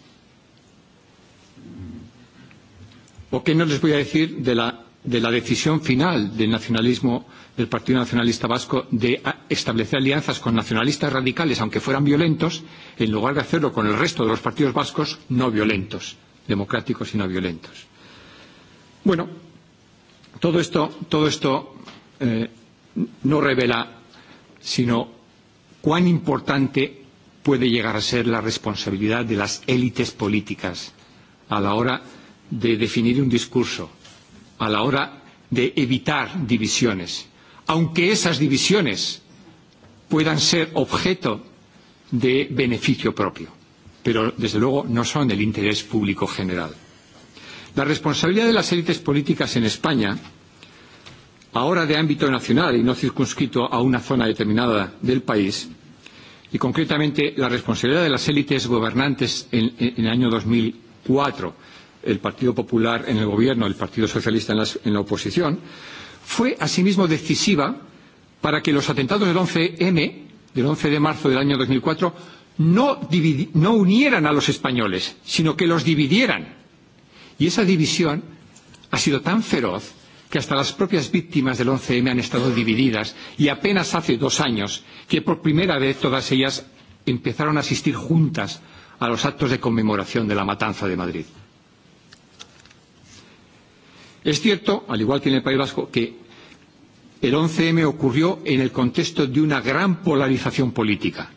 ¿O qué no les voy a decir de la decisión final del nacionalismo del Partido Nacionalista Vasco de establecer alianzas con nacionalistas radicales, aunque fueran violentos, en lugar de hacerlo con el resto de los partidos vascos no violentos? democráticos y no violentos. Bueno, todo esto, todo esto no revela sino cuán importante puede llegar a ser la responsabilidad de las élites políticas a la hora de definir un discurso, a la hora de evitar divisiones, aunque esas divisiones puedan ser objeto de beneficio propio pero desde luego no son del interés público general. La responsabilidad de las élites políticas en España, ahora de ámbito nacional y no circunscrito a una zona determinada del país, y concretamente la responsabilidad de las élites gobernantes en el año 2004, el Partido Popular en el gobierno, el Partido Socialista en la oposición, fue asimismo decisiva para que los atentados del 11M, del 11 de marzo del año 2004, no unieran a los españoles, sino que los dividieran. Y esa división ha sido tan feroz que hasta las propias víctimas del 11M han estado divididas y apenas hace dos años que por primera vez todas ellas empezaron a asistir juntas a los actos de conmemoración de la matanza de Madrid. Es cierto, al igual que en el País Vasco, que el 11M ocurrió en el contexto de una gran polarización política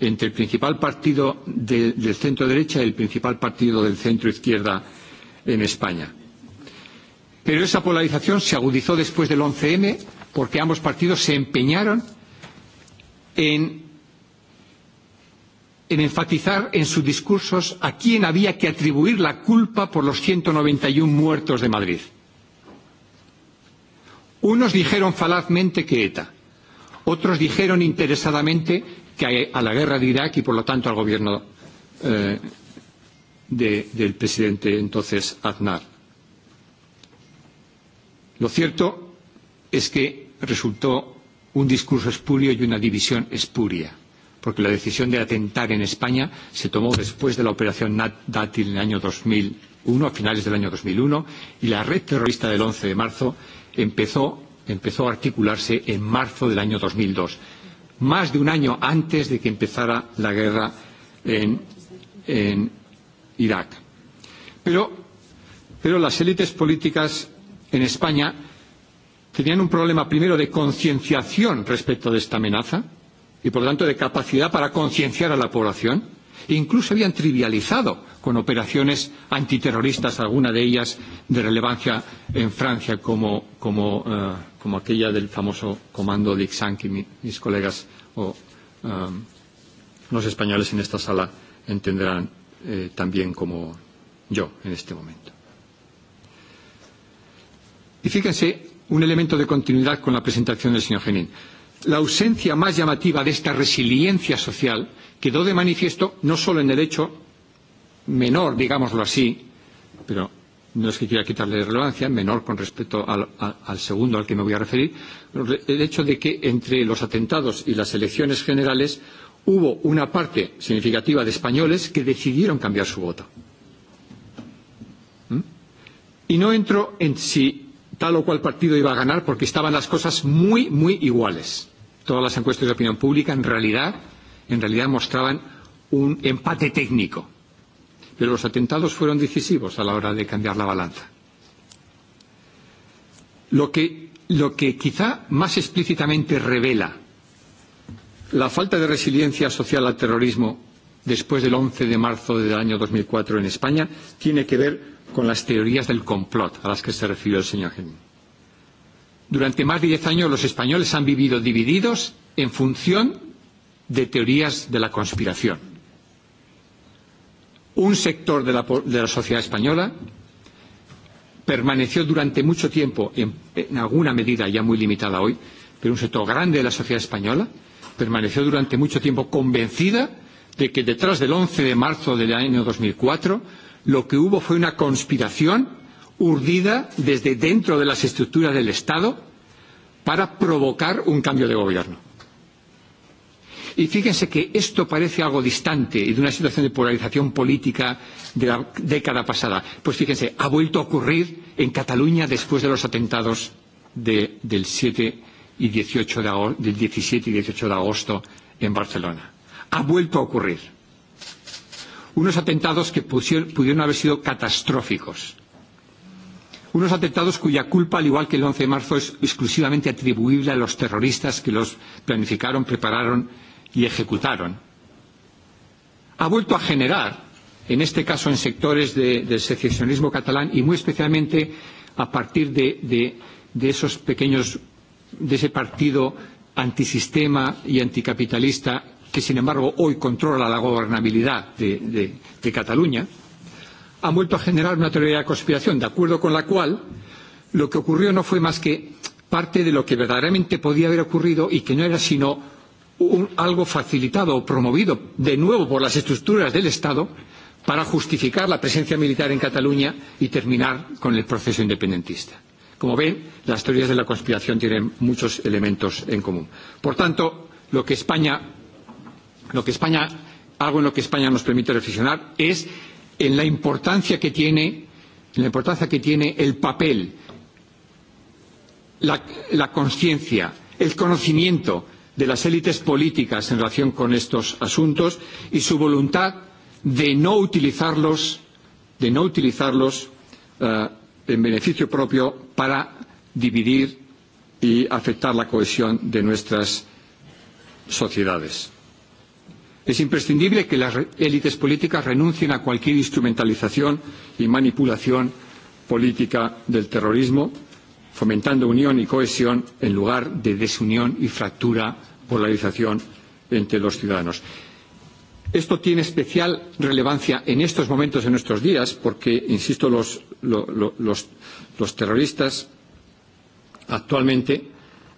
entre el principal partido del centro derecha y el principal partido del centro izquierda en España. Pero esa polarización se agudizó después del 11M porque ambos partidos se empeñaron en enfatizar en sus discursos a quién había que atribuir la culpa por los 191 muertos de Madrid. Unos dijeron falazmente que ETA, otros dijeron interesadamente que hay a la guerra de Irak y, por lo tanto, al gobierno del presidente entonces Aznar. Lo cierto es que resultó un discurso espurio y una división espuria, porque la decisión de atentar en España se tomó después de la operación Dátil en el año 2001, a finales del año 2001, y la red terrorista del 11 de marzo empezó a articularse en marzo del año 2002 más de un año antes de que empezara la guerra en, Irak. Pero, las élites políticas en España tenían un problema primero de concienciación respecto de esta amenaza y, por lo tanto, de capacidad para concienciar a la población. E incluso habían trivializado con operaciones antiterroristas, alguna de ellas de relevancia en Francia como como aquella del famoso comando de que mis colegas o los españoles en esta sala entenderán también como yo en este momento. Y fíjense un elemento de continuidad con la presentación del señor Genin. La ausencia más llamativa de esta resiliencia social quedó de manifiesto no solo en el hecho menor, digámoslo así, pero no es que quiera quitarle relevancia, menor con respecto al segundo al que me voy a referir, el hecho de que entre los atentados y las elecciones generales hubo una parte significativa de españoles que decidieron cambiar su voto. Y no entro en si tal o cual partido iba a ganar porque estaban las cosas muy, muy iguales. Todas las encuestas de opinión pública en realidad, en realidad mostraban un empate técnico pero los atentados fueron decisivos a la hora de cambiar la balanza. Lo que, lo que quizá más explícitamente revela la falta de resiliencia social al terrorismo después del 11 de marzo del año 2004 en España tiene que ver con las teorías del complot a las que se refirió el señor Gemini. Durante más de diez años los españoles han vivido divididos en función de teorías de la conspiración un sector de la sociedad española permaneció durante mucho tiempo en alguna medida ya muy limitada hoy pero un sector grande de la sociedad española permaneció durante mucho tiempo convencida de que detrás del 11 de marzo del año 2004 lo que hubo fue una conspiración urdida desde dentro de las estructuras del Estado para provocar un cambio de gobierno. Y fíjense que esto parece algo distante y de una situación de polarización política de la década pasada. Pues fíjense, ha vuelto a ocurrir en Cataluña después de los atentados del 7 y 18 de del 17 y 18 de agosto en Barcelona. Ha vuelto a ocurrir. Unos atentados que pudieron haber sido catastróficos. Unos atentados cuya culpa, al igual que el 11 de marzo, es exclusivamente atribuible a los terroristas que los planificaron, prepararon y ejecutaron, ha vuelto a generar, en este caso en sectores del secesionismo catalán y muy especialmente a partir de esos pequeños, de ese partido antisistema y anticapitalista que sin embargo hoy controla la gobernabilidad de Cataluña, ha vuelto a generar una teoría de conspiración, de acuerdo con la cual lo que ocurrió no fue más que parte de lo que verdaderamente podía haber ocurrido y que no era sino algo facilitado o promovido de nuevo por las estructuras del Estado para justificar la presencia militar en Cataluña y terminar con el proceso independentista. Como ven, las teorías de la conspiración tienen muchos elementos en común. Por tanto, algo en lo que España nos permite reflexionar es en la importancia que tiene, la importancia que tiene el papel, la, la conciencia, el conocimiento, de las élites políticas en relación con estos asuntos y su voluntad de no utilizarlos de no utilizarlos en beneficio propio para dividir y afectar la cohesión de nuestras sociedades. Es imprescindible que las élites políticas renuncien a cualquier instrumentalización y manipulación política del terrorismo, fomentando unión y cohesión en lugar de desunión y fractura polarización entre los ciudadanos. Esto tiene especial relevancia en estos momentos, en nuestros días, porque, insisto, los terroristas actualmente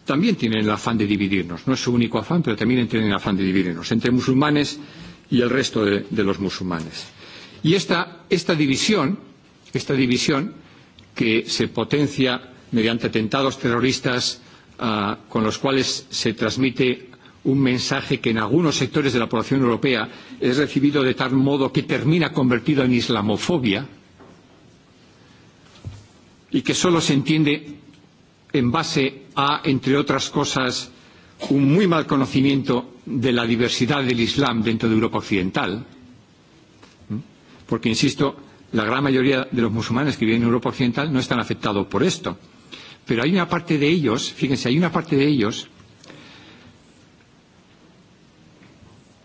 también tienen el afán de dividirnos. No es su único afán, pero también tienen el afán de dividirnos entre musulmanes y el resto de los musulmanes. Y esta división, esta división que se potencia mediante atentados terroristas con los cuales se transmite un mensaje que en algunos sectores de la población europea es recibido de tal modo que termina convertido en islamofobia y que solo se entiende en base a, entre otras cosas, un muy mal conocimiento de la diversidad del Islam dentro de Europa Occidental, porque, insisto, la gran mayoría de los musulmanes que viven en Europa Occidental no están afectados por esto. Pero hay una parte de ellos, fíjense, hay una parte de ellos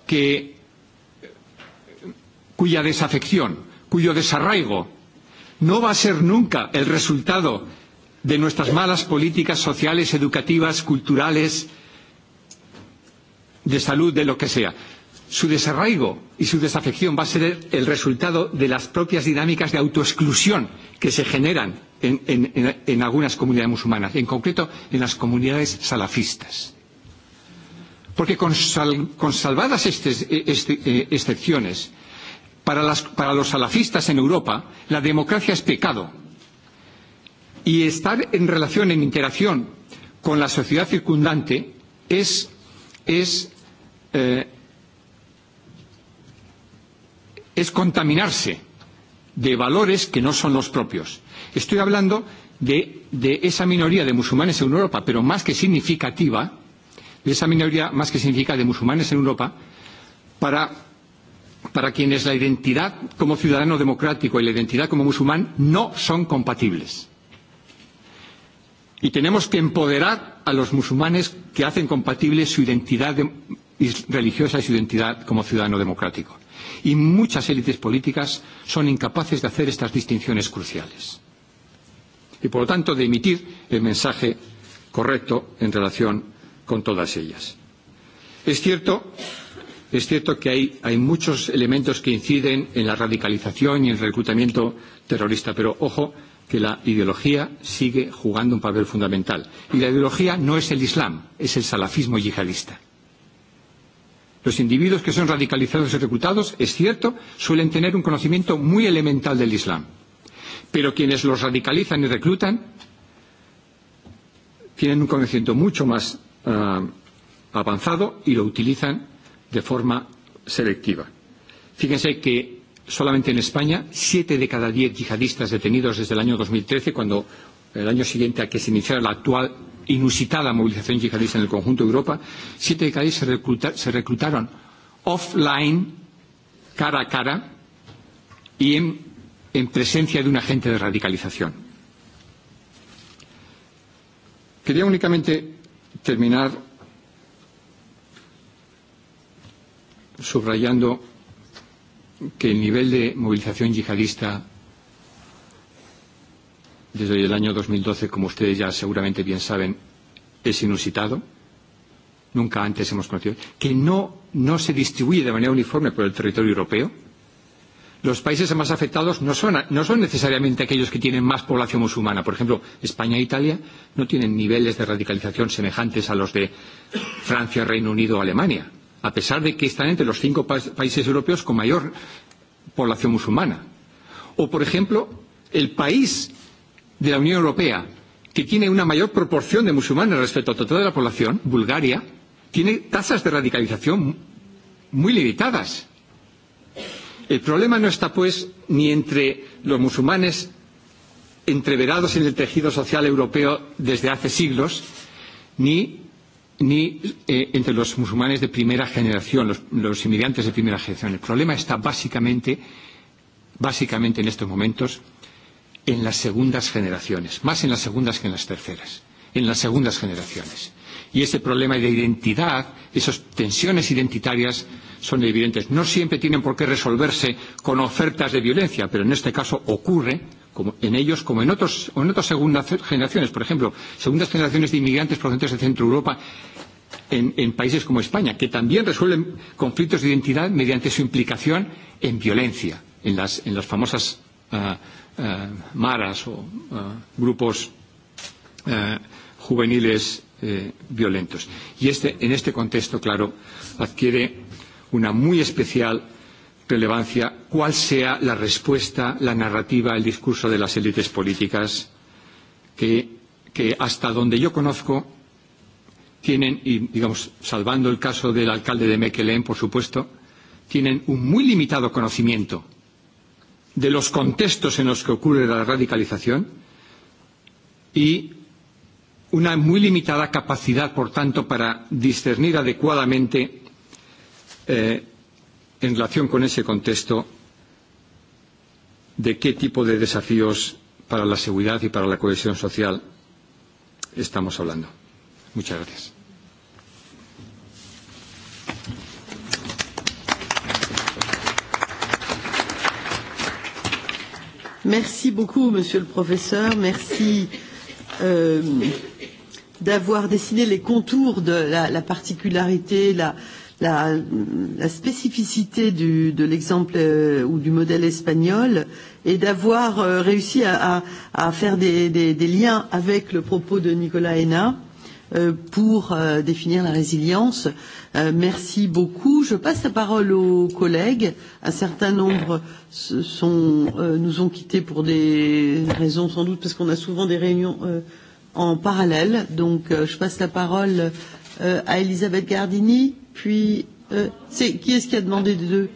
que cuya desafección, cuyo desarraigo no va a ser nunca el resultado de nuestras malas políticas sociales, educativas, culturales, de salud, de lo que sea su desarraigo y su desafección va a ser el resultado de las propias dinámicas de autoexclusión que se generan en algunas comunidades musulmanas, en concreto en las comunidades salafistas. Porque con salvadas excepciones, para los salafistas en Europa la democracia es pecado y estar en relación, en interacción con la sociedad circundante es es contaminarse de valores que no son los propios. Estoy hablando de esa minoría de musulmanes en Europa, pero más que significativa, de esa minoría más que significativa de musulmanes en Europa, para quienes la identidad como ciudadano democrático y la identidad como musulmán no son compatibles. Y tenemos que empoderar a los musulmanes que hacen compatible su identidad religiosa y su identidad como ciudadano democrático y muchas élites políticas son incapaces de hacer estas distinciones cruciales y por lo tanto de emitir el mensaje correcto en relación con todas ellas. Es cierto es cierto que hay, hay muchos elementos que inciden en la radicalización y el reclutamiento terrorista, pero ojo que la ideología sigue jugando un papel fundamental. Y la ideología no es el Islam, es el salafismo yihadista. Los individuos que son radicalizados y reclutados, es cierto, suelen tener un conocimiento muy elemental del Islam. Pero quienes los radicalizan y reclutan tienen un conocimiento mucho más avanzado y lo utilizan de forma selectiva. Fíjense que solamente en España, siete de cada diez yihadistas detenidos desde el año 2013, cuando el año siguiente a que se iniciara la actual inusitada movilización yihadista en el conjunto de Europa, siete diez se reclutaron offline, cara a cara, y en presencia de un agente de radicalización. Quería únicamente terminar subrayando que el nivel de movilización yihadista desde el año 2012, como ustedes ya seguramente bien saben, es inusitado. Nunca antes hemos conocido. Que no, no se distribuye de manera uniforme por el territorio europeo. Los países más afectados no son, no son necesariamente aquellos que tienen más población musulmana. Por ejemplo, España e Italia no tienen niveles de radicalización semejantes a los de Francia, Reino Unido o Alemania, a pesar de que están entre los cinco países europeos con mayor población musulmana. O, por ejemplo, el país de la Unión Europea, que tiene una mayor proporción de musulmanes respecto a toda la población, Bulgaria, tiene tasas de radicalización muy limitadas. El problema no está, pues, ni entre los musulmanes entreverados en el tejido social europeo desde hace siglos, ni entre los musulmanes de primera generación, los inmigrantes de primera generación. El problema está básicamente en estos momentos en las segundas generaciones, más en las segundas que en las terceras, en las segundas generaciones. Y ese problema de identidad, esas tensiones identitarias son evidentes. No siempre tienen por qué resolverse con ofertas de violencia, pero en este caso ocurre como en ellos como en otros en otras segundas generaciones, por ejemplo, segundas generaciones de inmigrantes procedentes de Centro Europa en, en países como España, que también resuelven conflictos de identidad mediante su implicación en violencia, en las, en las famosas maras o grupos juveniles violentos. Y este, en este contexto, claro, adquiere una muy especial relevancia cuál sea la respuesta, la narrativa, el discurso de las élites políticas que, que hasta donde yo conozco tienen, y digamos, salvando el caso del alcalde de Mequelén, por supuesto, tienen un muy limitado conocimiento de los contextos en los que ocurre la radicalización y una muy limitada capacidad, por tanto, para discernir adecuadamente en relación con ese contexto de qué tipo de desafíos para la seguridad y para la cohesión social estamos hablando. Muchas gracias. Merci beaucoup, Monsieur le Professeur. Merci d'avoir dessiné les contours de la particularité, la spécificité de l'exemple ou du modèle espagnol et d'avoir réussi à faire des liens avec le propos de Nicolas Hénin pour définir la résilience. Merci beaucoup. Je passe la parole aux collègues. Un certain nombre sont, nous ont quittés pour des raisons sans doute parce qu'on a souvent des réunions en parallèle. Donc je passe la parole à Elisabeth Gardini. Puis, qui est-ce qui a demandé des deux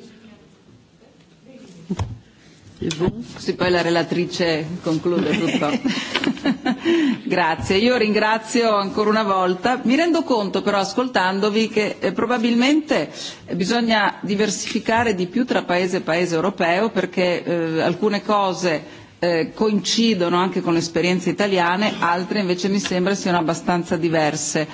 Grazie. Io ringrazio ancora una volta. Mi rendo conto però ascoltandovi che probabilmente bisogna diversificare di più tra paese e paese europeo perché alcune cose coincidono anche con le esperienze italiane, altre invece mi sembra siano abbastanza diverse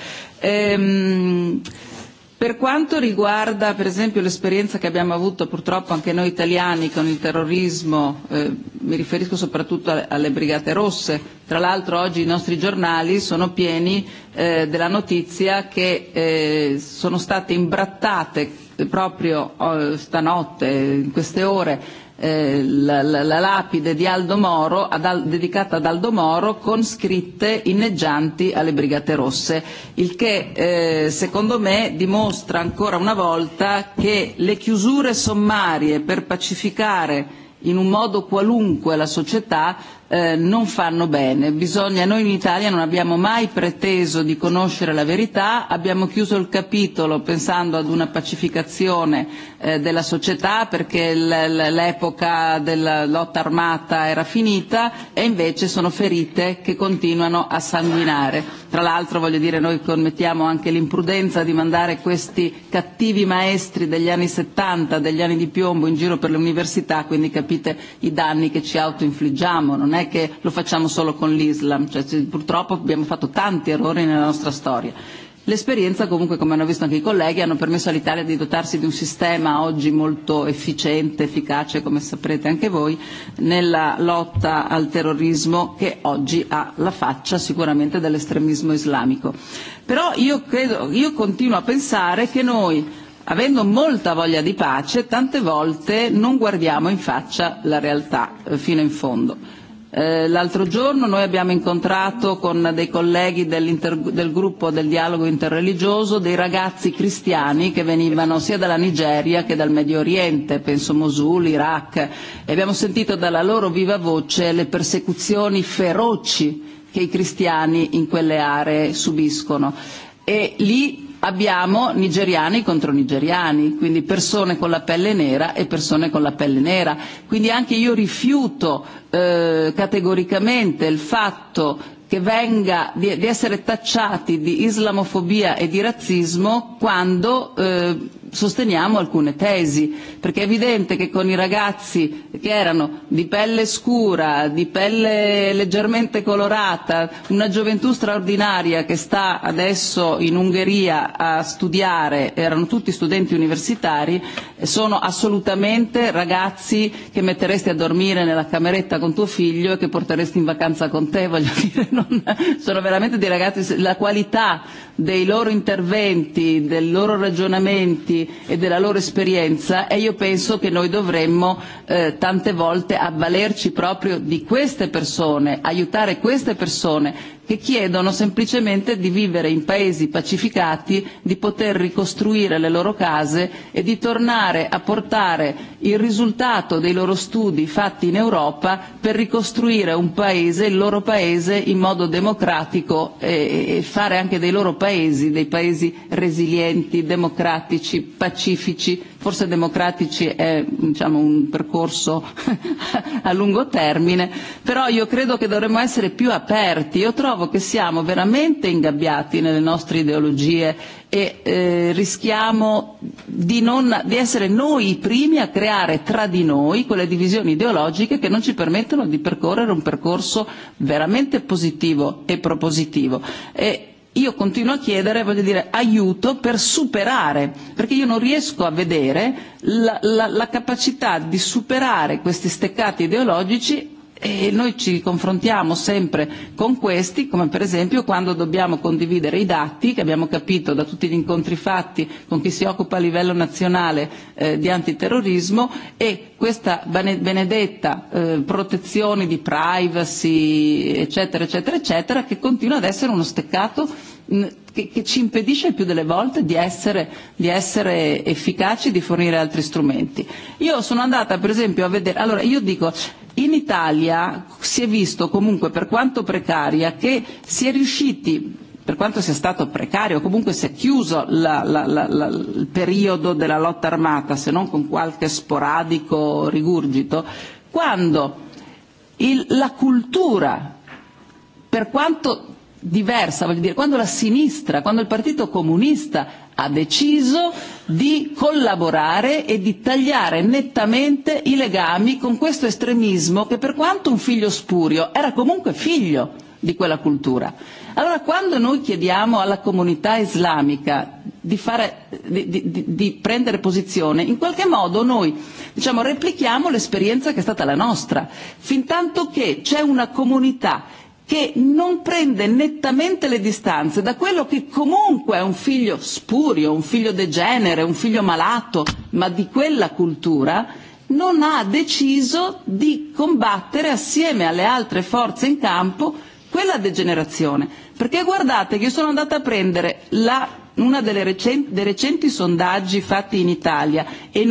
Per quanto riguarda per esempio l'esperienza che abbiamo avuto purtroppo anche noi italiani con il terrorismo, mi riferisco soprattutto alle Brigate Rosse, tra l'altro oggi i nostri giornali sono pieni della notizia che sono state imbrattate proprio stanotte, in queste ore, la, la, la lapide di Aldo Moro, ad dedicata ad Aldo Moro con scritte inneggianti alle Brigate Rosse, il che secondo me dimostra ancora una volta che le chiusure sommarie per pacificare in un modo qualunque la società non fanno bene. Bisogna, noi in Italia non abbiamo mai preteso di conoscere la verità, abbiamo chiuso il capitolo pensando ad una pacificazione della società perché l'epoca della lotta armata era finita e invece sono ferite che continuano a sanguinare. Tra l'altro voglio dire noi commettiamo anche l'imprudenza di mandare questi cattivi maestri degli anni 70, degli anni di piombo in giro per le università, quindi capite i danni che ci autoinfliggiamo, non è che lo facciamo solo con l'Islam, cioè purtroppo abbiamo fatto tanti errori nella nostra storia L'esperienza comunque, come hanno visto anche i colleghi, hanno permesso all'Italia di dotarsi di un sistema oggi molto efficiente, efficace, come saprete anche voi, nella lotta al terrorismo che oggi ha la faccia sicuramente dell'estremismo islamico. Però io continuo a pensare che noi, avendo molta voglia di pace, tante volte non guardiamo in faccia la realtà fino in fondo L'altro giorno noi abbiamo incontrato con dei colleghi del gruppo del dialogo interreligioso dei ragazzi cristiani che venivano sia dalla Nigeria che dal Medio Oriente, penso Mosul, Iraq, e abbiamo sentito dalla loro viva voce le persecuzioni feroci che i cristiani in quelle aree subiscono. E lì abbiamo nigeriani contro nigeriani, quindi persone con la pelle nera e persone con la pelle nera. Quindi anche io rifiuto categoricamente il fatto che venga di essere tacciati di islamofobia e di razzismo quando sosteniamo alcune tesi perché è evidente che con i ragazzi che erano di pelle scura di pelle leggermente colorata una gioventù straordinaria che sta adesso in Ungheria a studiare erano tutti studenti universitari sono assolutamente ragazzi che metteresti a dormire nella cameretta con tuo figlio e che porteresti in vacanza con te voglio dire non sono veramente dei ragazzi la qualità dei loro interventi dei loro ragionamenti e della loro esperienza e io penso che noi dovremmo tante volte avvalerci proprio di queste persone aiutare queste persone che chiedono semplicemente di vivere in paesi pacificati, di poter ricostruire le loro case e di tornare a portare il risultato dei loro studi fatti in Europa per ricostruire un paese, il loro paese, in modo democratico e fare anche dei loro paesi dei paesi resilienti, democratici, pacifici, forse democratici è diciamo un percorso a lungo termine, però io credo che dovremmo essere più aperti trovo che siamo veramente ingabbiati nelle nostre ideologie e rischiamo di essere noi i primi a creare tra di noi quelle divisioni ideologiche che non ci permettono di percorrere un percorso veramente positivo e propositivo e io continuo a chiedere voglio dire aiuto per superare perché io non riesco a vedere la capacità di superare questi steccati ideologici e noi ci confrontiamo sempre con questi come per esempio quando dobbiamo condividere i dati che abbiamo capito da tutti gli incontri fatti con chi si occupa a livello nazionale di antiterrorismo e questa benedetta protezione di privacy eccetera eccetera eccetera che continua ad essere uno steccato che ci impedisce più delle volte di essere di essere efficaci di fornire altri strumenti. Io sono andata per esempio a vedere allora io dico in Italia si è visto comunque per quanto precaria che si è riusciti per quanto sia stato precario comunque si è chiuso il periodo della lotta armata se non con qualche sporadico rigurgito quando la cultura per quanto diversa, voglio dire, quando la sinistra, quando il Partito Comunista ha deciso di collaborare e di tagliare nettamente i legami con questo estremismo che per quanto un figlio spurio era comunque figlio di quella cultura. Allora quando noi chiediamo alla comunità islamica di fare di di prendere posizione, in qualche modo noi diciamo replichiamo l'esperienza che è stata la nostra, fintanto che c'è una comunità che non prende nettamente le distanze da quello che comunque è un figlio spurio, un figlio degenere, un figlio malato, ma di quella cultura non ha deciso di combattere assieme alle altre forze in campo quella degenerazione. Perché guardate che io sono andata a prendere la uno dei recenti sondaggi fatti in Italia e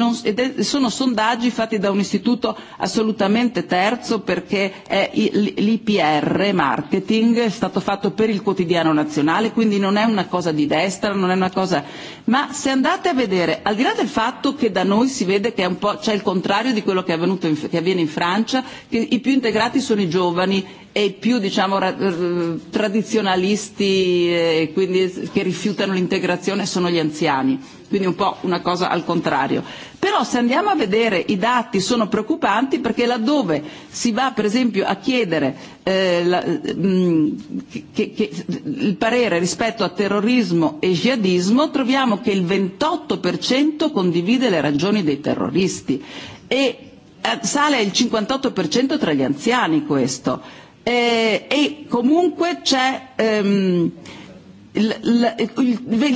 sono sondaggi fatti da un istituto assolutamente terzo perché è l'IPR marketing, è stato fatto per il quotidiano nazionale, quindi non è una cosa di destra, non è una cosa. Ma se andate a vedere, al di là del fatto che da noi si vede che c'è il contrario di quello che avviene in Francia, che i più integrati sono i giovani e più diciamo tradizionalisti e quindi che rifiutano l'integrazione sono gli anziani quindi un po' una cosa al contrario però se andiamo a vedere i dati sono preoccupanti perché laddove si va per esempio a chiedere il parere rispetto a terrorismo e jihadismo troviamo che il 28% condivide le ragioni dei terroristi e sale il 58% tra gli anziani questo e comunque c'è il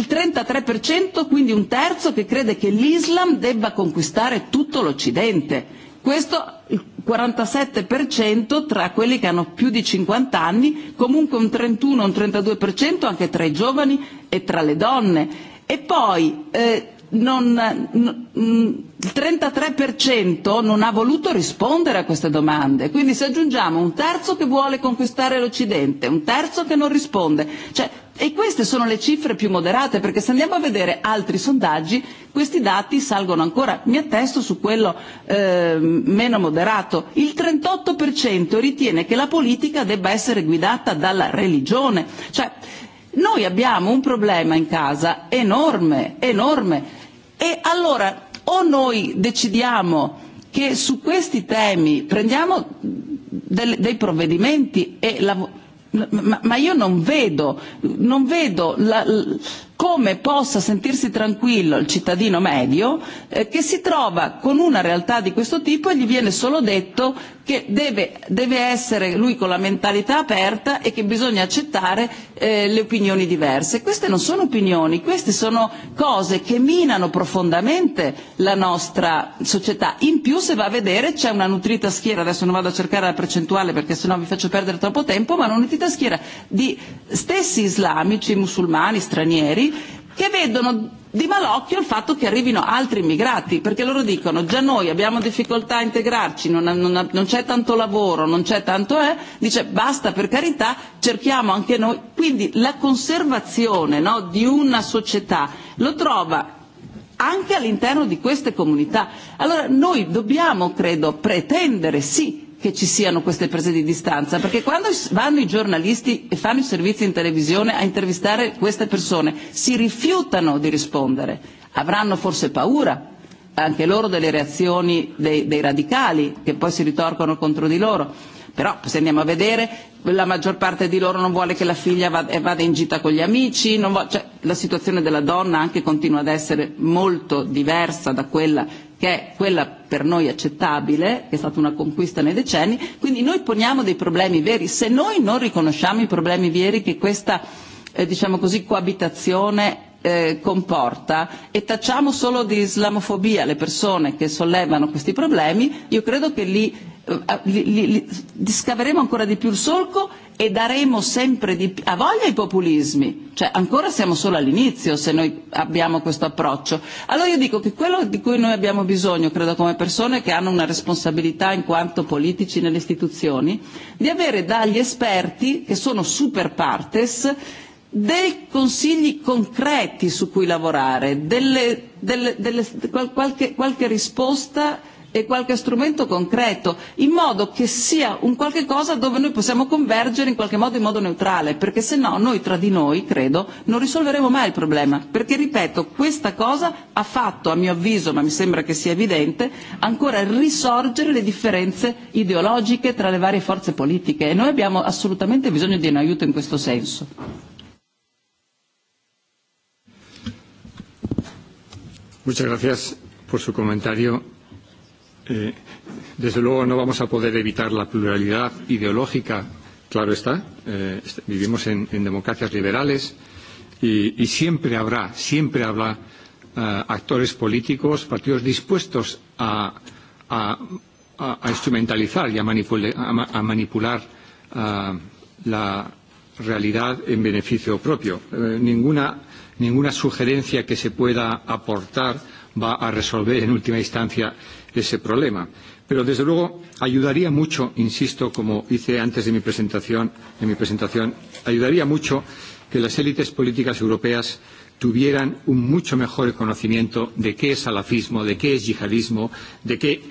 33%, quindi un terzo, che crede che l'Islam debba conquistare tutto l'Occidente. Questo il 47% tra quelli che hanno più di 50 anni, comunque un 31, un 32% anche tra i giovani e tra le donne. E poi il 33% non ha voluto rispondere a queste domande. Quindi se aggiungiamo un terzo che vuole conquistare l'Occidente, un terzo che non risponde, cioè e queste sono le cifre più moderate perché se andiamo a vedere altri sondaggi questi dati salgono ancora mi attesto su quello meno moderato il 38% ritiene che la politica debba essere guidata dalla religione cioè noi abbiamo un problema in casa enorme enorme E allora o noi decidiamo che su questi temi prendiamo dei provvedimenti e ma io non vedo non vedo come possa sentirsi tranquillo il cittadino medio che si trova con una realtà di questo tipo e gli viene solo detto che deve essere lui con la mentalità aperta e che bisogna accettare le opinioni diverse. Queste non sono opinioni, queste sono cose che minano profondamente la nostra società. In più se va a vedere c'è una nutrita schiera, adesso non vado a cercare la percentuale perché sennò vi faccio perdere troppo tempo, ma una nutrita schiera di stessi islamici, musulmani, stranieri, che vedono di malocchio il fatto che arrivino altri immigrati perché loro dicono già noi abbiamo difficoltà a integrarci non c'è tanto lavoro non c'è tanto è dice basta per carità cerchiamo anche noi quindi la conservazione di una società lo trova anche all'interno di queste comunità allora noi dobbiamo credo pretendere sì che ci siano queste prese di distanza perché quando vanno i giornalisti e fanno i servizi in televisione a intervistare queste persone si rifiutano di rispondere avranno forse paura anche loro delle reazioni dei radicali che poi si ritorcono contro di loro però se andiamo a vedere la maggior parte di loro non vuole che la figlia vada in gita con gli amici non la situazione della donna anche continua ad essere molto diversa da quella che è quella per noi accettabile, che è stata una conquista nei decenni, quindi noi poniamo dei problemi veri. Se noi non riconosciamo i problemi veri che questa, diciamo così, coabitazione comporta e tacciamo solo di islamofobia le persone che sollevano questi problemi, io credo che lì discaveremo ancora di più il solco e daremo sempre di più a voglia ai populismi cioè ancora siamo solo all'inizio se noi abbiamo questo approccio allora io dico che quello di cui noi abbiamo bisogno credo come persone che hanno una responsabilità in quanto politici nelle istituzioni di avere dagli esperti che sono super partes dei consigli concreti su cui lavorare delle delle qualche risposta e qualche strumento concreto in modo che sia un qualche cosa dove noi possiamo convergere in qualche modo in modo neutrale perché se no noi tra di noi credo non risolveremo mai il problema perché ripeto questa cosa ha fatto a mio avviso ma mi sembra che sia evidente ancora risorgere le differenze ideologiche tra le varie forze politiche e noi abbiamo assolutamente bisogno di un aiuto in questo senso. Muchas gracias Desde luego no vamos a poder evitar la pluralidad ideológica, claro está. Vivimos en democracias liberales y siempre habrá, siempre habrá actores políticos, partidos dispuestos a instrumentalizar y a manipular la realidad en beneficio propio. Ninguna sugerencia que se pueda aportar va a resolver en última instancia ese problema. Pero, desde luego, ayudaría mucho, insisto, como hice antes de mi presentación, mi presentación, ayudaría mucho que las élites políticas europeas tuvieran un mucho mejor conocimiento de qué es salafismo, de qué es yihadismo, de qué,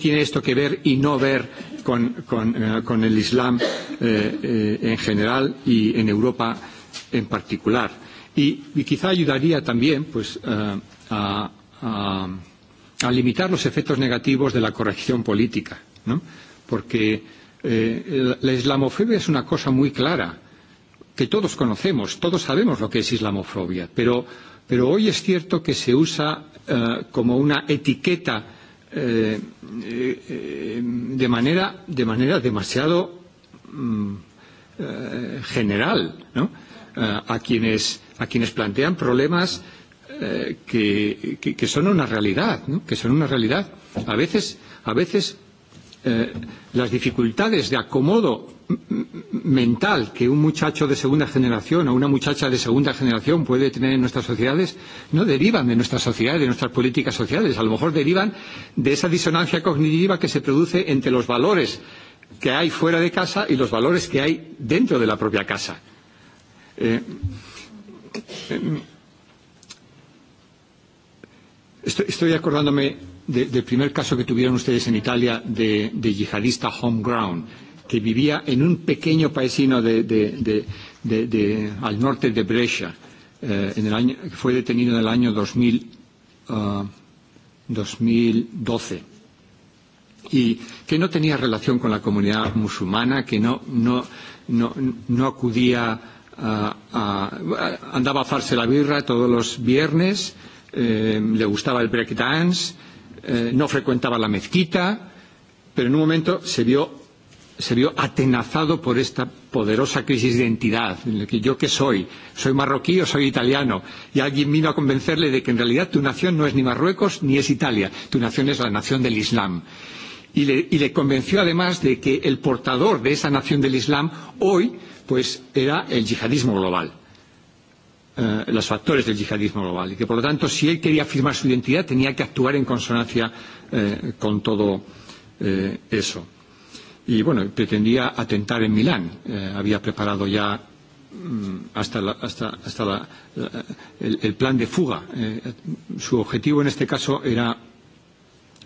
tiene esto que ver y no ver con, el Islam en general y en Europa en particular. Y, quizá ayudaría también a, a limitar los efectos negativos de la corrección política, ¿no? Porque la islamofobia es una cosa muy clara, que todos conocemos, todos sabemos lo que es islamofobia, pero pero hoy es cierto que se usa como una etiqueta de manera de manera demasiado general, ¿no? A quienes a quienes plantean problemas que, que, que son una realidad, ¿no? que son una realidad. A veces, a veces las dificultades de acomodo mental que un muchacho de segunda generación o una muchacha de segunda generación puede tener en nuestras sociedades no derivan de nuestra sociedad, de nuestras políticas sociales, a lo mejor derivan de esa disonancia cognitiva que se produce entre los valores que hay fuera de casa y los valores que hay dentro de la propia casa. Eh, Estoy acordándome del primer caso que tuvieron ustedes en Italia de yihadista home ground, que vivía en un pequeño paesino al norte de Brescia, que fue detenido en el año 2012 y que no tenía relación con la comunidad musulmana, que no, acudía, a, andaba a farse la birra todos los viernes le gustaba el breakdance, no frecuentaba la mezquita, pero en un momento se vio se vio atenazado por esta poderosa crisis de identidad. en la que ¿Yo qué soy? ¿Soy marroquí o soy italiano? Y alguien vino a convencerle de que en realidad tu nación no es ni Marruecos ni es Italia. Tu nación es la nación del Islam. Y le convenció además de que el portador de esa nación del Islam hoy pues era el yihadismo global los factores del yihadismo global y que, por lo tanto, si él quería afirmar su identidad, tenía que actuar en consonancia con todo eso. Y, bueno, pretendía atentar en Milán. Había preparado ya hasta el plan de fuga. Su objetivo, en este caso, era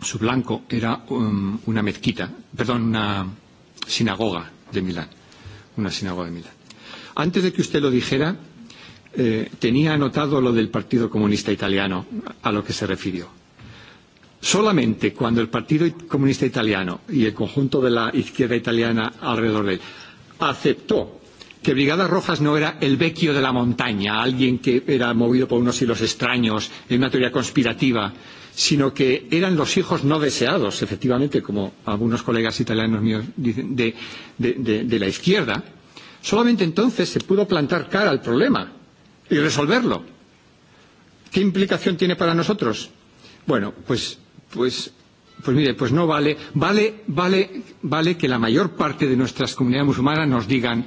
su blanco era una mezquita, perdón, una sinagoga de Milán. Una sinagoga de Milán. Antes de que usted lo dijera, tenía anotado lo del Partido Comunista Italiano a lo que se refirió. Solamente cuando el Partido Comunista Italiano y el conjunto de la izquierda italiana alrededor de él aceptó que Brigadas Rojas no era el vecchio de la montaña, alguien que era movido por unos hilos extraños en una teoría conspirativa, sino que eran los hijos no deseados, efectivamente, como algunos colegas italianos míos dicen, de la izquierda, solamente entonces se pudo plantar cara al problema y resolverlo. ¿Qué implicación tiene para nosotros? Bueno, pues, pues, pues mire, pues no vale, vale, vale, vale que la mayor parte de nuestras comunidades musulmanas nos digan,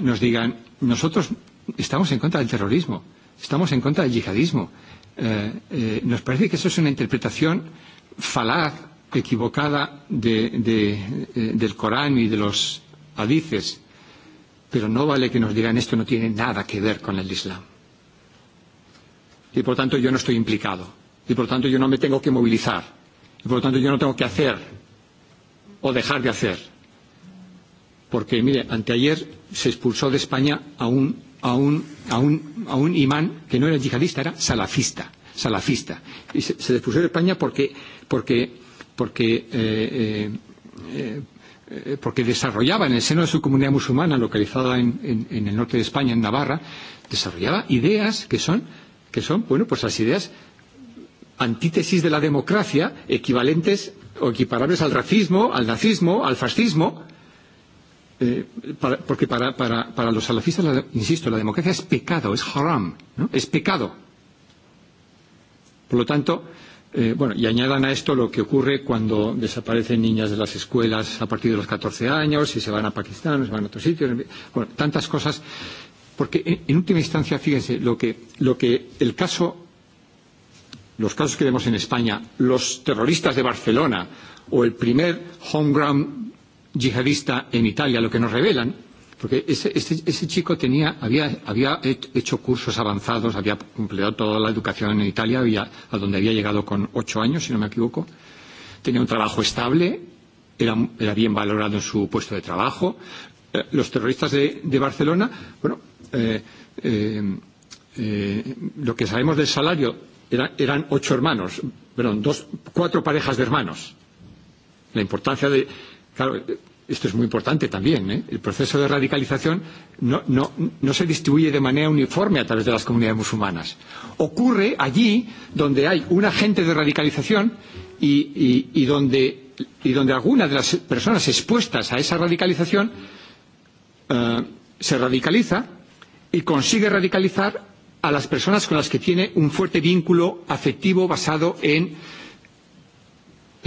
nos digan, nosotros estamos en contra del terrorismo, estamos en contra del yihadismo. nos parece que eso es una interpretación falaz, equivocada de, de, del Corán y de los hadices Pero no vale que nos digan esto no tiene nada que ver con el Islam. Y por tanto yo no estoy implicado. Y por tanto yo no me tengo que movilizar. Y por tanto yo no tengo que hacer o dejar de hacer. Porque mire, anteayer se expulsó de España a un, a un, a un, a un imán que no era yihadista, era salafista. Salafista. Y se, se expulsó de España porque, porque, porque eh, eh, porque desarrollaba en el seno de su comunidad musulmana localizada en el norte de España, en Navarra, desarrollaba ideas que son, que son bueno, pues las ideas antítesis de la democracia, equivalentes o equiparables al racismo, al nazismo, al fascismo, porque para los salafistas, insisto, la democracia es pecado, es haram, es pecado. Por lo tanto, Bueno, y añadan a esto lo que ocurre cuando desaparecen niñas de las escuelas a partir de los 14 años, si se van a Pakistán, se van a otros sitios, bueno, tantas cosas. Porque en última instancia, fíjense, lo que, lo que el caso, los casos que vemos en España, los terroristas de Barcelona o el primer homegrown yihadista en Italia, lo que nos revelan porque ese, ese chico tenía, había, había hecho cursos avanzados, había cumplido toda la educación en Italia, había, a donde había llegado con ocho años, si no me equivoco, tenía un trabajo estable, era, era bien valorado en su puesto de trabajo. los terroristas de, de Barcelona, bueno, eh, eh, lo que sabemos del salario eran ocho hermanos, perdón, dos, cuatro parejas de hermanos. La importancia de, claro, esto es muy importante también, el proceso de radicalización no se distribuye de manera uniforme a través de las comunidades musulmanas. Ocurre allí donde hay un agente de radicalización y donde alguna de las personas expuestas a esa radicalización se radicaliza y consigue radicalizar a las personas con las que tiene un fuerte vínculo afectivo basado en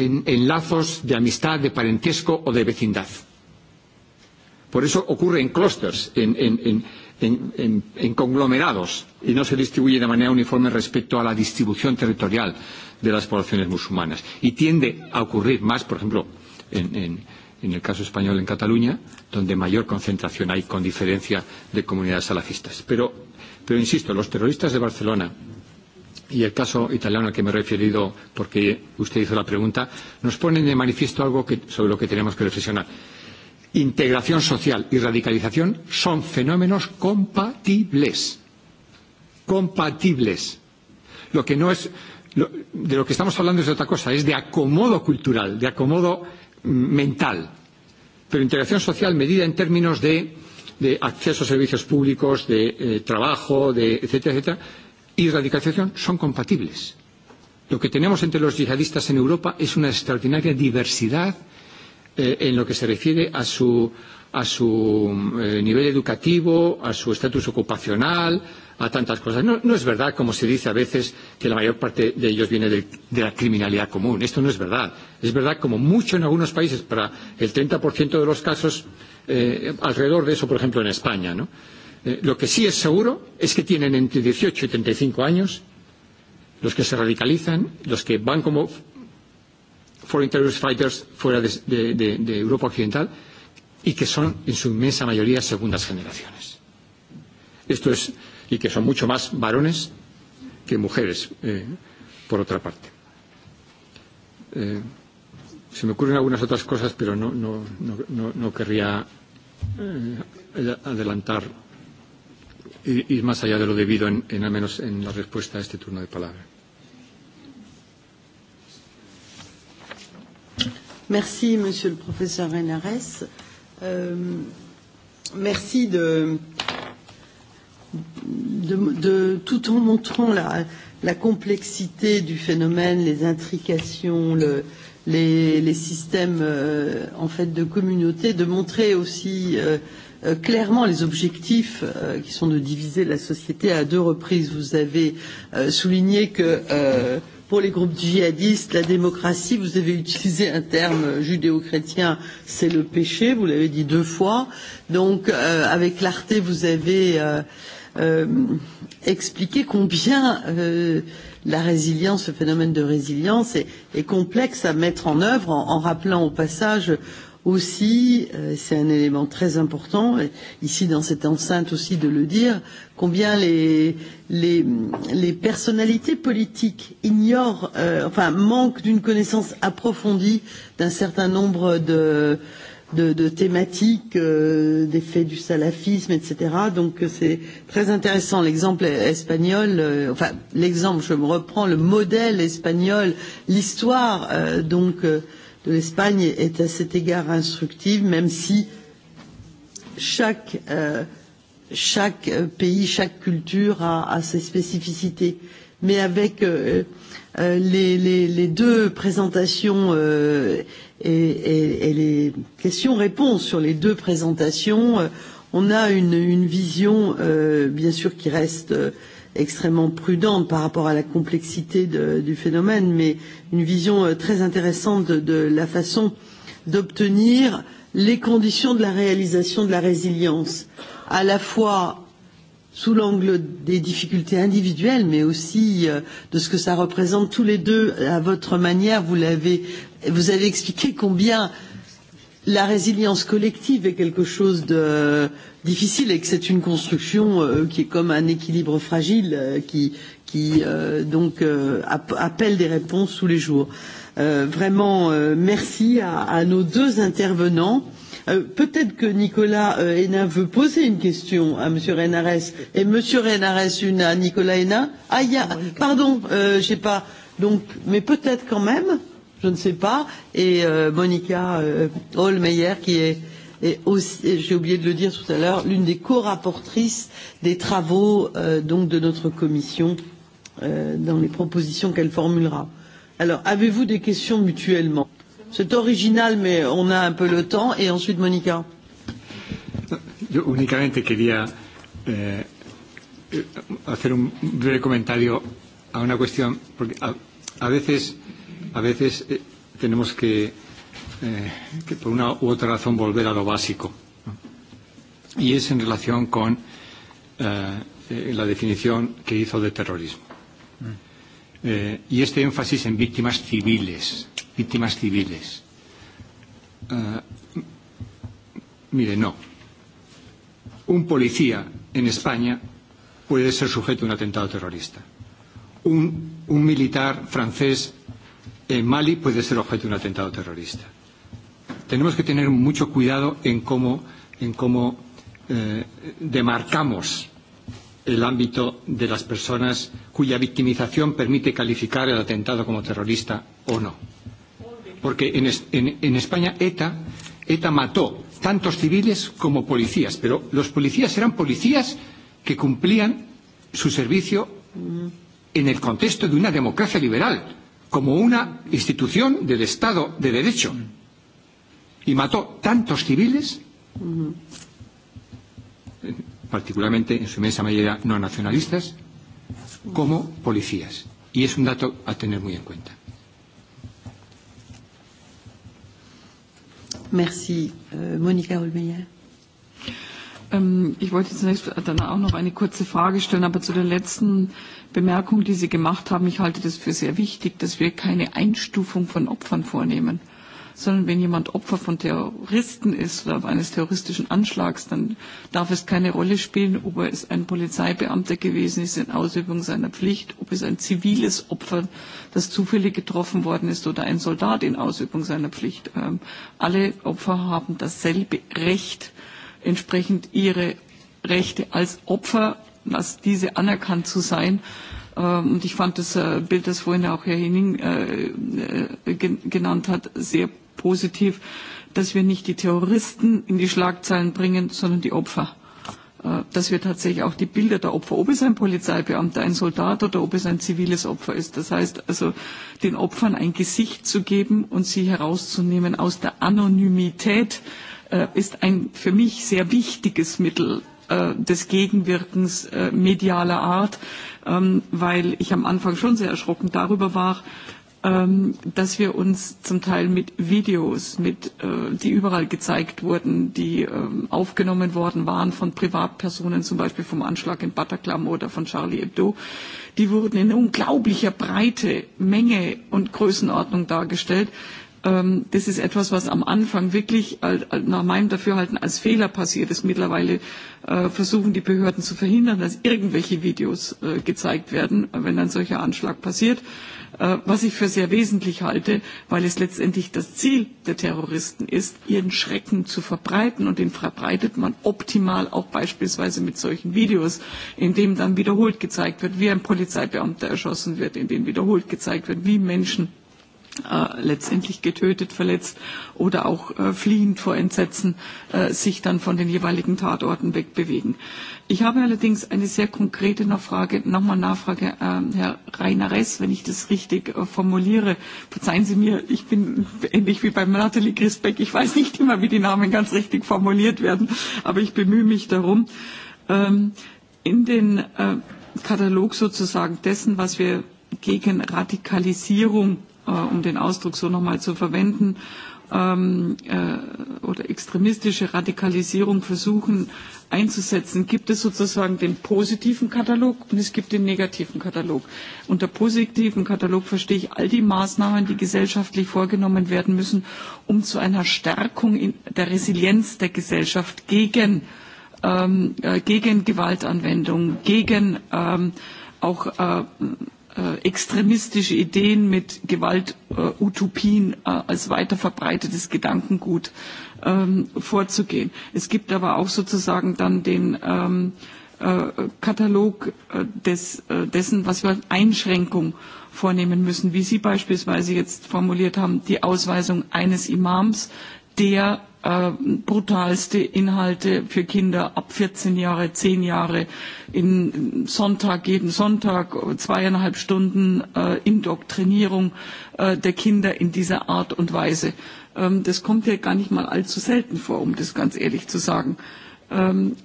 en lazos de amistad, de parentesco o de vecindad. Por eso ocurre en clústeres, en conglomerados, y no se distribuye de manera uniforme respecto a la distribución territorial de las poblaciones musulmanas. Y tiende a ocurrir más, por ejemplo, en el caso español en Cataluña, donde mayor concentración hay con diferencia de comunidades salafistas. Pero, insisto, los terroristas de Barcelona y el caso italiano al que me he referido porque usted hizo la pregunta, nos pone de manifiesto algo sobre lo que tenemos que reflexionar. Integración social y radicalización son fenómenos compatibles. Compatibles. Lo que no es, de lo que estamos hablando es de otra cosa, es de acomodo cultural, de acomodo mental. Pero integración social medida en términos de acceso a servicios públicos, de trabajo, de etcétera, etcétera y radicalización son compatibles. Lo que tenemos entre los yihadistas en Europa es una extraordinaria diversidad en lo que se refiere a su a su nivel educativo, a su estatus ocupacional, a tantas cosas. No es verdad, como se dice a veces, que la mayor parte de ellos viene de la criminalidad común. Esto no es verdad. Es verdad, como mucho en algunos países, para el 30% de los casos, alrededor de eso, por ejemplo, en España. Lo que sí es seguro es que tienen entre 18 y 35 años los que se radicalizan, los que van como foreign terrorist fighters fuera de Europa Occidental y que son en su inmensa mayoría segundas generaciones. Esto y que son mucho más varones que mujeres, por otra parte. Se me ocurren algunas otras cosas, pero no querría adelantar ir más allá de lo debido, en, en al menos en la respuesta a este turno de palabra. Merci, Monsieur le Professeur Renares. merci de, de, de tout en montrant la, la complexité du phénomène, les intrications, le, les, les systèmes en fait de communauté, de montrer aussi clairement les objectifs qui sont de diviser la société à deux reprises. Vous avez souligné que pour les groupes djihadistes, la démocratie, vous avez utilisé un terme judéo-chrétien, c'est le péché, vous l'avez dit deux fois. Donc, avec clarté, vous avez expliqué combien la résilience, ce phénomène de résilience est complexe à mettre en œuvre en rappelant au passage aussi, c'est un élément très important, ici dans cette enceinte aussi de le dire, combien les, les, les personnalités politiques ignorent, enfin manquent d'une connaissance approfondie d'un certain nombre de, de, de thématiques, des faits du salafisme, etc. Donc c'est très intéressant. L'exemple espagnol, enfin l'exemple, je me reprends, le modèle espagnol, l'histoire, donc de l'Espagne est à cet égard instructive, même si chaque chaque pays, chaque culture a ses spécificités. Mais avec les deux présentations et les questions-réponses sur les deux présentations, on a une vision, bien sûr, qui reste extrêmement prudente par rapport à la complexité du phénomène, mais une vision très intéressante de la façon d'obtenir les conditions de la réalisation de la résilience, à la fois sous l'angle des difficultés individuelles, mais aussi de ce que ça représente tous les deux à votre manière. Vous l'avez, vous avez expliqué combien la résilience collective est quelque chose de difficile et que c'est une construction qui est comme un équilibre fragile qui qui donc appelle des réponses tous les jours. Vraiment merci à nos deux intervenants. Peut-être que Nicolas Hénin veut poser une question à M. Renares et M. Renares une à Nicolas Hénin. Ah, pardon, je sais pas. Donc, mais peut-être quand même, je ne sais pas. Et Monica Holmeyer qui est et j'ai oublié de le dire tout à l'heure, l'une des co-rapportrices des travaux donc de notre commission dans les propositions qu'elle formulera. Alors, avez-vous des questions mutuellement C'est original, mais on a un peu le temps. Et ensuite, Monica. Yo únicamente quería eh, hacer un breve comentario a una cuestión, a, a veces, a veces tenemos que que por una u otra razón volver a lo básico. Y es en relación con la definición que hizo de terrorismo. Y este énfasis en víctimas civiles. Víctimas civiles. Mire, no. Un policía en España puede ser sujeto a un atentado terrorista. Un militar francés en Mali puede ser objeto de un atentado terrorista tenemos que tener mucho cuidado en cómo en cómo demarcamos el ámbito de las personas cuya victimización permite calificar el atentado como terrorista o no. Porque en España ETA, ETA mató tantos civiles como policías, pero los policías eran policías que cumplían su servicio en el contexto de una democracia liberal, como una institución del Estado de Derecho y mató tantos civiles, particularmente en su inmensa mayoría no nacionalistas, como policías. Y es un dato a tener muy en cuenta. Merci. Monika Olmeyer. Ich wollte zunächst dann auch noch eine kurze Frage stellen, aber zu der letzten Bemerkung, die Sie gemacht haben. Ich halte das für sehr wichtig, dass wir keine Einstufung von Opfern vornehmen sondern wenn jemand Opfer von Terroristen ist oder eines terroristischen Anschlags, dann darf es keine Rolle spielen, ob er ein Polizeibeamter gewesen ist in Ausübung seiner Pflicht, ob es ein ziviles Opfer, das zufällig getroffen worden ist, oder ein Soldat in Ausübung seiner Pflicht. Alle Opfer haben dasselbe Recht, entsprechend ihre Rechte als Opfer, als diese anerkannt zu sein Und ich fand das Bild, das vorhin auch Herr Henning genannt hat, sehr positiv, dass wir nicht die Terroristen in die Schlagzeilen bringen, sondern die Opfer. Dass wir tatsächlich auch die Bilder der Opfer, ob es ein Polizeibeamter, ein Soldat oder ob es ein ziviles Opfer ist. Das heißt also, den Opfern ein Gesicht zu geben und sie herauszunehmen aus der Anonymität, ist ein für mich sehr wichtiges Mittel des Gegenwirkens medialer Art, weil ich am Anfang schon sehr erschrocken darüber war, dass wir uns zum Teil mit Videos, die überall gezeigt wurden, die aufgenommen worden waren von Privatpersonen, zum Beispiel vom Anschlag in Bataclan oder von Charlie Hebdo, die wurden in unglaublicher Breite, Menge und Größenordnung dargestellt Das ist etwas, was am Anfang wirklich nach meinem Dafürhalten als Fehler passiert ist. Mittlerweile versuchen die Behörden zu verhindern, dass irgendwelche Videos gezeigt werden, wenn ein solcher Anschlag passiert, was ich für sehr wesentlich halte, weil es letztendlich das Ziel der Terroristen ist, ihren Schrecken zu verbreiten. Und den verbreitet man optimal auch beispielsweise mit solchen Videos, in denen dann wiederholt gezeigt wird, wie ein Polizeibeamter erschossen wird, in denen wiederholt gezeigt wird, wie Menschen letztendlich getötet, verletzt oder auch fliehend vor Entsetzen sich dann von den jeweiligen Tatorten wegbewegen. Ich habe allerdings eine sehr konkrete Nachfrage, nochmal Nachfrage, Herr Ress, wenn ich das richtig formuliere. Verzeihen Sie mir, ich bin ähnlich wie bei Natalie Grisbeck, ich weiß nicht immer, wie die Namen ganz richtig formuliert werden, aber ich bemühe mich darum. In den Katalog sozusagen dessen, was wir gegen Radikalisierung um den Ausdruck so nochmal zu verwenden, oder extremistische Radikalisierung versuchen einzusetzen, gibt es sozusagen den positiven Katalog und es gibt den negativen Katalog. Unter positiven Katalog verstehe ich all die Maßnahmen, die gesellschaftlich vorgenommen werden müssen, um zu einer Stärkung der Resilienz der Gesellschaft gegen Gewaltanwendung, gegen auch extremistische Ideen mit Gewalt Utopien als weiter verbreitetes Gedankengut vorzugehen. Es gibt aber auch sozusagen dann den Katalog dessen, was wir Einschränkung vornehmen müssen, wie Sie beispielsweise jetzt formuliert haben, die Ausweisung eines Imams, der brutalste Inhalte für Kinder ab 14 Jahre, 10 Jahre, in Sonntag, jeden Sonntag, zweieinhalb Stunden Indoktrinierung der Kinder in dieser Art und Weise. Das kommt ja gar nicht mal allzu selten vor, um das ganz ehrlich zu sagen.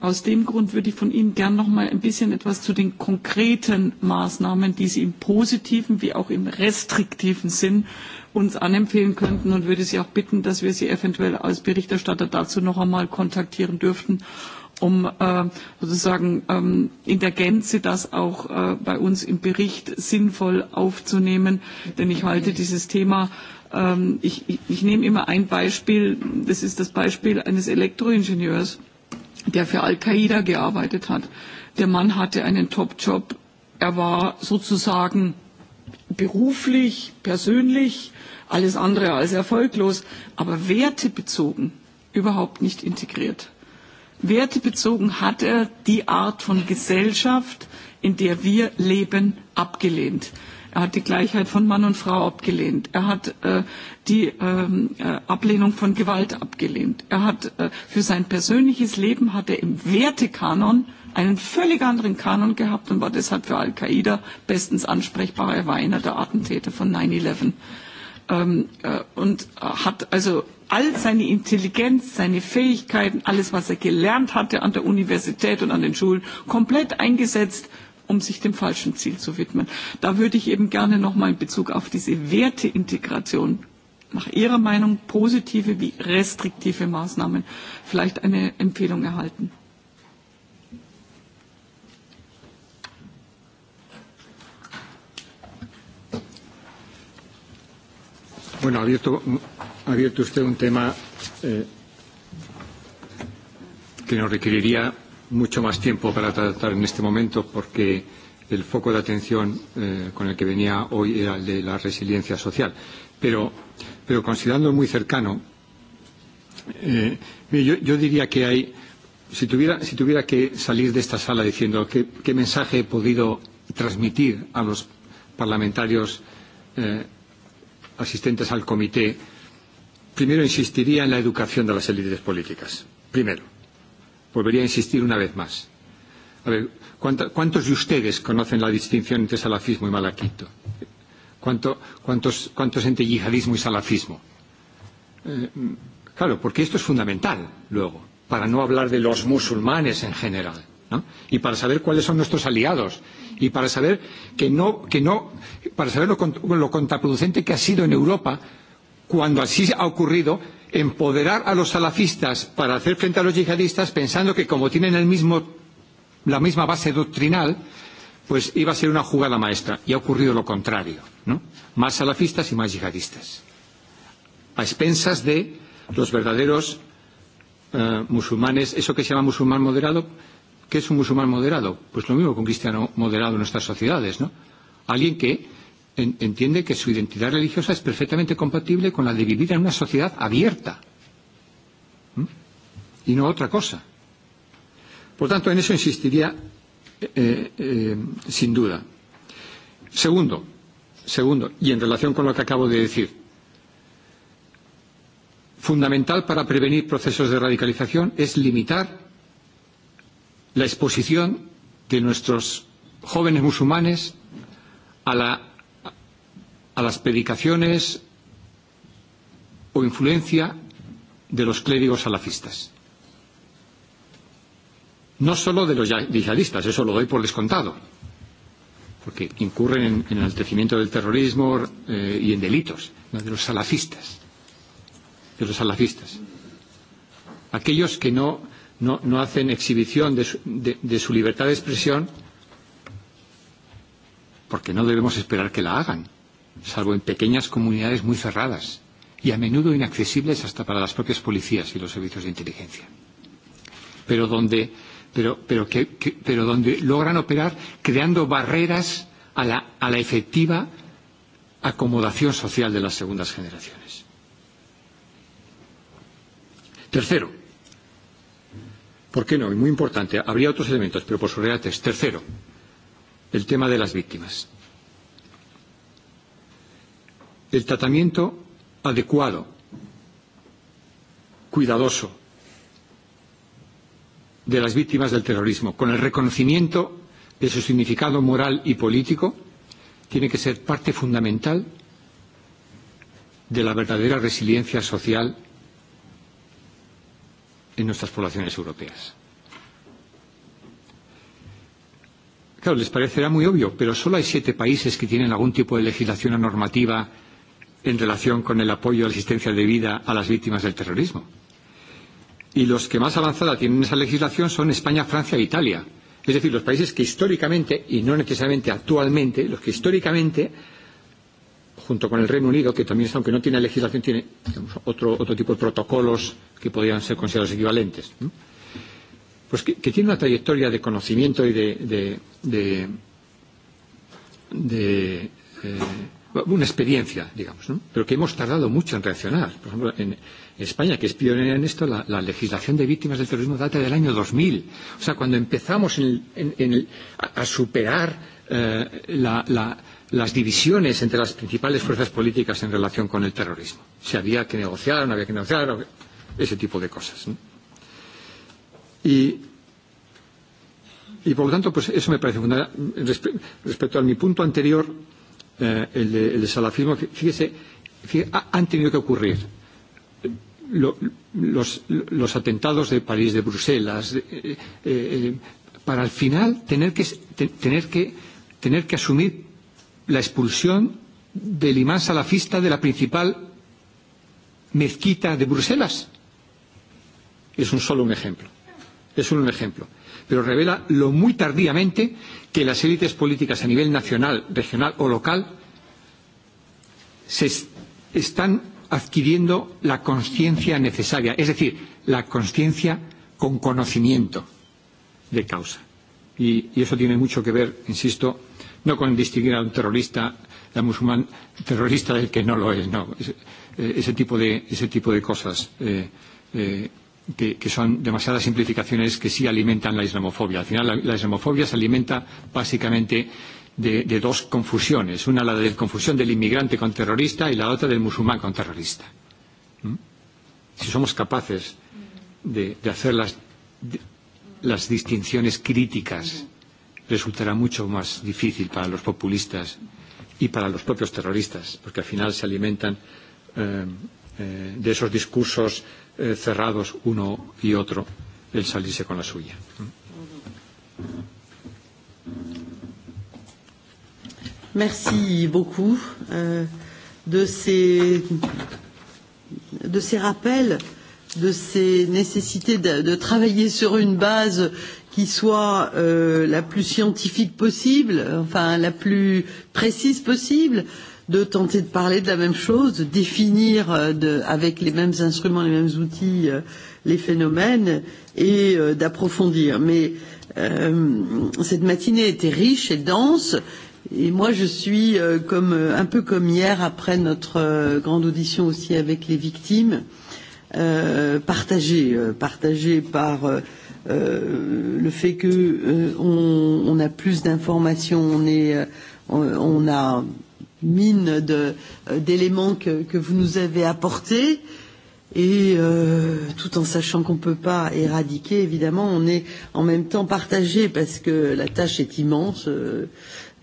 Aus dem Grund würde ich von Ihnen gern noch mal ein bisschen etwas zu den konkreten Maßnahmen, die Sie im positiven wie auch im restriktiven Sinn uns anempfehlen könnten und würde Sie auch bitten, dass wir Sie eventuell als Berichterstatter dazu noch einmal kontaktieren dürften, um sozusagen in der Gänze das auch bei uns im Bericht sinnvoll aufzunehmen. Denn ich halte dieses Thema ich nehme immer ein Beispiel, das ist das Beispiel eines Elektroingenieurs, der für Al-Qaida gearbeitet hat. Der Mann hatte einen Top-Job, er war sozusagen beruflich, persönlich, alles andere als erfolglos, aber wertebezogen überhaupt nicht integriert. Wertebezogen hat er die Art von Gesellschaft, in der wir leben, abgelehnt. Er hat die Gleichheit von Mann und Frau abgelehnt. Er hat die Ablehnung von Gewalt abgelehnt. Er hat für sein persönliches Leben hat er im Wertekanon einen völlig anderen Kanon gehabt und war deshalb für Al-Qaida bestens ansprechbar. Er war einer der Attentäter von 9-11 und hat also all seine Intelligenz, seine Fähigkeiten, alles, was er gelernt hatte an der Universität und an den Schulen, komplett eingesetzt, um sich dem falschen Ziel zu widmen. Da würde ich eben gerne nochmal in Bezug auf diese Werteintegration nach Ihrer Meinung positive wie restriktive Maßnahmen vielleicht eine Empfehlung erhalten. Bueno, ha abierto, usted un tema que nos requeriría mucho más tiempo para tratar en este momento porque el foco de atención con el que venía hoy era el de la resiliencia social. Pero, pero considerando muy cercano, eh, yo, yo diría que hay, si tuviera, si tuviera que salir de esta sala diciendo qué, qué mensaje he podido transmitir a los parlamentarios eh, asistentes al comité, primero insistiría en la educación de las élites políticas. Primero. Volvería a insistir una vez más. A ver, ¿cuántos de ustedes conocen la distinción entre salafismo y malaquito? ¿Cuántos entre yihadismo y salafismo? Claro, porque esto es fundamental, luego, para no hablar de los musulmanes en general y para saber cuáles son nuestros aliados y para saber que no para saber lo contraproducente que ha sido en Europa cuando así ha ocurrido empoderar a los salafistas para hacer frente a los yihadistas pensando que como tienen la misma base doctrinal pues iba a ser una jugada maestra y ha ocurrido lo contrario ¿no? más salafistas y más yihadistas a expensas de los verdaderos musulmanes eso que se llama musulmán moderado que es un musulmán moderado? Pues lo mismo que un cristiano moderado en nuestras sociedades, ¿no? Alguien que entiende que su identidad religiosa es perfectamente compatible con la de vivir en una sociedad abierta y no otra cosa. Por tanto, en eso insistiría sin duda. Segundo, segundo, y en relación con lo que acabo de decir, fundamental para prevenir procesos de radicalización es limitar la exposición de nuestros jóvenes musulmanes a, la, a las predicaciones o influencia de los clérigos salafistas. No solo de los yihadistas, eso lo doy por descontado, porque incurren en, el enaltecimiento del terrorismo y en delitos, no, de los salafistas, de los salafistas. Aquellos que no no hacen exhibición de su libertad de expresión porque no debemos esperar que la hagan, salvo en pequeñas comunidades muy cerradas y a menudo inaccesibles hasta para las propias policías y los servicios de inteligencia. Pero donde pero pero que pero donde logran operar creando barreras a la a la efectiva acomodación social de las segundas generaciones. Tercero, ¿Por qué no? Y muy importante, habría otros elementos, pero por su realidad es Tercero, el tema de las víctimas. El tratamiento adecuado, cuidadoso, de las víctimas del terrorismo, con el reconocimiento de su significado moral y político, tiene que ser parte fundamental de la verdadera resiliencia social en nuestras poblaciones europeas. Claro, les parecerá muy obvio, pero solo hay siete países que tienen algún tipo de legislación normativa en relación con el apoyo a la asistencia de vida a las víctimas del terrorismo. Y los que más avanzada tienen esa legislación son España, Francia e Italia. Es decir, los países que históricamente, y no necesariamente actualmente, los que históricamente junto con el Reino Unido, que también, aunque no tiene legislación, tiene otro, otro tipo de protocolos que podrían ser considerados equivalentes. Pues que, que tiene una trayectoria de conocimiento y de, de, de, eh, una experiencia, digamos, ¿no? pero que hemos tardado mucho en reaccionar. Por ejemplo, en España, que es pionera en esto, la, legislación de víctimas del terrorismo data del año 2000. O sea, cuando empezamos en, en, a, superar la, la, las divisiones entre las principales fuerzas políticas en relación con el terrorismo. Si había que negociar, no había que negociar, ese tipo de cosas. Y, y por lo tanto, pues eso me parece fundamental. Respecto a mi punto anterior, el, de, el de salafismo, fíjese, fíjese han tenido que ocurrir los, los atentados de París, de Bruselas, para al final tener que, tener que, tener que asumir la expulsión del imán salafista de la principal mezquita de Bruselas. Es un solo un ejemplo. Es un ejemplo. Pero revela lo muy tardíamente que las élites políticas a nivel nacional, regional o local se están adquiriendo la conciencia necesaria, es decir, la conciencia con conocimiento de causa. Y eso tiene mucho que ver, insisto, no con distinguir a un terrorista a musulmán terrorista del que no lo es, no. Ese tipo de, ese tipo de cosas que son demasiadas simplificaciones que sí alimentan la islamofobia. Al final la islamofobia se alimenta básicamente de dos confusiones. Una la de la confusión del inmigrante con terrorista y la otra del musulmán con terrorista. Si somos capaces de hacer las distinciones críticas resultará mucho más difícil para los populistas y para los propios terroristas, porque al final se alimentan de esos discursos cerrados uno y otro el salirse con la suya. Merci beaucoup de ces de ces rappels de ces nécessités de travailler sur une base qui soit la plus scientifique possible, enfin la plus précise possible, de tenter de parler de la même chose, de définir avec les mêmes instruments, les mêmes outils les phénomènes et d'approfondir. Mais cette matinée était riche et dense et moi je suis comme un peu comme hier après notre grande audition aussi avec les victimes partagé, partagé par le fait que on on a plus d'informations on est on a mine d'éléments que que vous nous avez apportés et tout en sachant qu'on ne peut pas éradiquer évidemment on est en même temps partagé parce que la tâche est immense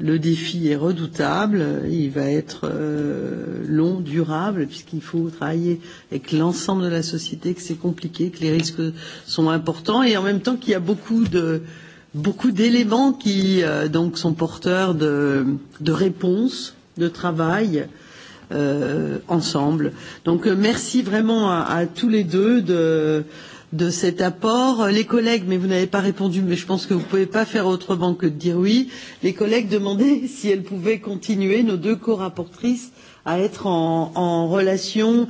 Le défi est redoutable, il va être long, durable, puisqu'il faut travailler avec l'ensemble de la société, que c'est compliqué, que les risques sont importants et en même temps qu'il y a beaucoup de beaucoup d'éléments qui donc sont porteurs de de réponses, de travail ensemble. Donc merci vraiment à tous les deux de de cet apport. Les collègues, mais vous n'avez pas répondu, mais je pense que vous ne pouvez pas faire autrement que de dire oui, les collègues demandaient si elles pouvaient continuer, nos deux co-rapportrices, à être en relation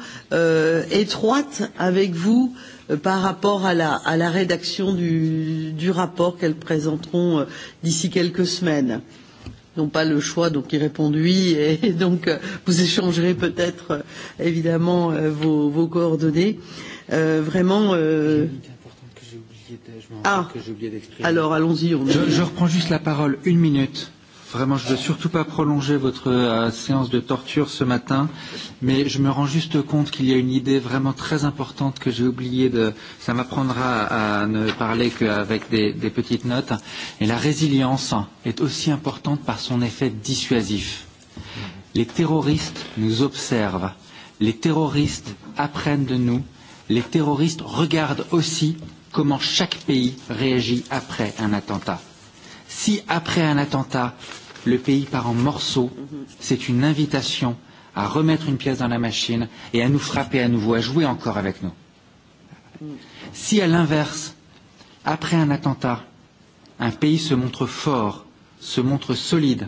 étroite avec vous par rapport à la, à la rédaction du, du rapport qu'elles présenteront d'ici quelques semaines. N'ont pas le choix, donc ils répondent oui, et donc vous échangerez peut-être évidemment vos, vos coordonnées vraiment. Ah, alors allons-y. Je reprends juste la parole, une minute. Vraiment, je ne veux surtout pas prolonger votre séance de torture ce matin, mais je me rends juste compte qu'il y a une idée vraiment très importante que j'ai oublié de... Ça m'apprendra à ne parler qu'avec des, des petites notes. Et la résilience est aussi importante par son effet dissuasif. Les terroristes nous observent. Les terroristes apprennent de nous les terroristes regardent aussi comment chaque pays réagit après un attentat. Si après un attentat, le pays part en morceaux, c'est une invitation à remettre une pièce dans la machine et à nous frapper à nouveau, à jouer encore avec nous. Si à l'inverse, après un attentat, un pays se montre fort, se montre solide,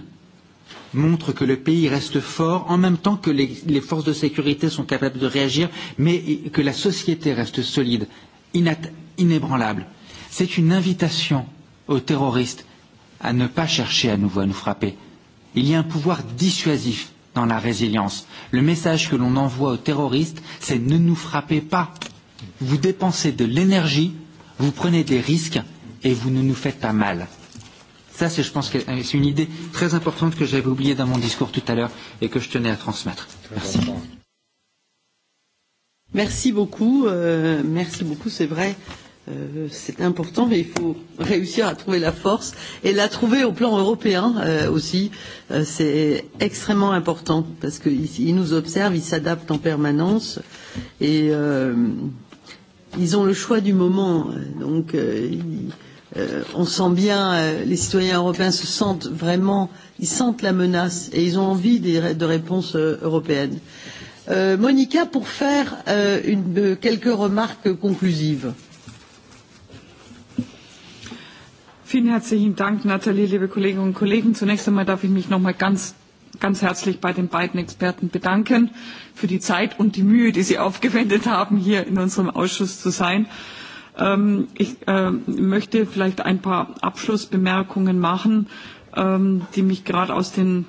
montre que le pays reste fort, en même temps que les forces de sécurité sont capables de réagir, mais que la société reste solide, inébranlable. C'est une invitation aux terroristes à ne pas chercher à nouveau à nous frapper. Il y a un pouvoir dissuasif dans la résilience. Le message que l'on envoie aux terroristes, c'est ne nous frappez pas. Vous dépensez de l'énergie, vous prenez des risques et vous ne nous faites pas mal. Ça, c'est, je pense, que c'est une idée très importante que j'avais oubliée dans mon discours tout à l'heure et que je tenais à transmettre. Merci. Merci beaucoup. Merci beaucoup, c'est vrai. C'est important, mais il faut réussir à trouver la force et la trouver au plan européen aussi. C'est extrêmement important parce qu'ils nous observent, ils s'adaptent en permanence et ils ont le choix du moment. Donc, on sent bien, les citoyens européens se sentent vraiment, ils sentent la menace et ils ont envie de réponses européennes. Monica, pour faire quelques remarques conclusives. Vielen herzlichen Dank, Nathalie, liebe Kolleginnen und Kollegen. Zunächst einmal darf ich mich noch mal ganz, ganz herzlich bei den beiden Experten bedanken für die Zeit und die Mühe, die sie aufgewendet haben, hier in unserem Ausschuss zu sein. Ich möchte vielleicht ein paar Abschlussbemerkungen machen, die mich gerade aus den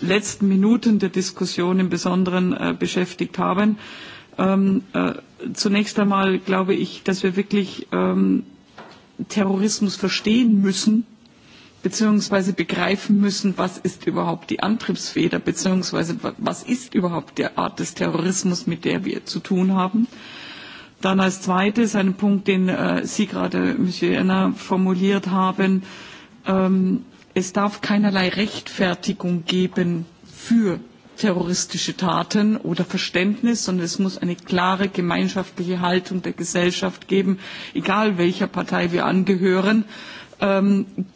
letzten Minuten der Diskussion im Besonderen beschäftigt haben. Zunächst einmal glaube ich, dass wir wirklich Terrorismus verstehen müssen, beziehungsweise begreifen müssen, was ist überhaupt die Antriebsfeder, beziehungsweise was ist überhaupt die Art des Terrorismus, mit der wir zu tun haben Dann als zweites ein Punkt, den Sie gerade, Monsieur Enner, formuliert haben. Es darf keinerlei Rechtfertigung geben für terroristische Taten oder Verständnis, sondern es muss eine klare gemeinschaftliche Haltung der Gesellschaft geben, egal welcher Partei wir angehören,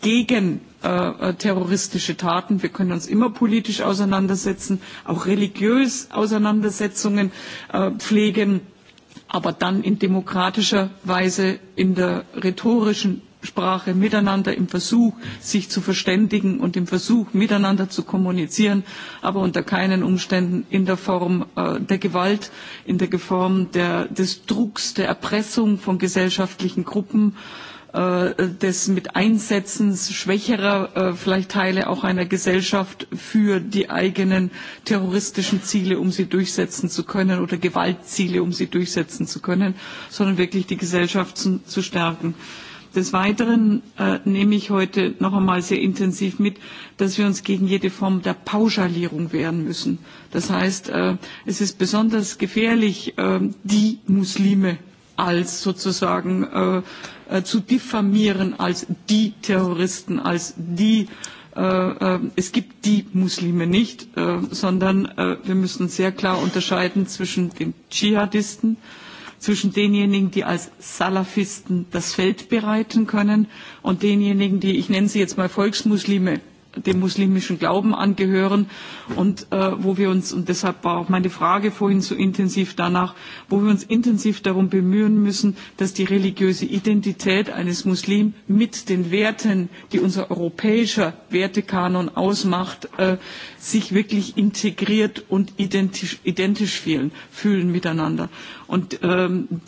gegen terroristische Taten. Wir können uns immer politisch auseinandersetzen, auch religiös Auseinandersetzungen pflegen aber dann in demokratischer Weise in der rhetorischen Sprache miteinander im Versuch, sich zu verständigen und im Versuch, miteinander zu kommunizieren, aber unter keinen Umständen in der Form der Gewalt, in der Form des Drucks, der Erpressung von gesellschaftlichen Gruppen, des mit Einsetzens schwächerer vielleicht Teile auch einer Gesellschaft für die eigenen terroristischen Ziele, um sie durchsetzen zu können, oder Gewaltziele, um sie durchsetzen zu können, sondern wirklich die Gesellschaft zu stärken. Des Weiteren nehme ich heute noch einmal sehr intensiv mit, dass wir uns gegen jede Form der Pauschalierung wehren müssen. Das heißt, es ist besonders gefährlich, die Muslime als sozusagen zu diffamieren, als die Terroristen, als die es gibt die Muslime nicht, sondern wir müssen sehr klar unterscheiden zwischen den Dschihadisten zwischen denjenigen, die als Salafisten das Feld bereiten können und denjenigen, die, ich nenne sie jetzt mal Volksmuslime dem muslimischen Glauben angehören und wo wir uns, und deshalb war auch meine Frage vorhin so intensiv danach, wo wir uns intensiv darum bemühen müssen, dass die religiöse Identität eines Muslims mit den Werten, die unser europäischer Wertekanon ausmacht, sich wirklich integriert und identisch fühlen miteinander. Und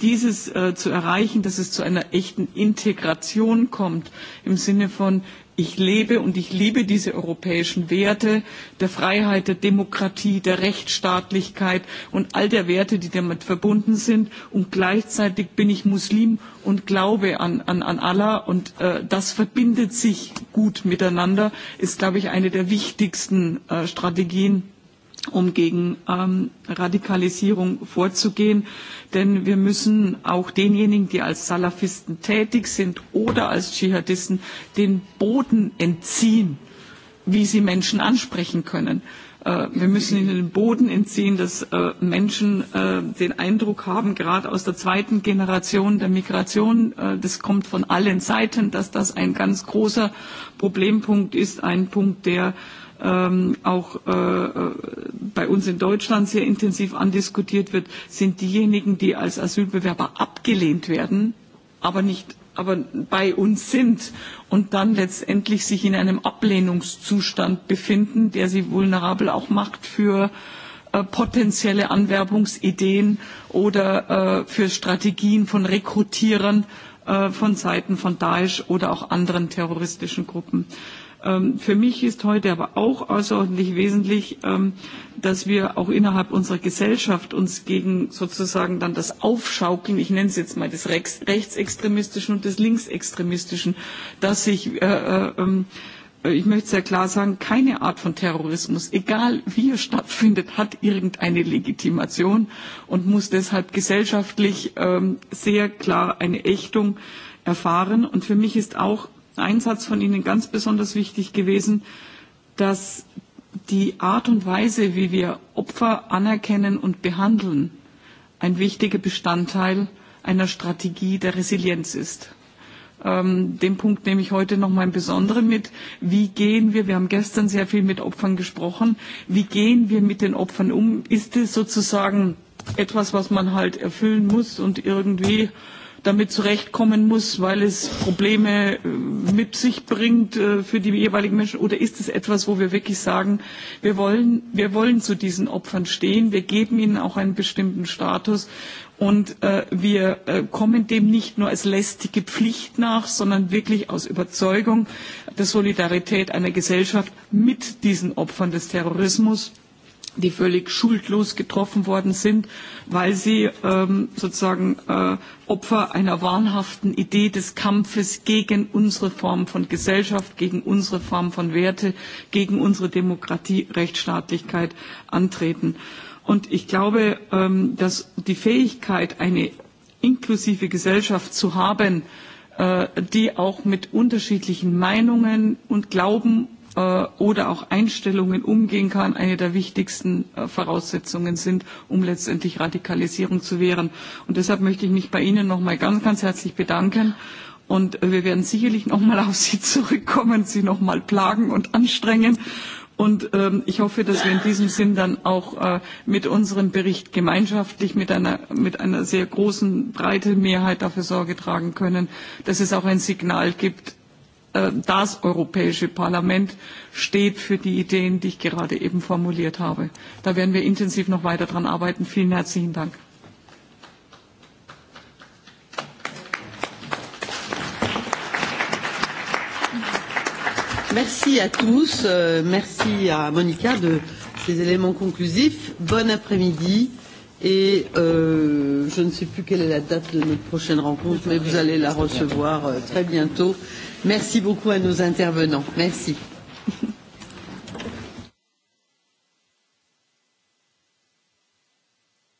dieses zu erreichen, dass es zu einer echten Integration kommt, im Sinne von Ich lebe und ich liebe diese europäischen Werte der Freiheit, der Demokratie, der Rechtsstaatlichkeit und all der Werte, die damit verbunden sind. Und gleichzeitig bin ich Muslim und glaube an Allah. Und das verbindet sich gut miteinander, ist, glaube ich, eine der wichtigsten Strategien um gegen Radikalisierung vorzugehen. Denn wir müssen auch denjenigen, die als Salafisten tätig sind oder als Dschihadisten, den Boden entziehen, wie sie Menschen ansprechen können. Wir müssen ihnen den Boden entziehen, dass Menschen den Eindruck haben, gerade aus der zweiten Generation der Migration, das kommt von allen Seiten, dass das ein ganz großer Problempunkt ist, ein Punkt, der auch bei uns in Deutschland sehr intensiv andiskutiert wird, sind diejenigen, die als Asylbewerber abgelehnt werden, aber nicht bei uns sind und dann letztendlich sich in einem Ablehnungszustand befinden, der sie vulnerabel auch macht für potenzielle Anwerbungsideen oder für Strategien von Rekrutierern von Seiten von Daesh oder auch anderen terroristischen Gruppen. Für mich ist heute aber auch außerordentlich wesentlich, dass wir auch innerhalb unserer Gesellschaft uns gegen sozusagen dann das Aufschaukeln, ich nenne es jetzt mal des rechtsextremistischen und des linksextremistischen, dass sich ich möchte sehr klar sagen, keine Art von Terrorismus, egal wie er stattfindet, hat irgendeine Legitimation und muss deshalb gesellschaftlich sehr klar eine Ächtung erfahren. Und für mich ist auch ein Satz von Ihnen ganz besonders wichtig gewesen, dass die Art und Weise, wie wir Opfer anerkennen und behandeln, ein wichtiger Bestandteil einer Strategie der Resilienz ist. Den Punkt nehme ich heute noch mal im Besonderen mit. Wie gehen wir, wir haben gestern sehr viel mit Opfern gesprochen, wie gehen wir mit den Opfern um? Ist es sozusagen etwas, was man halt erfüllen muss und irgendwie damit zurechtkommen muss, weil es Probleme mit sich bringt für die jeweiligen Menschen? Oder ist es etwas, wo wir wirklich sagen, wir wollen zu diesen Opfern stehen, wir geben ihnen auch einen bestimmten Status und wir kommen dem nicht nur als lästige Pflicht nach, sondern wirklich aus Überzeugung der Solidarität einer Gesellschaft mit diesen Opfern des Terrorismus die völlig schuldlos getroffen worden sind, weil sie sozusagen Opfer einer wahnhaften Idee des Kampfes gegen unsere Form von Gesellschaft, gegen unsere Form von Werte, gegen unsere Demokratie, Rechtsstaatlichkeit antreten. Und ich glaube, dass die Fähigkeit, eine inklusive Gesellschaft zu haben, die auch mit unterschiedlichen Meinungen und Glauben oder auch Einstellungen umgehen kann, eine der wichtigsten Voraussetzungen sind, um letztendlich Radikalisierung zu wehren. Und deshalb möchte ich mich bei Ihnen noch mal ganz, ganz herzlich bedanken. Und wir werden sicherlich noch mal auf Sie zurückkommen, Sie noch mal plagen und anstrengen. Und ich hoffe, dass wir in diesem Sinn dann auch mit unserem Bericht gemeinschaftlich mit einer sehr großen, breiten Mehrheit dafür Sorge tragen können, dass es auch ein Signal gibt das Europäische Parlament steht für die Ideen, die ich gerade eben formuliert habe. Da werden wir intensiv noch weiter daran arbeiten. Vielen herzlichen Dank. Merci à tous. Merci à Monica de ces éléments conclusifs. Bon après-midi. Et je ne sais plus quelle est la date de notre prochaine rencontre, mais vous allez la recevoir très bientôt Merci beaucoup à nos intervenants. Merci.